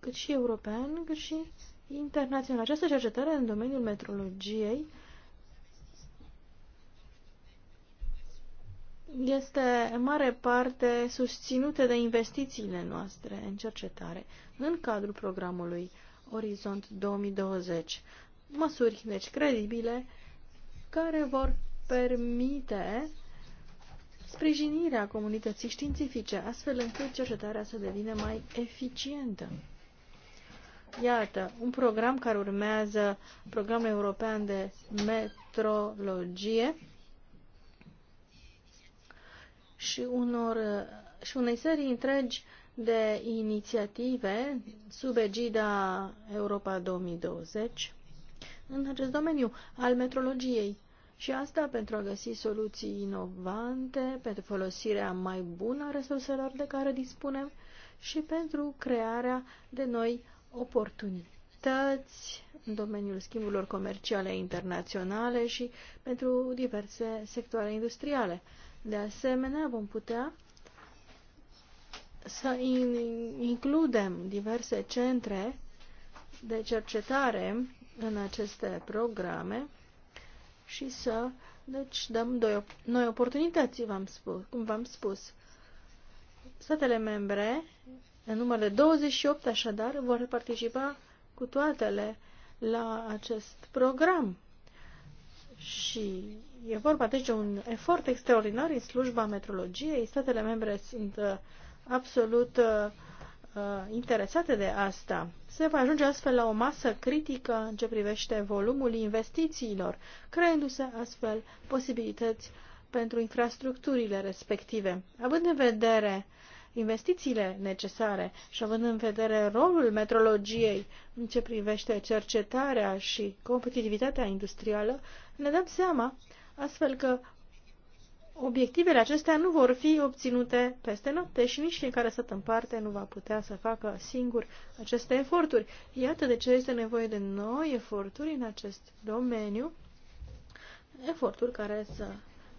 cât și european, cât și internațional. Această cercetare în domeniul metrologiei este în mare parte susținută de investițiile noastre în cercetare în cadrul programului Orizont 2020. Măsuri, deci, credibile care vor permite sprijinirea comunității științifice, astfel încât cercetarea să devină mai eficientă. Iată, un program care urmează programul european de metrologie și, unor, și unei serii întregi de inițiative sub egida Europa 2020 în acest domeniu al metrologiei. Și asta pentru a găsi soluții inovante, pentru folosirea mai bună a resurselor de care dispunem și pentru crearea de noi oportunități în domeniul schimburilor comerciale internaționale și pentru diverse sectoare industriale. De asemenea, vom putea să includem diverse centre de cercetare în aceste programe și să deci dăm doi, noi oportunități, v-am spus, cum v-am spus. Statele membre în numele 28, așadar, vor participa cu toatele la acest program. Și e vorba deci de un efort extraordinar în slujba metrologiei. Statele membre sunt uh, absolut uh, uh, interesate de asta. Se va ajunge astfel la o masă critică în ce privește volumul investițiilor, creându-se astfel posibilități pentru infrastructurile respective. Având în vedere uh, investițiile necesare și având în vedere rolul metrologiei în ce privește cercetarea și competitivitatea industrială, ne dăm seama astfel că obiectivele acestea nu vor fi obținute peste noapte și nici fiecare stat în parte nu va putea să facă singur aceste eforturi. Iată de ce este nevoie de noi eforturi în acest domeniu, eforturi care să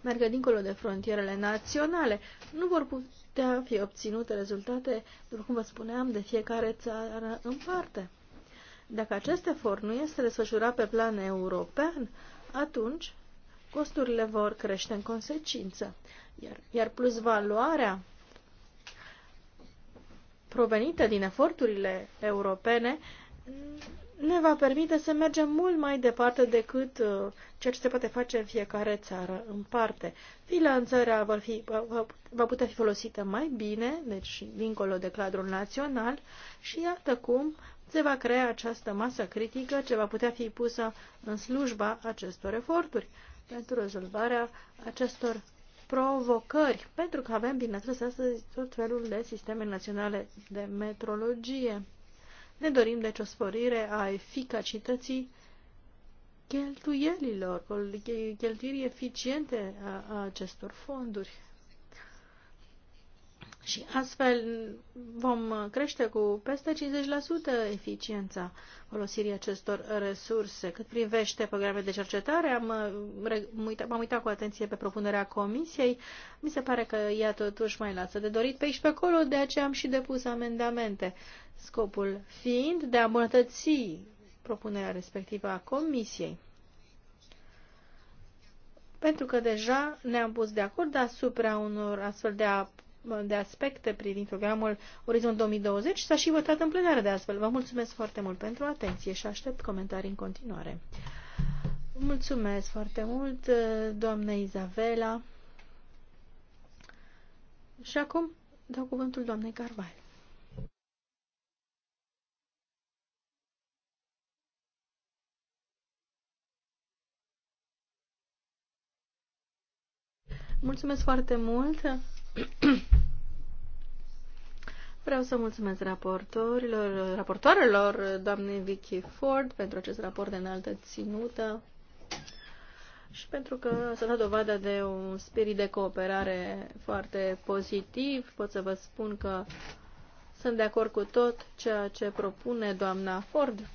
meargă dincolo de frontierele naționale. Nu vor putea fi obținute rezultate, după cum vă spuneam, de fiecare țară în parte. Dacă acest efort nu este desfășurat pe plan european, atunci costurile vor crește în consecință, iar, iar plus valoarea provenită din eforturile europene ne va permite să mergem mult mai departe decât uh, ceea ce se poate face în fiecare țară în parte. Finanțarea va, fi, va, va putea fi folosită mai bine, deci dincolo de cadrul național, și iată cum se va crea această masă critică ce va putea fi pusă în slujba acestor eforturi pentru rezolvarea acestor provocări, pentru că avem, bineînțeles, astăzi tot felul de sisteme naționale de metrologie. Ne dorim deci o sporire a eficacității cheltuielilor, cheltuirii eficiente a, a acestor fonduri și astfel vom crește cu peste 50% eficiența folosirii acestor resurse. Cât privește programe de cercetare, am, m-am uitat cu atenție pe propunerea comisiei. Mi se pare că ea totuși mai lasă de dorit pe aici pe acolo, de aceea am și depus amendamente. Scopul fiind de a îmbunătăți propunerea respectivă a comisiei pentru că deja ne-am pus de acord asupra unor astfel de de aspecte privind programul Orizont 2020 s-a și votat în plenară de astfel. Vă mulțumesc foarte mult pentru atenție și aștept comentarii în continuare. Mulțumesc foarte mult, doamna Izabela. Și acum dau cuvântul doamnei Carval. Mulțumesc foarte mult! Vreau să mulțumesc raportorilor, raportoarelor, doamnei Vicky Ford, pentru acest raport de înaltă ținută și pentru că s-a dat dovadă de un spirit de cooperare foarte pozitiv. Pot să vă spun că sunt de acord cu tot ceea ce propune doamna Ford.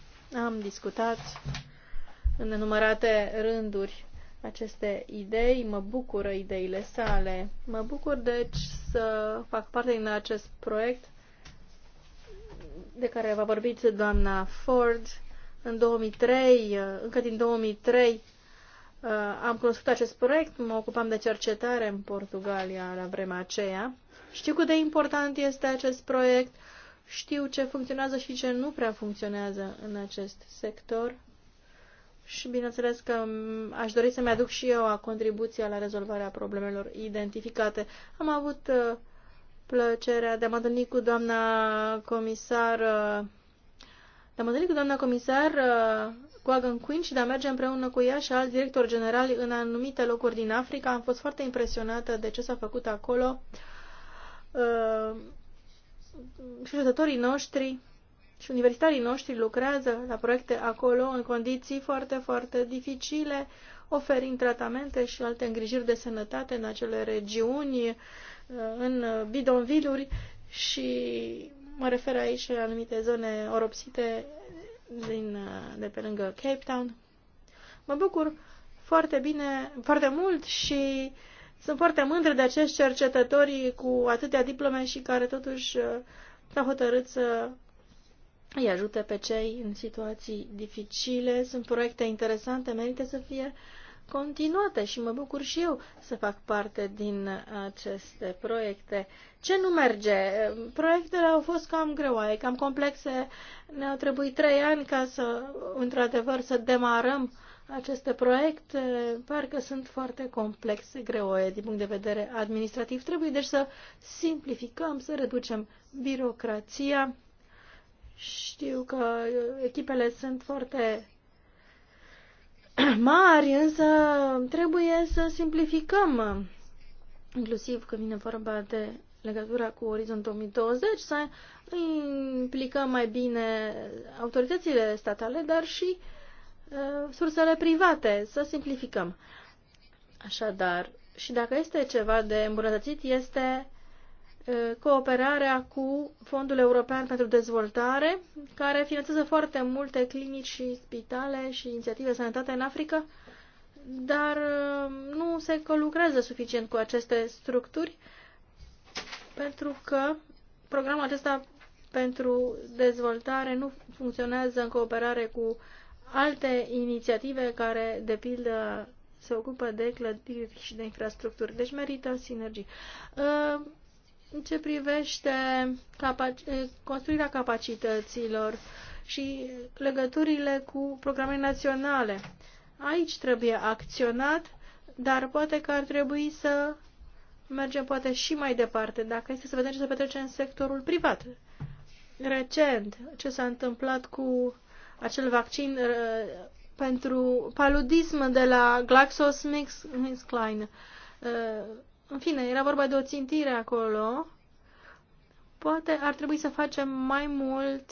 Am discutat în nenumărate rânduri aceste idei, mă bucură ideile sale. Mă bucur, deci, să fac parte din acest proiect de care v-a vorbit doamna Ford. În 2003, încă din 2003, uh, am cunoscut acest proiect, mă ocupam de cercetare în Portugalia la vremea aceea. Știu cât de important este acest proiect, știu ce funcționează și ce nu prea funcționează în acest sector și bineînțeles că mm, aș dori să-mi aduc și eu a contribuția la rezolvarea problemelor identificate. Am avut uh, plăcerea de a mă întâlni cu doamna comisar uh, de a mă întâlni cu doamna comisar Coagan uh, Queen și de a merge împreună cu ea și alți directori generali în anumite locuri din Africa. Am fost foarte impresionată de ce s-a făcut acolo. și noștri și universitarii noștri lucrează la proiecte acolo în condiții foarte, foarte dificile, oferind tratamente și alte îngrijiri de sănătate în acele regiuni, uh, în bidonviluri și mă refer aici la anumite zone oropsite din, uh, de pe lângă Cape Town. Mă bucur foarte bine, foarte mult și sunt foarte mândră de acești cercetători cu atâtea diplome și care totuși uh, s-au hotărât să îi ajute pe cei în situații dificile. Sunt proiecte interesante, merită să fie continuate și mă bucur și eu să fac parte din aceste proiecte. Ce nu merge? Proiectele au fost cam greoaie, cam complexe. Ne-au trebuit trei ani ca să, într-adevăr, să demarăm aceste proiecte. Parcă sunt foarte complexe, greoaie din punct de vedere administrativ. Trebuie deci să simplificăm, să reducem birocrația știu că echipele sunt foarte mari, însă trebuie să simplificăm, inclusiv când vine vorba de legătura cu Orizont 2020, să implicăm mai bine autoritățile statale, dar și uh, sursele private, să simplificăm. Așadar, și dacă este ceva de îmbunătățit, este cooperarea cu Fondul European pentru Dezvoltare, care finanțează foarte multe clinici și spitale și inițiative sănătate în Africa, dar nu se lucrează suficient cu aceste structuri, pentru că programul acesta pentru dezvoltare nu funcționează în cooperare cu alte inițiative care, de pildă, se ocupă de clădiri și de infrastructuri. Deci merită sinergii. În ce privește capac- construirea capacităților și legăturile cu programe naționale, aici trebuie acționat, dar poate că ar trebui să mergem poate și mai departe, dacă este să vedem ce se petrece în sectorul privat. Recent, ce s-a întâmplat cu acel vaccin uh, pentru paludism de la GlaxoSmithKline uh, în fine, era vorba de o țintire acolo. Poate ar trebui să facem mai mult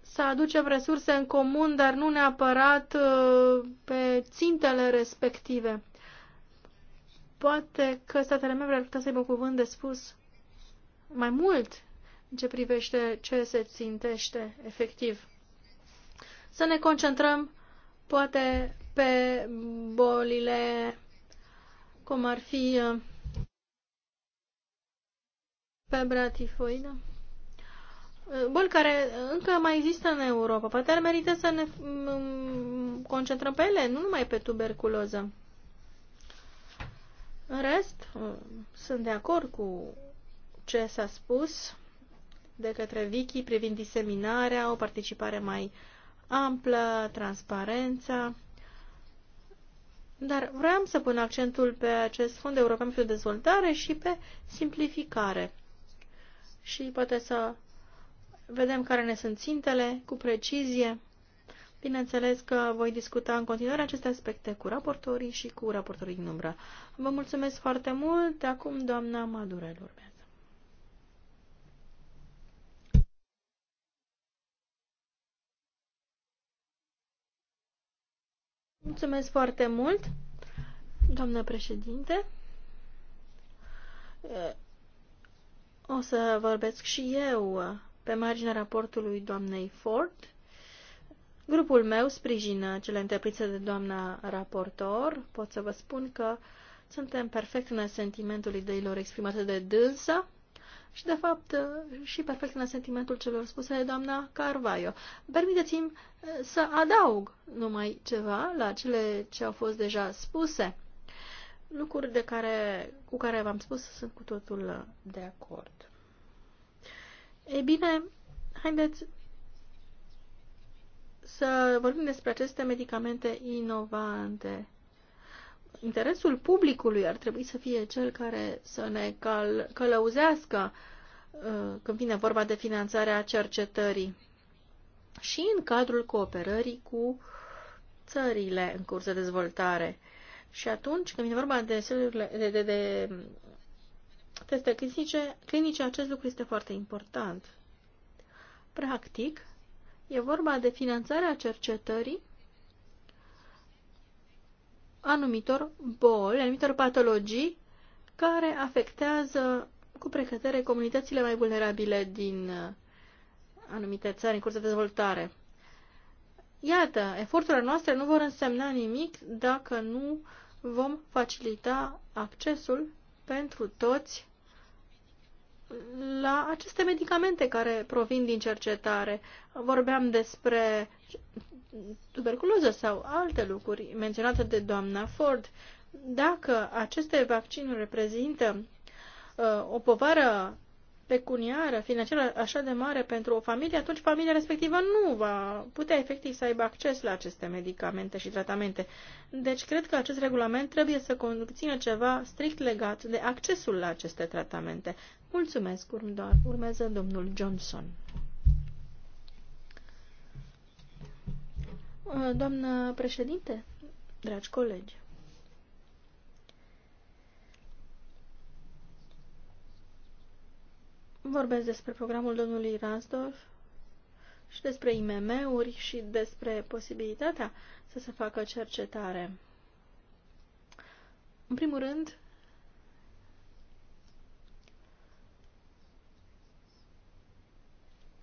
să aducem resurse în comun, dar nu neapărat uh, pe țintele respective. Poate că statele membre ar putea să aibă cuvânt de spus mai mult în ce privește ce se țintește efectiv. Să ne concentrăm poate pe bolile cum ar fi uh, febra tifoidă. Uh, Boli care încă mai există în Europa. Poate ar merită să ne um, concentrăm pe ele, nu numai pe tuberculoză. În rest, uh, sunt de acord cu ce s-a spus de către Vicky privind diseminarea, o participare mai amplă, transparența. Dar vreau să pun accentul pe acest Fond European pentru Dezvoltare și pe simplificare. Și poate să vedem care ne sunt țintele cu precizie. Bineînțeles că voi discuta în continuare aceste aspecte cu raportorii și cu raportorii din umbră. Vă mulțumesc foarte mult. Acum, doamna Madurel urmează. Mulțumesc foarte mult, doamnă președinte. O să vorbesc și eu pe marginea raportului doamnei Ford. Grupul meu sprijină cele întreprinse de doamna raportor. Pot să vă spun că suntem perfect în sentimentul ideilor exprimate de dânsa și, de fapt, și perfect în sentimentul celor spuse de doamna Carvaio. Permiteți-mi eh, să adaug numai ceva la cele ce au fost deja spuse. Lucruri de care, cu care v-am spus sunt cu totul de acord. Ei bine, haideți să vorbim despre aceste medicamente inovante interesul publicului ar trebui să fie cel care să ne cal- călăuzească uh, când vine vorba de finanțarea cercetării și în cadrul cooperării cu țările în curs de dezvoltare. Și atunci, când vine vorba de, de, de, de teste clinice, clinice, acest lucru este foarte important. Practic, e vorba de finanțarea cercetării anumitor boli, anumitor patologii care afectează cu precădere comunitățile mai vulnerabile din uh, anumite țări în curs de dezvoltare. Iată, eforturile noastre nu vor însemna nimic dacă nu vom facilita accesul pentru toți la aceste medicamente care provin din cercetare. Vorbeam despre tuberculoză sau alte lucruri menționate de doamna Ford. Dacă aceste vaccinuri reprezintă uh, o povară pecuniară, financiară așa de mare pentru o familie, atunci familia respectivă nu va putea efectiv să aibă acces la aceste medicamente și tratamente. Deci cred că acest regulament trebuie să conțină ceva strict legat de accesul la aceste tratamente. Mulțumesc, urmează domnul Johnson. Uh, doamnă președinte, dragi colegi, vorbesc despre programul domnului Ransdorf și despre IMM-uri și despre posibilitatea să se facă cercetare. În primul rând,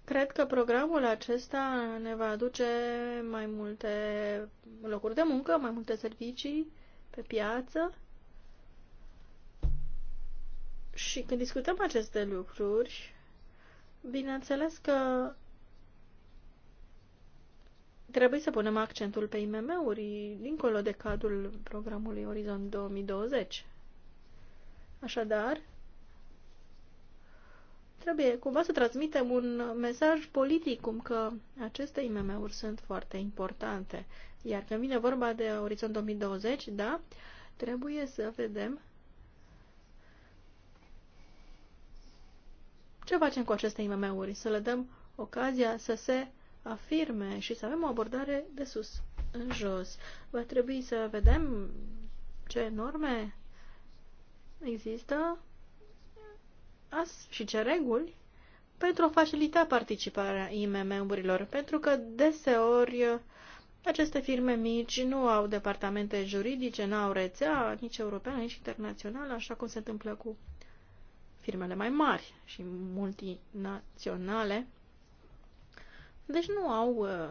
Cred că programul acesta ne va aduce mai multe locuri de muncă, mai multe servicii pe piață. Și când discutăm aceste lucruri, bineînțeles că trebuie să punem accentul pe IMM-uri dincolo de cadrul programului Orizont 2020. Așadar, Trebuie cumva să transmitem un mesaj politic, cum că aceste IMM-uri sunt foarte importante. Iar când vine vorba de Orizont 2020, da, trebuie să vedem ce facem cu aceste IMM-uri, să le dăm ocazia să se afirme și să avem o abordare de sus în jos. Va trebui să vedem ce norme există as și ce reguli pentru a facilita participarea imm membrilor pentru că deseori aceste firme mici nu au departamente juridice, nu au rețea nici europeană, nici internațională, așa cum se întâmplă cu firmele mai mari și multinaționale. Deci nu au uh,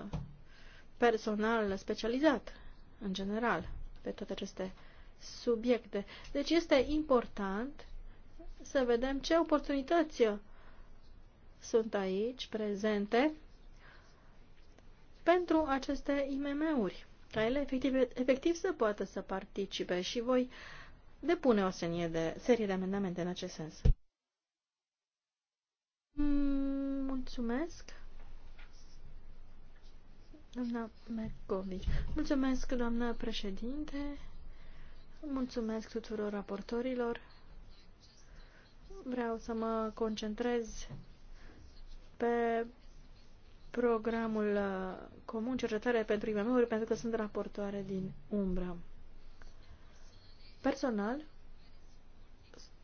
personal specializat, în general, pe toate aceste subiecte. Deci este important să vedem ce oportunități sunt aici prezente pentru aceste IMM-uri, ca ele efectiv, efectiv să poată să participe și voi depune o serie de, serie de amendamente în acest sens. Mm, mulțumesc. Doamna Mercovici. Mulțumesc, doamnă președinte. Mulțumesc tuturor raportorilor. Vreau să mă concentrez pe programul uh, comun cercetare pentru IMM-uri pentru că sunt raportoare din umbră. Personal,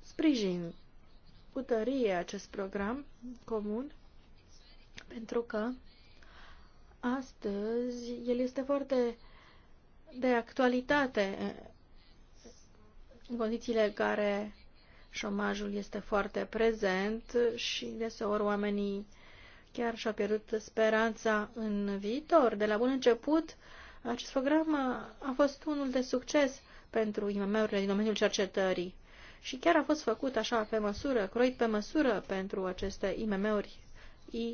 sprijin cu tărie acest program comun pentru că astăzi el este foarte de actualitate în condițiile care șomajul este foarte prezent și deseori oamenii chiar și-au pierdut speranța în viitor. De la bun început, acest program a fost unul de succes pentru IMM-urile din domeniul cercetării și chiar a fost făcut așa pe măsură, croit pe măsură pentru aceste IMM-uri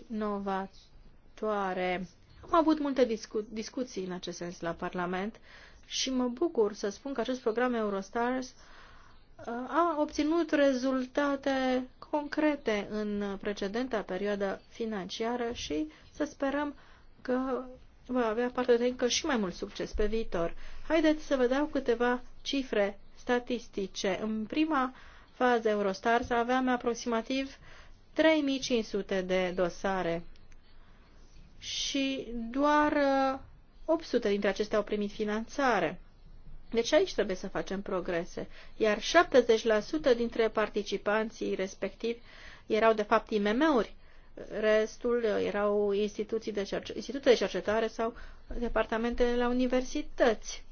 inovatoare. Am avut multe discu- discuții în acest sens la Parlament și mă bucur să spun că acest program Eurostars uh, a obținut rezultate concrete în precedenta perioadă financiară și să sperăm că va avea parte de încă și mai mult succes pe viitor. Haideți să vă dau câteva cifre statistice. În prima fază Eurostar să aveam aproximativ 3500 de dosare și doar 800 uh, dintre acestea au primit finanțare. Deci aici trebuie să facem progrese. Iar 70% dintre participanții respectivi erau de fapt IMM-uri. Restul erau instituții de cerce- institute de cercetare sau departamente la universități.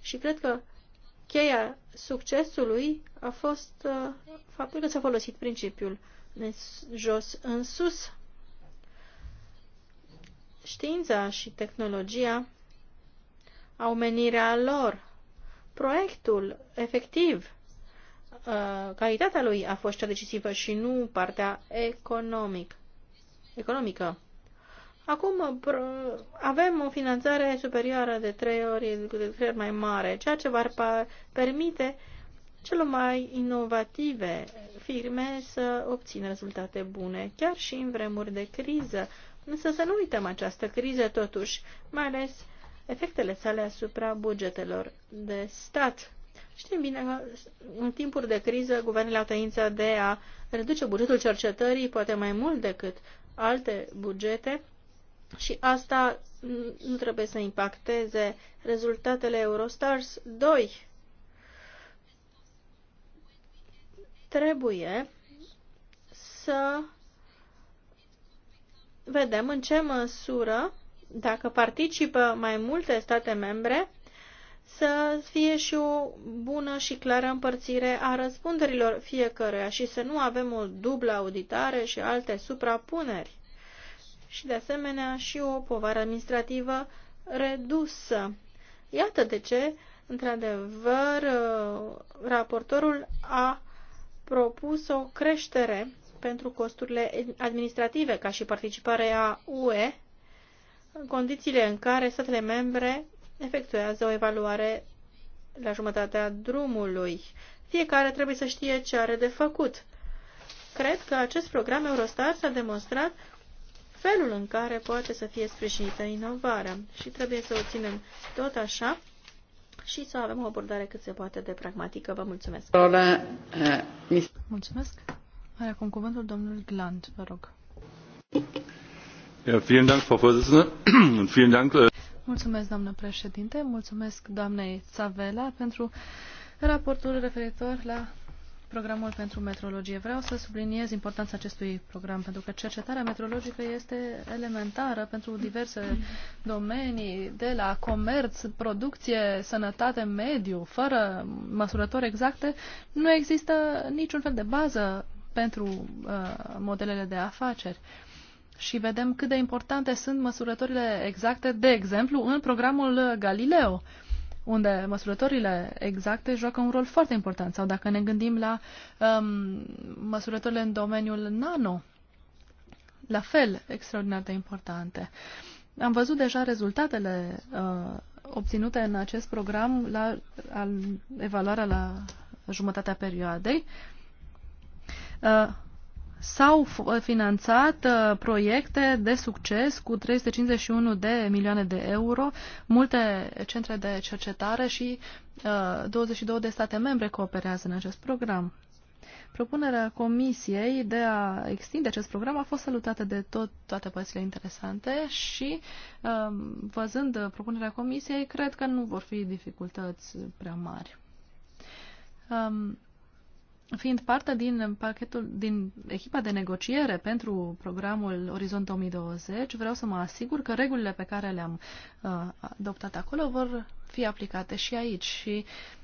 Și cred că cheia succesului a fost uh, faptul că s-a folosit principiul în jos în sus. Știința și tehnologia au menirea lor proiectul efectiv, uh, calitatea lui a fost cea decisivă și nu partea economic, economică. Acum avem o finanțare superioară de trei ori, de trei ori mai mare, ceea ce va permite celor mai inovative firme să obțină rezultate bune, chiar și în vremuri de criză. Însă să nu uităm această criză totuși, mai ales efectele sale asupra bugetelor de stat. Știm bine că în timpuri de criză guvernele au tăința de a reduce bugetul cercetării, poate mai mult decât alte bugete, și asta nu trebuie să impacteze rezultatele Eurostars 2. Trebuie să vedem în ce măsură dacă participă mai multe state membre, să fie și o bună și clară împărțire a răspunderilor fiecăruia și să nu avem o dublă auditare și alte suprapuneri. Și de asemenea și o povară administrativă redusă. Iată de ce, într-adevăr, raportorul a propus o creștere pentru costurile administrative ca și participarea UE în condițiile în care statele membre efectuează o evaluare la jumătatea drumului. Fiecare trebuie să știe ce are de făcut. Cred că acest program Eurostar s-a demonstrat felul în care poate să fie sprijinită inovarea și trebuie să o ținem tot așa și să avem o abordare cât se poate de pragmatică. Vă mulțumesc! Eh, mulțumesc! Are acum cuvântul domnul Gland, vă rog. Äh, Mulțumesc, doamnă președinte. Mulțumesc, doamnei tzavela pentru raportul referitor la programul pentru metrologie. Vreau să subliniez importanța acestui program, pentru că cercetarea metrologică este elementară pentru diverse domenii, de la comerț, producție, sănătate, mediu, fără măsurători exacte, nu există niciun fel de bază pentru uh, modelele de afaceri. Uh, și vedem cât de importante sunt măsurătorile exacte, de exemplu, în programul Galileo, unde măsurătorile exacte joacă un rol foarte important. Sau dacă ne gândim la um, măsurătorile în domeniul nano, la fel extraordinar de importante. Am văzut deja rezultatele uh, obținute în acest program la al, evaluarea la jumătatea perioadei. Uh, S-au finanțat uh, proiecte de succes cu 351 de milioane de euro, multe centre de cercetare și uh, 22 de state membre cooperează în acest program. Propunerea Comisiei de a extinde acest program a fost salutată de tot, toate părțile interesante și, uh, văzând propunerea Comisiei, cred că nu vor fi dificultăți prea mari. Um, fiind parte din pachetul, din echipa de negociere pentru programul Orizont 2020, vreau să mă asigur că regulile pe care le-am uh, adoptat acolo vor fi aplicate și aici și uh,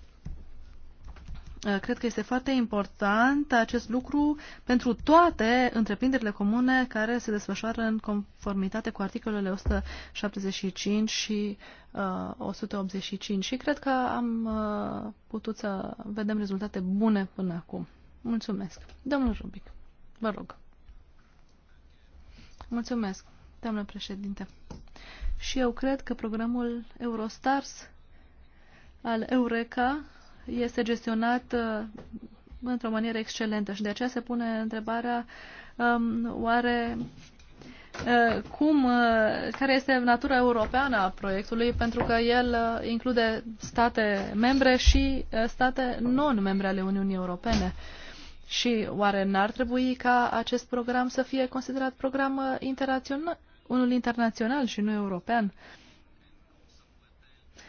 Uh, cred că este foarte important acest lucru pentru toate întreprinderile comune care se desfășoară în conformitate cu articolele 175 și uh, 185 și cred că am uh, putut să vedem rezultate bune până acum. Mulțumesc. Domnul Rubic, vă rog. Mulțumesc, doamnă președinte. Și eu cred că programul Eurostars al Eureka este gestionat uh, într-o manieră excelentă și de aceea se pune întrebarea um, oare uh, cum, uh, care este natura europeană a proiectului, pentru că el include state membre și state non-membre ale Uniunii Europene. Și oare n-ar trebui ca acest program să fie considerat program internațional, unul internațional și nu european? Uh,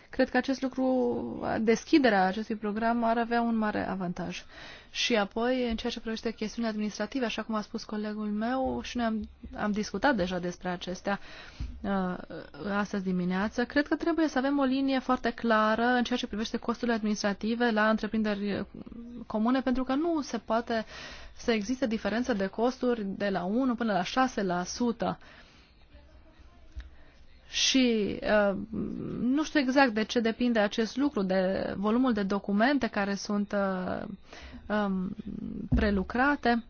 Cred că acest lucru, deschiderea acestui program ar avea un mare avantaj. Și apoi, în ceea ce privește chestiunile administrative, așa cum a spus colegul meu, și noi am, am discutat deja despre acestea uh, astăzi dimineață, cred că trebuie să avem o linie foarte clară în ceea ce privește costurile administrative la întreprinderi comune, pentru că nu se poate să existe diferență de costuri de la 1 până la 6%. Și uh, nu știu exact de ce depinde acest lucru, de volumul de documente care sunt uh, um, prelucrate,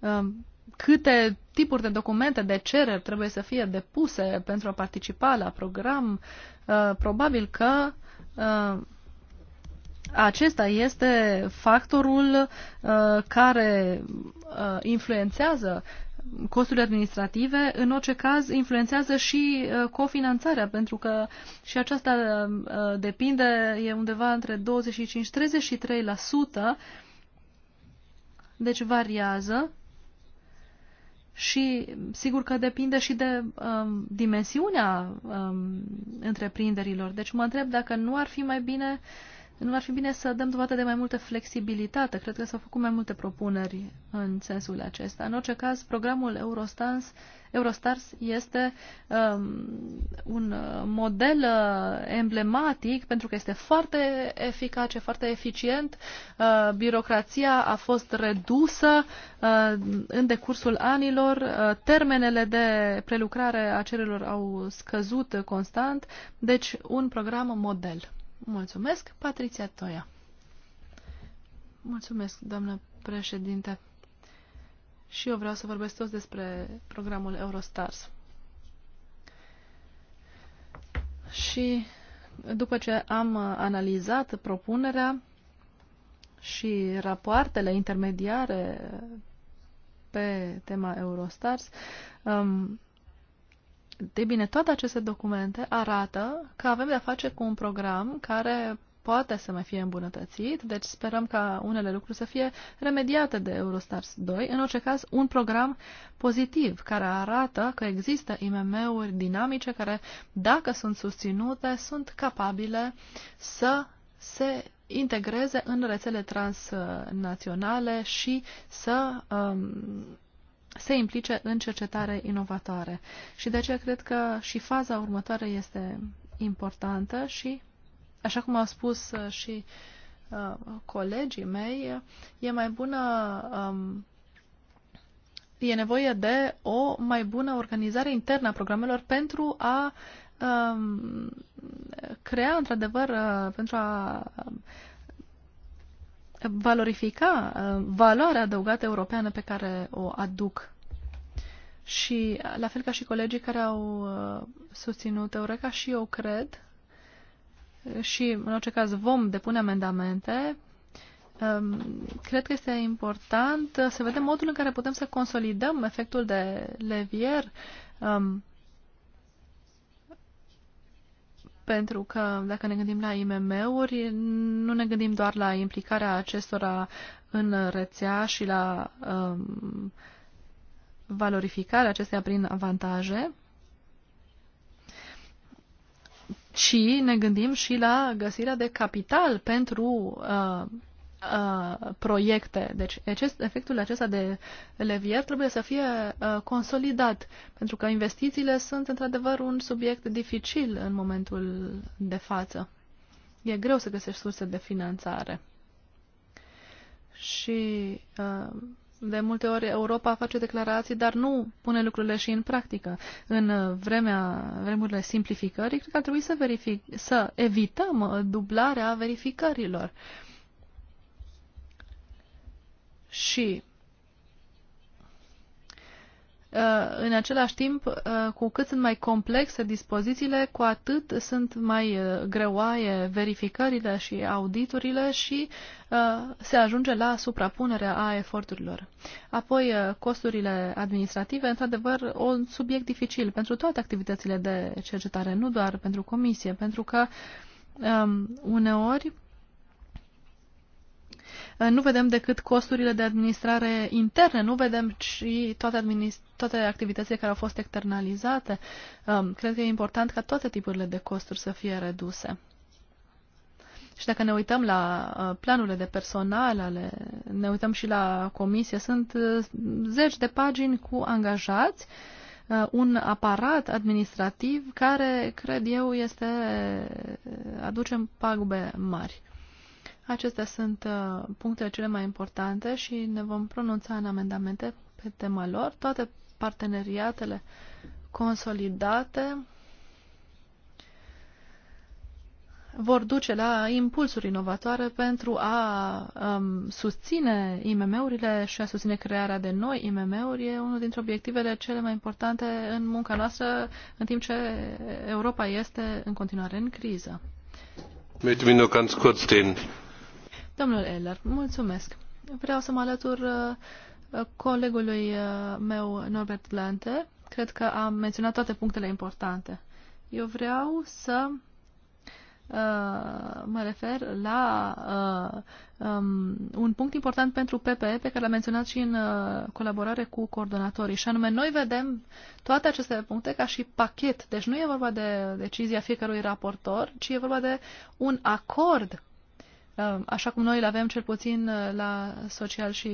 um, câte tipuri de documente, de cereri trebuie să fie depuse pentru a participa la program. Uh, probabil că uh, acesta este factorul uh, care uh, influențează costurile administrative, în orice caz, influențează și uh, cofinanțarea, pentru că și aceasta uh, depinde, e undeva între 25-33%, deci variază și sigur că depinde și de um, dimensiunea um, întreprinderilor. Deci mă întreb dacă nu ar fi mai bine uh, nu ar fi bine să dăm dovadă de mai multă flexibilitate. Cred că s-au făcut mai multe propuneri în sensul acesta. În orice caz, programul Eurostars, Eurostars este um, un model uh, emblematic pentru că este foarte eficace, foarte eficient. Uh, birocrația a fost redusă uh, în decursul anilor. Uh, termenele de prelucrare a cererilor au scăzut constant. Deci, un program model. Mulțumesc, Patricia Toia. Mulțumesc, doamnă președinte. Și eu vreau să vorbesc toți despre programul Eurostars. Și după ce am analizat propunerea și rapoartele intermediare pe tema Eurostars, um, de bine, toate aceste documente arată că avem de-a face cu un program care poate să mai fie îmbunătățit, deci sperăm ca unele lucruri să fie remediate de Eurostars 2. În orice caz, un program pozitiv care arată că există IMM-uri dinamice care, dacă sunt susținute, sunt capabile să se integreze în rețele transnaționale și să um, se implice în cercetare inovatoare. Și de aceea cred că și faza următoare este importantă și, așa cum au spus uh, și uh, colegii mei, e mai bună um, e nevoie de o mai bună organizare internă a programelor pentru a um, crea, într-adevăr, uh, pentru a valorifica uh, valoarea adăugată europeană pe care o aduc. Și uh, la fel ca și colegii care au uh, susținut Eureka și eu cred și în orice caz vom depune amendamente um, cred că este important să vedem modul în care putem să consolidăm efectul de levier um, pentru că dacă ne gândim la IMM-uri, nu ne gândim doar la implicarea acestora în rețea și la um, valorificarea acesteia prin avantaje, ci ne gândim și la găsirea de capital pentru uh, uh, proiecte. Deci acest, efectul acesta de levier trebuie să fie uh, consolidat, pentru că investițiile sunt într-adevăr un subiect dificil în momentul de față. E greu să găsești surse de finanțare. Și uh, de multe ori Europa face declarații, dar nu pune lucrurile și în practică. În uh, vremea, vremurile simplificării, cred că ar trebui să, verific, să evităm dublarea verificărilor. Uh, și uh, în același timp, uh, cu cât sunt mai complexe dispozițiile, cu atât sunt mai uh, greoaie verificările și auditurile și se ajunge la suprapunerea a eforturilor. Apoi, costurile administrative, într-adevăr, un subiect dificil pentru toate activitățile de cercetare, nu doar pentru comisie, pentru că um, uneori Eh, nu vedem decât costurile de administrare interne, nu vedem și toate, toate activitățile care au fost externalizate. Ehm, cred că e important ca toate tipurile de costuri să fie reduse. Și dacă ne uităm la eh, planurile de personal, ale, ne uităm și la comisie, sunt eh, zeci de pagini cu angajați, un aparat administrativ care, cred eu, este aduce pagube mari. Acestea sunt uh, punctele cele mai importante și ne vom pronunța în amendamente pe tema lor. Toate parteneriatele consolidate vor duce la impulsuri inovatoare pentru a um, susține IMM-urile și a susține crearea de noi IMM-uri. E unul dintre obiectivele cele mai importante în munca noastră, în timp ce Europa este în continuare în criză. den Domnul Eller, mulțumesc. Vreau să mă alătur uh, uh, colegului uh, meu, Norbert Lante. Cred că am menționat toate punctele importante. Eu vreau să mă refer la uh, um, un punct important pentru PPE pe care l-am menționat și în uh, colaborare cu coordonatorii. Și anume, noi vedem toate aceste puncte ca și pachet. Deci nu e vorba de decizia fiecărui raportor, ci e vorba de un acord Ehm, așa cum noi îl avem cel puțin eh, la social și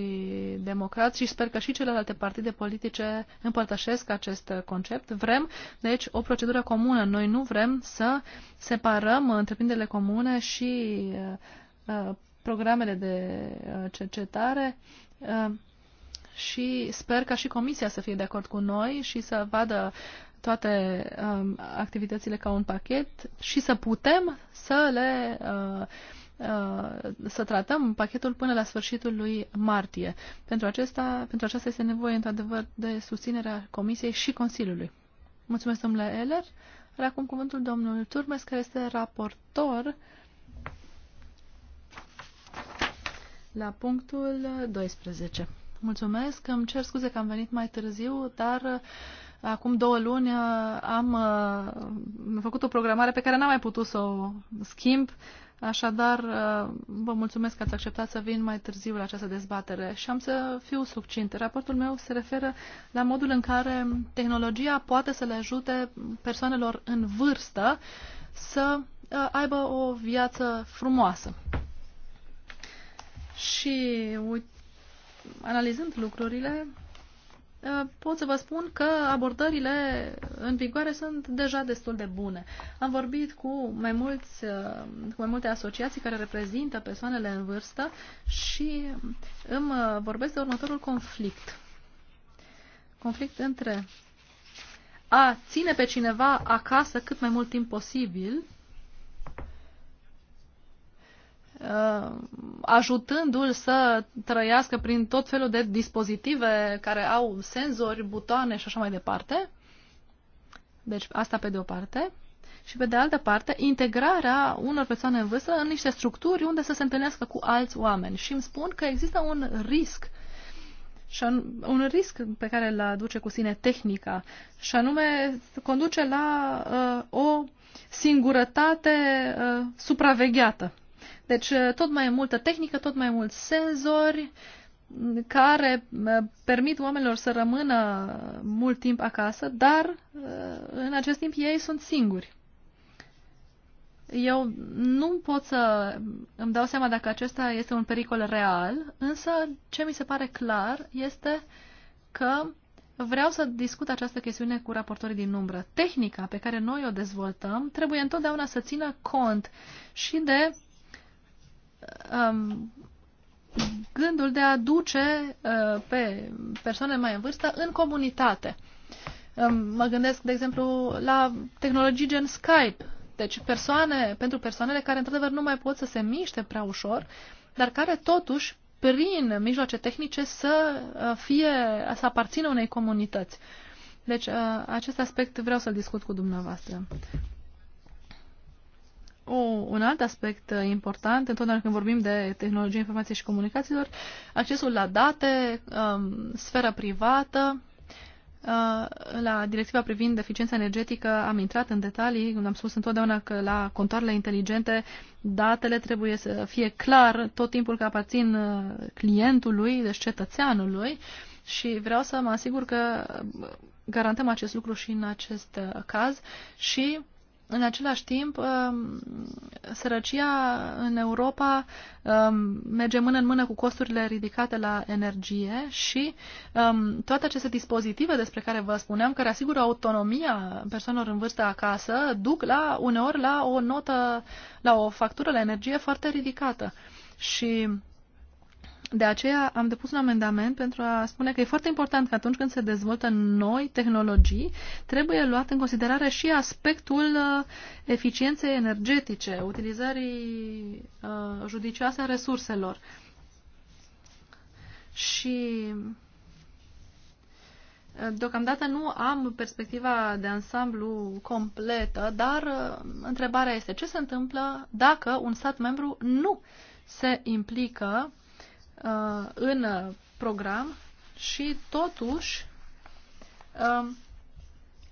democrat și sper că și celelalte partide politice împărtășesc acest eh, concept. Vrem, deci, o procedură comună. Noi nu vrem să separăm întreprinderile comune și eh, programele de cercetare ehm, și sper ca și Comisia să fie de acord cu noi și să vadă toate ehm, activitățile ca un pachet și să putem să le uh, Uh, să tratăm pachetul până la sfârșitul lui martie. Pentru, acesta, pentru aceasta este nevoie, într-adevăr, de susținerea Comisiei și Consiliului. Mulțumesc, domnule Eller. Are acum cuvântul domnul Turmes, care este raportor la punctul 12. Mulțumesc, îmi cer scuze că am venit mai târziu, dar uh, acum două luni uh, am făcut o programare pe care n-am mai putut să o schimb Așadar, uh, vă mulțumesc că ați acceptat să vin mai târziu la această dezbatere și am să fiu succint. Raportul meu se referă la modul în care tehnologia poate să le ajute persoanelor în vârstă să uh, aibă o viață frumoasă. Și analizând lucrurile, Uh, pot să vă spun că abordările în vigoare sunt deja destul de bune. Am vorbit cu mai, mulți, uh, cu mai multe asociații care reprezintă persoanele în vârstă și îmi uh, vorbesc de următorul conflict. Conflict între a ține pe cineva acasă cât mai mult timp posibil Uh, ajutându-l să trăiască prin tot felul de dispozitive care au senzori, butoane și așa mai departe. Deci asta pe de o parte. Și pe de altă parte, integrarea unor persoane în vârstă în niște structuri unde să se întâlnească cu alți oameni. Și îmi spun că există un risc și un, un risc pe care îl aduce cu sine tehnica și anume conduce la uh, o singurătate uh, supravegheată. Deci eh, tot mai multă tehnică, tot mai mulți senzori mm, care eh, permit oamenilor să rămână mult timp acasă, dar eh, în acest timp ei sunt singuri. Eu nu pot să îmi dau seama dacă acesta este un pericol real, însă ce mi se pare clar este că vreau să discut această chestiune cu raportorii din umbră. Tehnica pe care noi o dezvoltăm trebuie întotdeauna să țină cont și de um, gândul de a duce uh, pe persoane mai în vârstă în comunitate. Um, mă gândesc, de exemplu, la tehnologii gen Skype. Deci persoane, pentru persoanele care într-adevăr nu mai pot să se miște prea ușor, dar care totuși prin mijloace tehnice să uh, fie, să aparțină unei comunități. Deci uh, acest aspect vreau să-l discut cu dumneavoastră. O, un alt aspect uh, important, întotdeauna când vorbim de tehnologie informației și comunicațiilor, accesul la date, um, sfera privată, uh, la directiva privind eficiența energetică am intrat în detalii, am spus întotdeauna că la contoarele inteligente datele trebuie să fie clar tot timpul că aparțin uh, clientului, deci cetățeanului și vreau să mă asigur că garantăm acest lucru și în acest caz și în același timp, um, sărăcia în Europa um, merge mână în mână cu costurile ridicate la energie și um, toate aceste dispozitive despre care vă spuneam, care asigură autonomia persoanelor în vârstă acasă, duc la uneori la o notă, la o factură la energie foarte ridicată. Și de aceea am depus un amendament pentru a spune că e foarte important că atunci când se dezvoltă noi tehnologii, trebuie luat în considerare și aspectul uh, eficienței energetice, utilizării uh, judicioase a resurselor. Și uh, deocamdată nu am perspectiva de ansamblu completă, dar întrebarea este ce se întâmplă dacă un stat membru nu se implică Uh, în program și totuși um,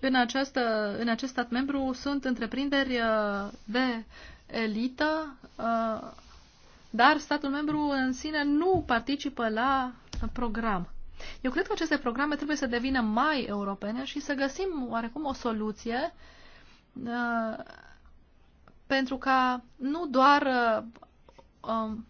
în, această, în acest stat membru sunt întreprinderi uh, de elită, uh, dar statul membru în sine nu participă la program. Eu cred că aceste programe trebuie să devină mai europene și să găsim oarecum o soluție pentru ca nu doar um,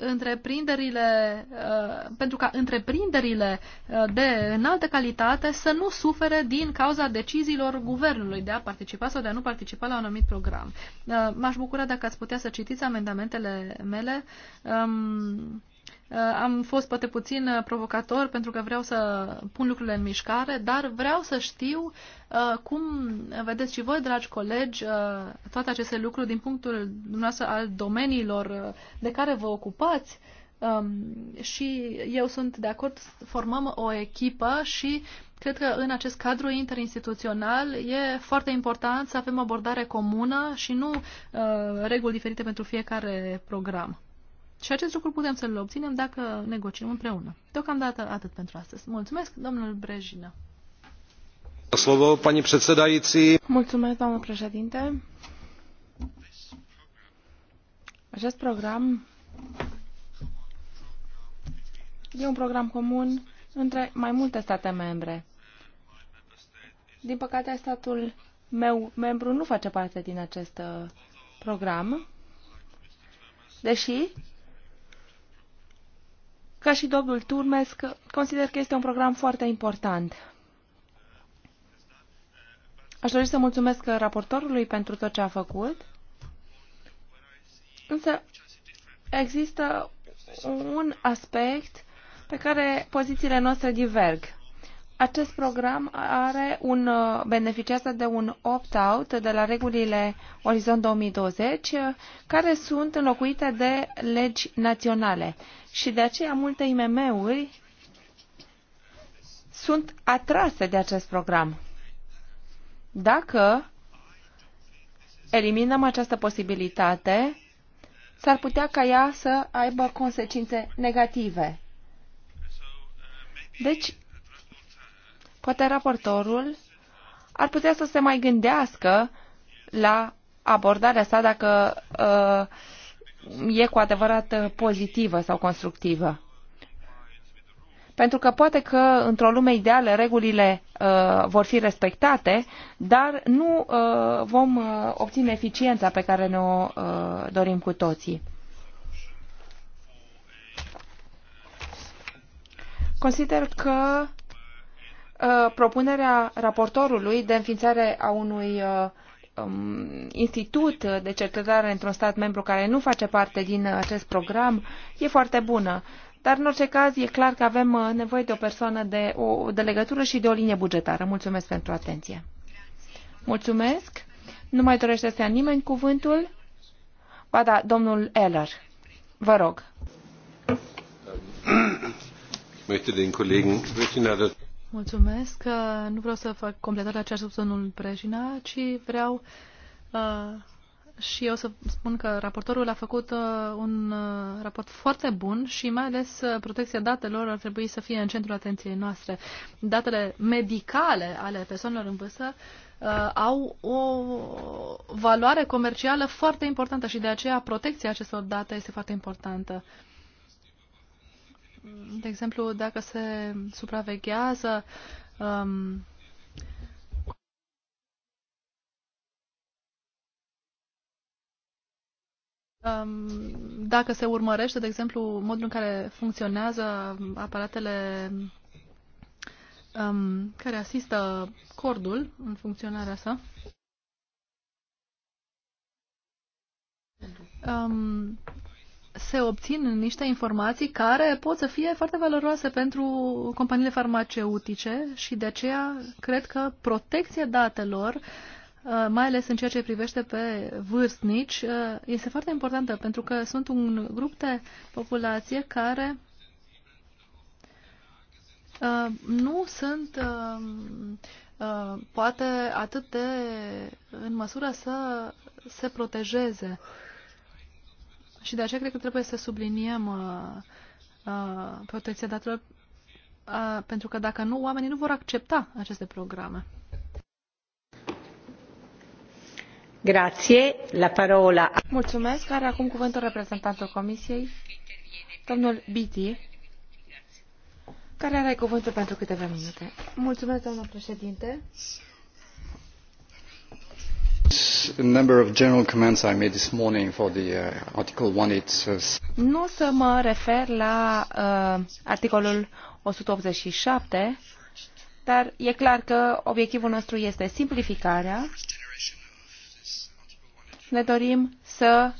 întreprinderile, uh, pentru ca întreprinderile uh, de înaltă calitate să nu sufere din cauza deciziilor guvernului de a participa sau de a nu participa la un anumit program. Uh, m-aș bucura dacă ați putea să citiți amendamentele mele. Um, Uh, am fost poate puțin uh, provocator pentru că vreau să pun lucrurile în mișcare, dar vreau să știu uh, cum vedeți și voi, dragi colegi, toate aceste lucruri din punctul dumneavoastră al domeniilor de care vă ocupați. Um, și eu sunt de acord, formăm o echipă și cred că în acest cadru interinstituțional e foarte important să avem abordare comună și nu reguli diferite pentru fiecare program. Și acest lucru putem să-l obținem dacă negociem împreună. Deocamdată atât pentru astăzi. Mulțumesc, domnul Brejină. Slovo, pani predsedajúci. Mulțumesc, doamnă președinte. Acest program e un program comun între mai multe state membre. Din păcate, statul meu membru nu face parte din acest uh, program, deși ca și domnul turmesc, consider că este un program foarte important. Aș dori să mulțumesc raportorului pentru tot ce a făcut, însă există un aspect pe care pozițiile noastre diverg. Acest program are un, uh, beneficiază de un opt-out de la regulile Orizont 2020, uh, care sunt înlocuite de legi naționale. Și de aceea multe IMM-uri sunt atrase de acest program. Dacă eliminăm această posibilitate, s-ar putea ca ea să aibă consecințe negative. Deci, Poate raportorul ar putea să se mai gândească la abordarea sa dacă uh, e cu adevărat pozitivă sau constructivă. Pentru că poate că într-o lume ideală regulile uh, vor fi respectate, dar nu uh, vom uh, obține eficiența pe care ne-o uh, dorim cu toții. Consider că Uh, propunerea raportorului de înființare a unui uh, um, institut de cercetare într-un stat membru care nu face parte din acest program e foarte bună. Dar, în orice caz, e clar că avem uh, nevoie de o persoană de, o, de legătură și de o linie bugetară. Mulțumesc pentru atenție. Mulțumesc. Nu mai dorește să ia nimeni cuvântul? Ba da, domnul Eller. Vă rog. Mulțumesc. Uh, nu vreau să fac completarea la ce a spus domnul Brejina, ci vreau uh, și eu să spun că raportorul a făcut uh, un uh, raport foarte bun și mai ales uh, protecția datelor ar trebui să fie în centrul atenției noastre. Datele medicale ale persoanelor în vârstă uh, au o valoare comercială foarte importantă și de aceea protecția acestor date este foarte importantă. Uh, de exemplu, dacă se supraveghează um, um, dacă se urmărește, de exemplu, modul în care funcționează aparatele um, care asistă cordul în funcționarea sa. Um, se obțin niște informații care pot să fie foarte valoroase pentru companiile farmaceutice și de aceea cred că protecția datelor, uh, mai ales în ceea ce privește pe vârstnici, uh, este foarte importantă pentru că sunt un grup de populație care uh, nu sunt poate atât de în măsură să se protejeze. Și de aceea cred că trebuie să subliniem uh, uh, protecția datelor, uh, pentru că dacă nu, oamenii nu vor accepta aceste programe. Grazie. La parola. Mulțumesc. Are acum cuvântul reprezentantul Comisiei, domnul Biti, care are cuvântul pentru câteva minute. Mulțumesc, doamnă președinte. Nu o să mă refer la uh, articolul 187, dar e clar că obiectivul nostru este simplificarea. Ne dorim să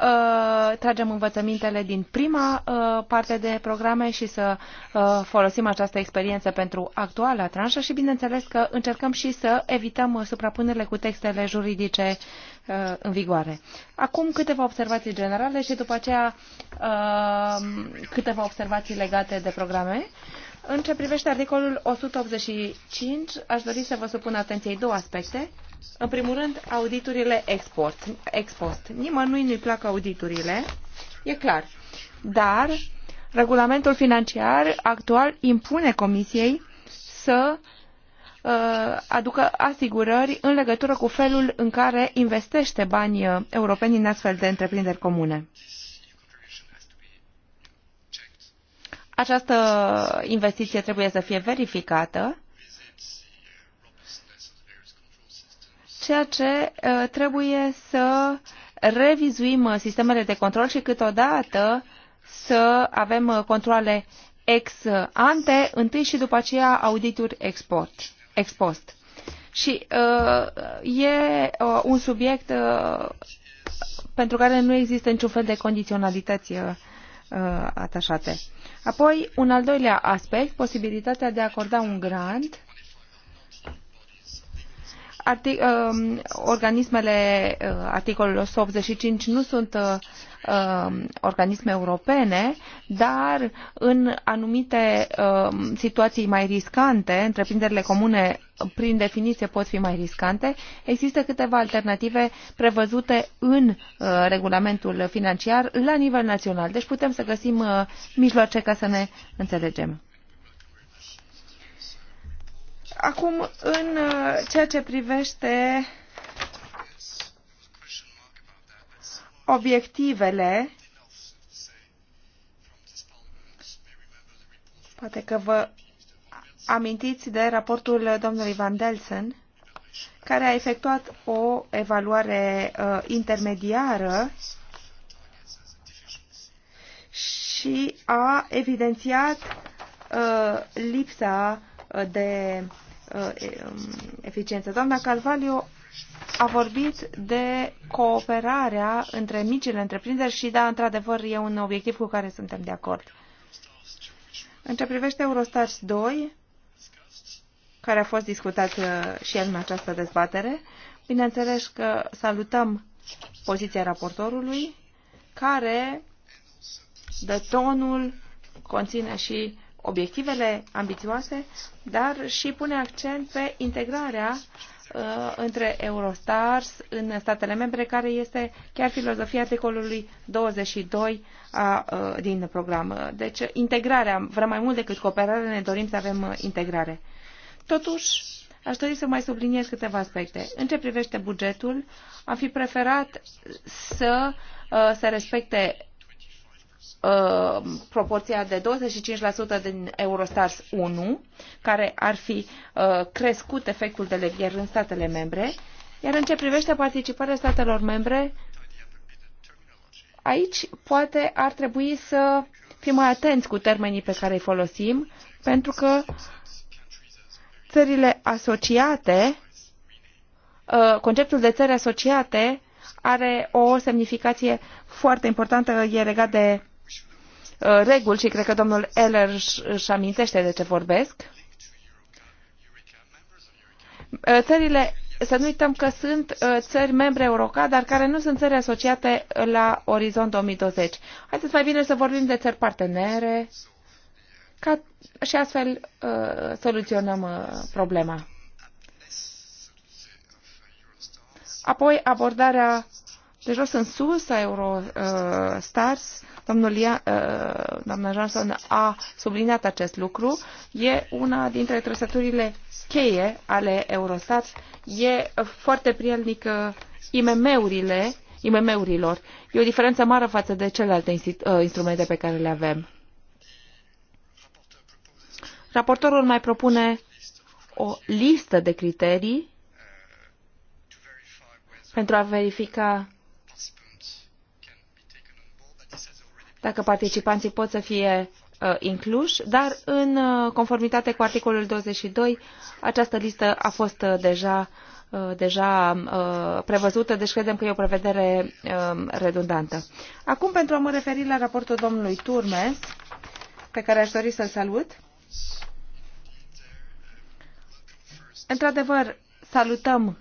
Uh, tragem învățămintele din prima uh, parte de programe și să uh, folosim această experiență pentru actuala tranșă și bineînțeles că încercăm și să evităm suprapunerile cu textele juridice în vigoare. Acum câteva observații generale și după aceea câteva observații legate de programe. În ce privește articolul 185, aș dori să vă supun atenției două aspecte. În primul rând, auditurile export, expost. Nimănui nu-i plac auditurile, e clar. Dar regulamentul financiar actual impune Comisiei să uh, aducă asigurări în legătură cu felul în care investește bani uh, europeni în astfel de întreprinderi comune. Această investiție trebuie să fie verificată ceea ce uh, trebuie să revizuim uh, sistemele de control și câteodată să avem uh, controle ex ante, întâi și după aceea audituri export, ex post. Și uh, e uh, un subiect uh, pentru care nu există niciun fel de condiționalități uh, atașate. Apoi, un al doilea aspect, posibilitatea de a acorda un grant artic, uh, um, organismele uh, articolului 185 nu sunt uh, uh, organisme europene, dar în anumite uh, situații mai riscante, întreprinderile comune prin definiție pot fi mai riscante, există câteva alternative prevăzute în uh, regulamentul financiar la nivel național. Deci putem să găsim uh, mijloace ca să ne înțelegem. Acum, în uh, ceea ce privește obiectivele, poate că vă amintiți de raportul domnului Van Delsen, care a efectuat o evaluare uh, intermediară și a evidențiat uh, lipsa uh, de Uh, um, eficiență. Doamna Carvalho a vorbit de cooperarea între micile întreprinderi și, da, într-adevăr, e un obiectiv cu care suntem de acord. În ce privește Eurostars 2, care a fost discutat uh, și el în această dezbatere, bineînțeles că salutăm poziția raportorului, care dă tonul, conține și obiectivele ambițioase, dar și pune accent pe integrarea uh, între Eurostars în statele membre, care este chiar filozofia articolului 22 a, uh, din program. Deci integrarea, vrem mai mult decât cooperare, ne dorim să avem uh, integrare. Totuși, aș dori să mai subliniez câteva aspecte. În ce privește bugetul, am fi preferat să se respecte Uh, proporția de 25% din Eurostars 1, care ar fi uh, crescut efectul de levier în statele membre, iar în ce privește participarea statelor membre, aici poate ar trebui să fim mai atenți cu termenii pe care îi folosim, pentru că țările asociate, uh, conceptul de țări asociate are o semnificație foarte importantă, e legat de Uh, reguli și cred că domnul Eller își amintește de ce vorbesc. Uh, țările, să nu uităm că sunt uh, țări membre Euroca, dar care nu sunt țări asociate la Orizont 2020. Haideți mai bine să vorbim de țări partenere ca, și astfel soluționăm problema. Apoi abordarea de jos în sus a Eurostars Domnul Ia, uh, doamna Johnson a subliniat acest lucru. E una dintre trăsăturile cheie ale Eurostat. E foarte prielnică uh, IMM-urile, IMM-urilor. E o diferență mare față de celelalte uh, instrumente pe care le avem. Raportorul mai propune o listă de criterii pentru a verifica dacă participanții pot să fie uh, incluși, dar în uh, conformitate cu articolul 22, această listă a fost uh, deja, uh, deja uh, prevăzută, deci credem că e o prevedere uh, redundantă. Acum, pentru a mă referi la raportul domnului Turmes, pe care aș dori să-l salut. Într-adevăr, salutăm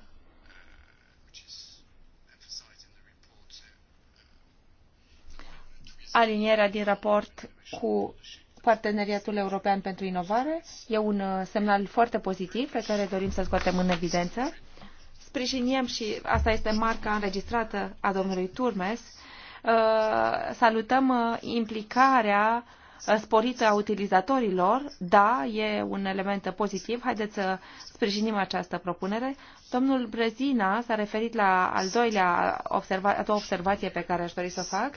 alinierea din raport cu Parteneriatul European pentru Inovare. E un uh, semnal foarte pozitiv pe care dorim să-l scoatem în evidență. Sprijiniem și asta este marca înregistrată a domnului Turmes. Uh, salutăm uh, implicarea sporită a utilizatorilor. Da, e un element pozitiv. Haideți să sprijinim această propunere. Domnul Brezina s-a referit la al doilea observa a doua observație pe care aș dori să o fac.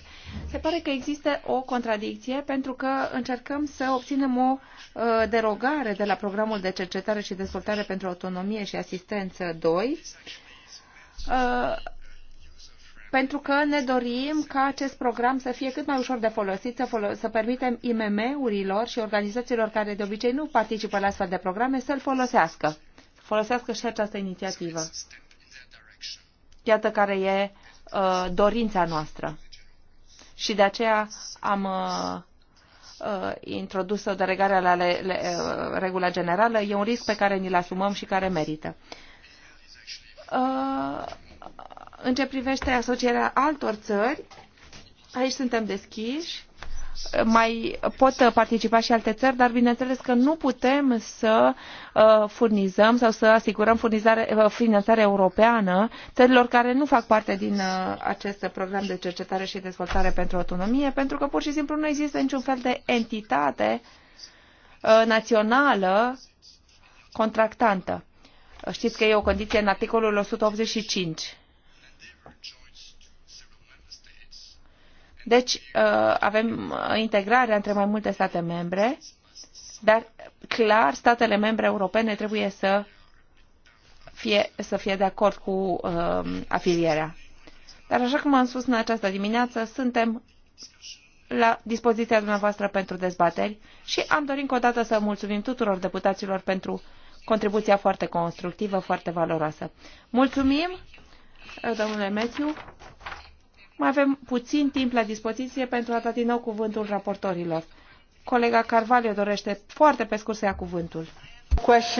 Se pare că există o contradicție pentru că încercăm să obținem o uh, derogare de la programul de cercetare și dezvoltare pentru autonomie și asistență 2 pentru că ne dorim ca acest program să fie cât mai ușor de folosit, să, folos să permitem IMM-urilor și organizațiilor care de obicei nu participă la astfel de programe să-l folosească. Folosească și această inițiativă. Iată care e uh, dorința noastră. Și de aceea am uh, uh, introdus o delegare la le, le, uh, regula generală. E un risc pe care ni-l asumăm și care merită. Uh, în ce privește asocierea altor țări, aici suntem deschiși mai pot participa și alte țări, dar bineînțeles că nu putem să uh, furnizăm sau să asigurăm furnizare, uh, finanțare europeană țărilor care nu fac parte din uh, acest program de cercetare și dezvoltare pentru autonomie, pentru că pur și simplu nu există niciun fel de entitate națională contractantă. Știți că e o condiție în articolul 185 Deci uh, avem uh, integrarea între mai multe state membre, dar clar statele membre europene trebuie să fie, să fie de acord cu uh, afilierea. Dar așa cum am spus în această dimineață, suntem la dispoziția dumneavoastră pentru dezbateri și am dorit încă o dată să mulțumim tuturor deputaților pentru contribuția foarte constructivă, foarte valoroasă. Mulțumim, domnule Matthew. Mai avem puțin timp la dispoziție pentru a da din nou cuvântul raportorilor. Colega Carvalho dorește foarte pe scurt să ia cuvântul. Uh,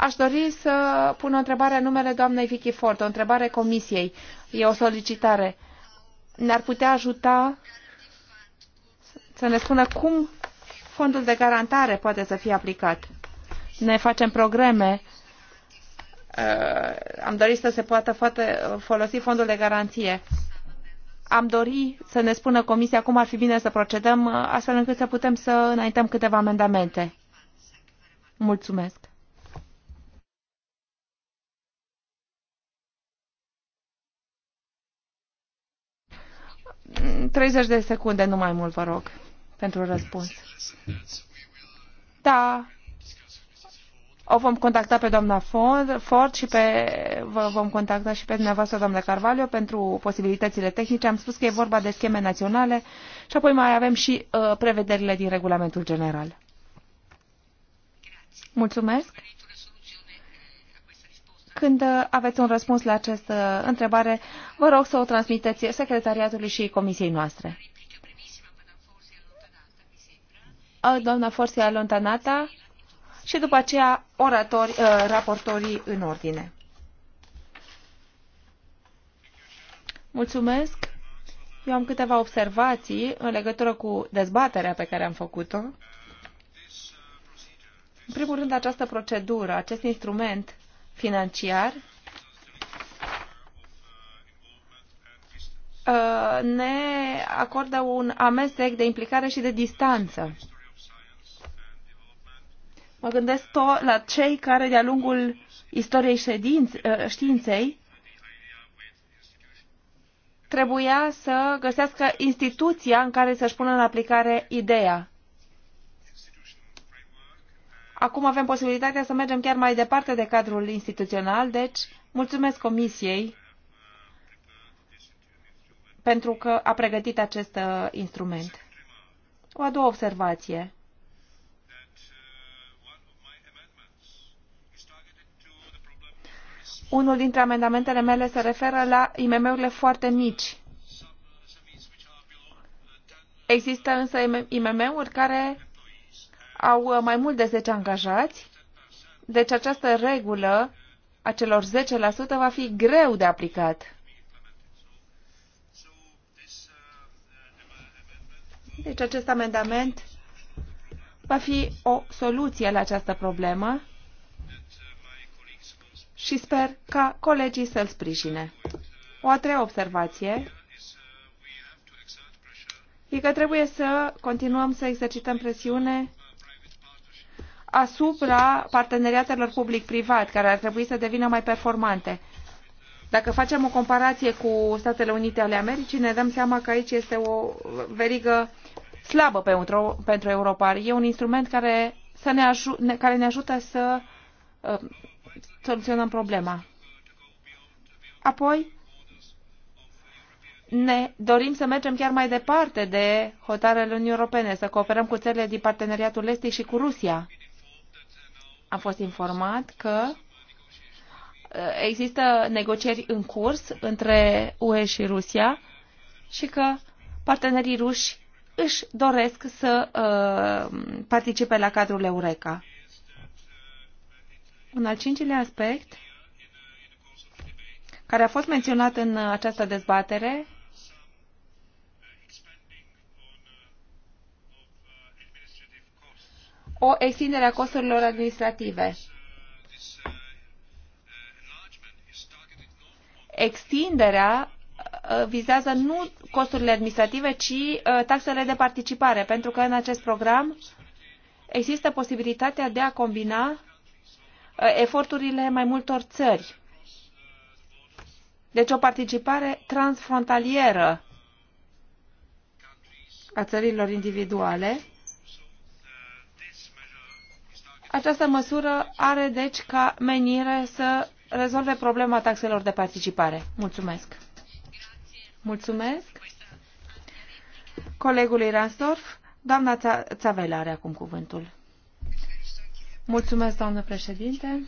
Aș dori să pun o întrebare în numele doamnei Vicky Ford, o întrebare comisiei. E o solicitare. Ne-ar putea ajuta să ne spună cum fondul de garantare poate să fie aplicat. Ne facem programe Uh, am dorit să se poată folosi fondul de garanție. Am dori să ne spună Comisia cum ar fi bine să procedăm, uh, astfel încât să putem să înaintăm câteva amendamente. Mulțumesc. Treizeci de secunde, nu mai mult, vă rog, pentru răspuns. Da, o vom contacta pe doamna Ford și pe, vă vom contacta și pe dumneavoastră, doamna Carvalho, pentru posibilitățile tehnice. Am spus că e vorba de scheme naționale și apoi mai avem și uh, prevederile din regulamentul general. Mulțumesc. Când uh, aveți un răspuns la această uh, întrebare, vă rog să o transmiteți secretariatului și comisiei noastre. Uh, doamna Forsia Lontanata, și după aceea oratori, uh, raportorii în ordine. Mulțumesc. Eu am câteva observații în legătură cu dezbaterea pe care am făcut-o. În primul rând, această procedură, acest instrument financiar uh, ne acordă un amestec de implicare și de distanță Mă gândesc to- la cei care de-a lungul istoriei ședinț, ă, științei trebuia să găsească instituția în care să-și pună în aplicare ideea. Acum avem posibilitatea să mergem chiar mai departe de cadrul instituțional, deci mulțumesc Comisiei pentru că a pregătit acest ă, instrument. O a doua observație. Unul dintre amendamentele mele se referă la IMM-urile foarte mici. Există însă IMM-uri care au uh, mai mult de 10 angajați, deci această regulă a celor 10% va fi greu de aplicat. Deci acest amendament va fi o soluție la această problemă și sper ca colegii să-l sprijine. O a treia observație e că trebuie să continuăm să exercităm presiune asupra parteneriatelor public-privat, care ar trebui să devină mai performante. Dacă facem o comparație cu Statele Unite ale Americii, ne dăm seama că aici este o verigă slabă pentru, pentru Europa. E un instrument care, să ne, aj- care ne ajută să uh, soluționăm problema. Apoi, ne dorim să mergem chiar mai departe de hotarele Uniunii Europene, să cooperăm cu țările din parteneriatul estic și cu Rusia. Am fost informat că uh, există negocieri în curs între UE și Rusia și că partenerii ruși își doresc să uh, participe la cadrul Eureka. Un al cincilea aspect care a fost menționat în această dezbatere o extindere a costurilor administrative. Extinderea uh, vizează nu costurile administrative, ci uh, taxele de participare, pentru că în acest program există posibilitatea de a combina Uh, eforturile mai multor țări. Deci o participare transfrontalieră a țărilor individuale. Această măsură are deci ca menire să rezolve problema taxelor de participare. Mulțumesc! Mulțumesc colegului Ransdorf. Doamna Țavela are acum cuvântul. Mulțumesc, doamnă președinte.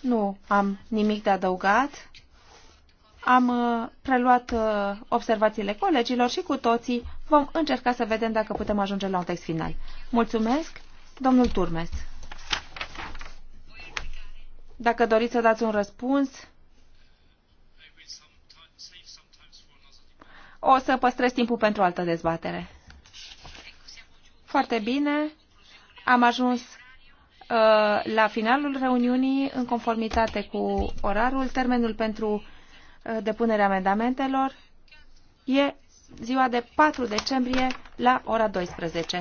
Nu am nimic de adăugat. Am uh, preluat uh, observațiile colegilor și cu toții vom încerca să vedem dacă putem ajunge la un text final. Mulțumesc, domnul Turmes. Dacă doriți să dați un răspuns, o să păstrez timpul pentru altă dezbatere. Foarte bine. Am ajuns uh, la finalul reuniunii în conformitate cu orarul. Termenul pentru uh, depunerea amendamentelor e ziua de 4 decembrie la ora 12.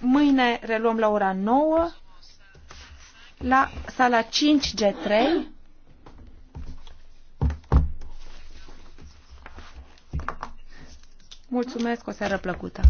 Mâine reluăm la ora 9 la sala 5G3 Mulțumesc, o seară plăcută!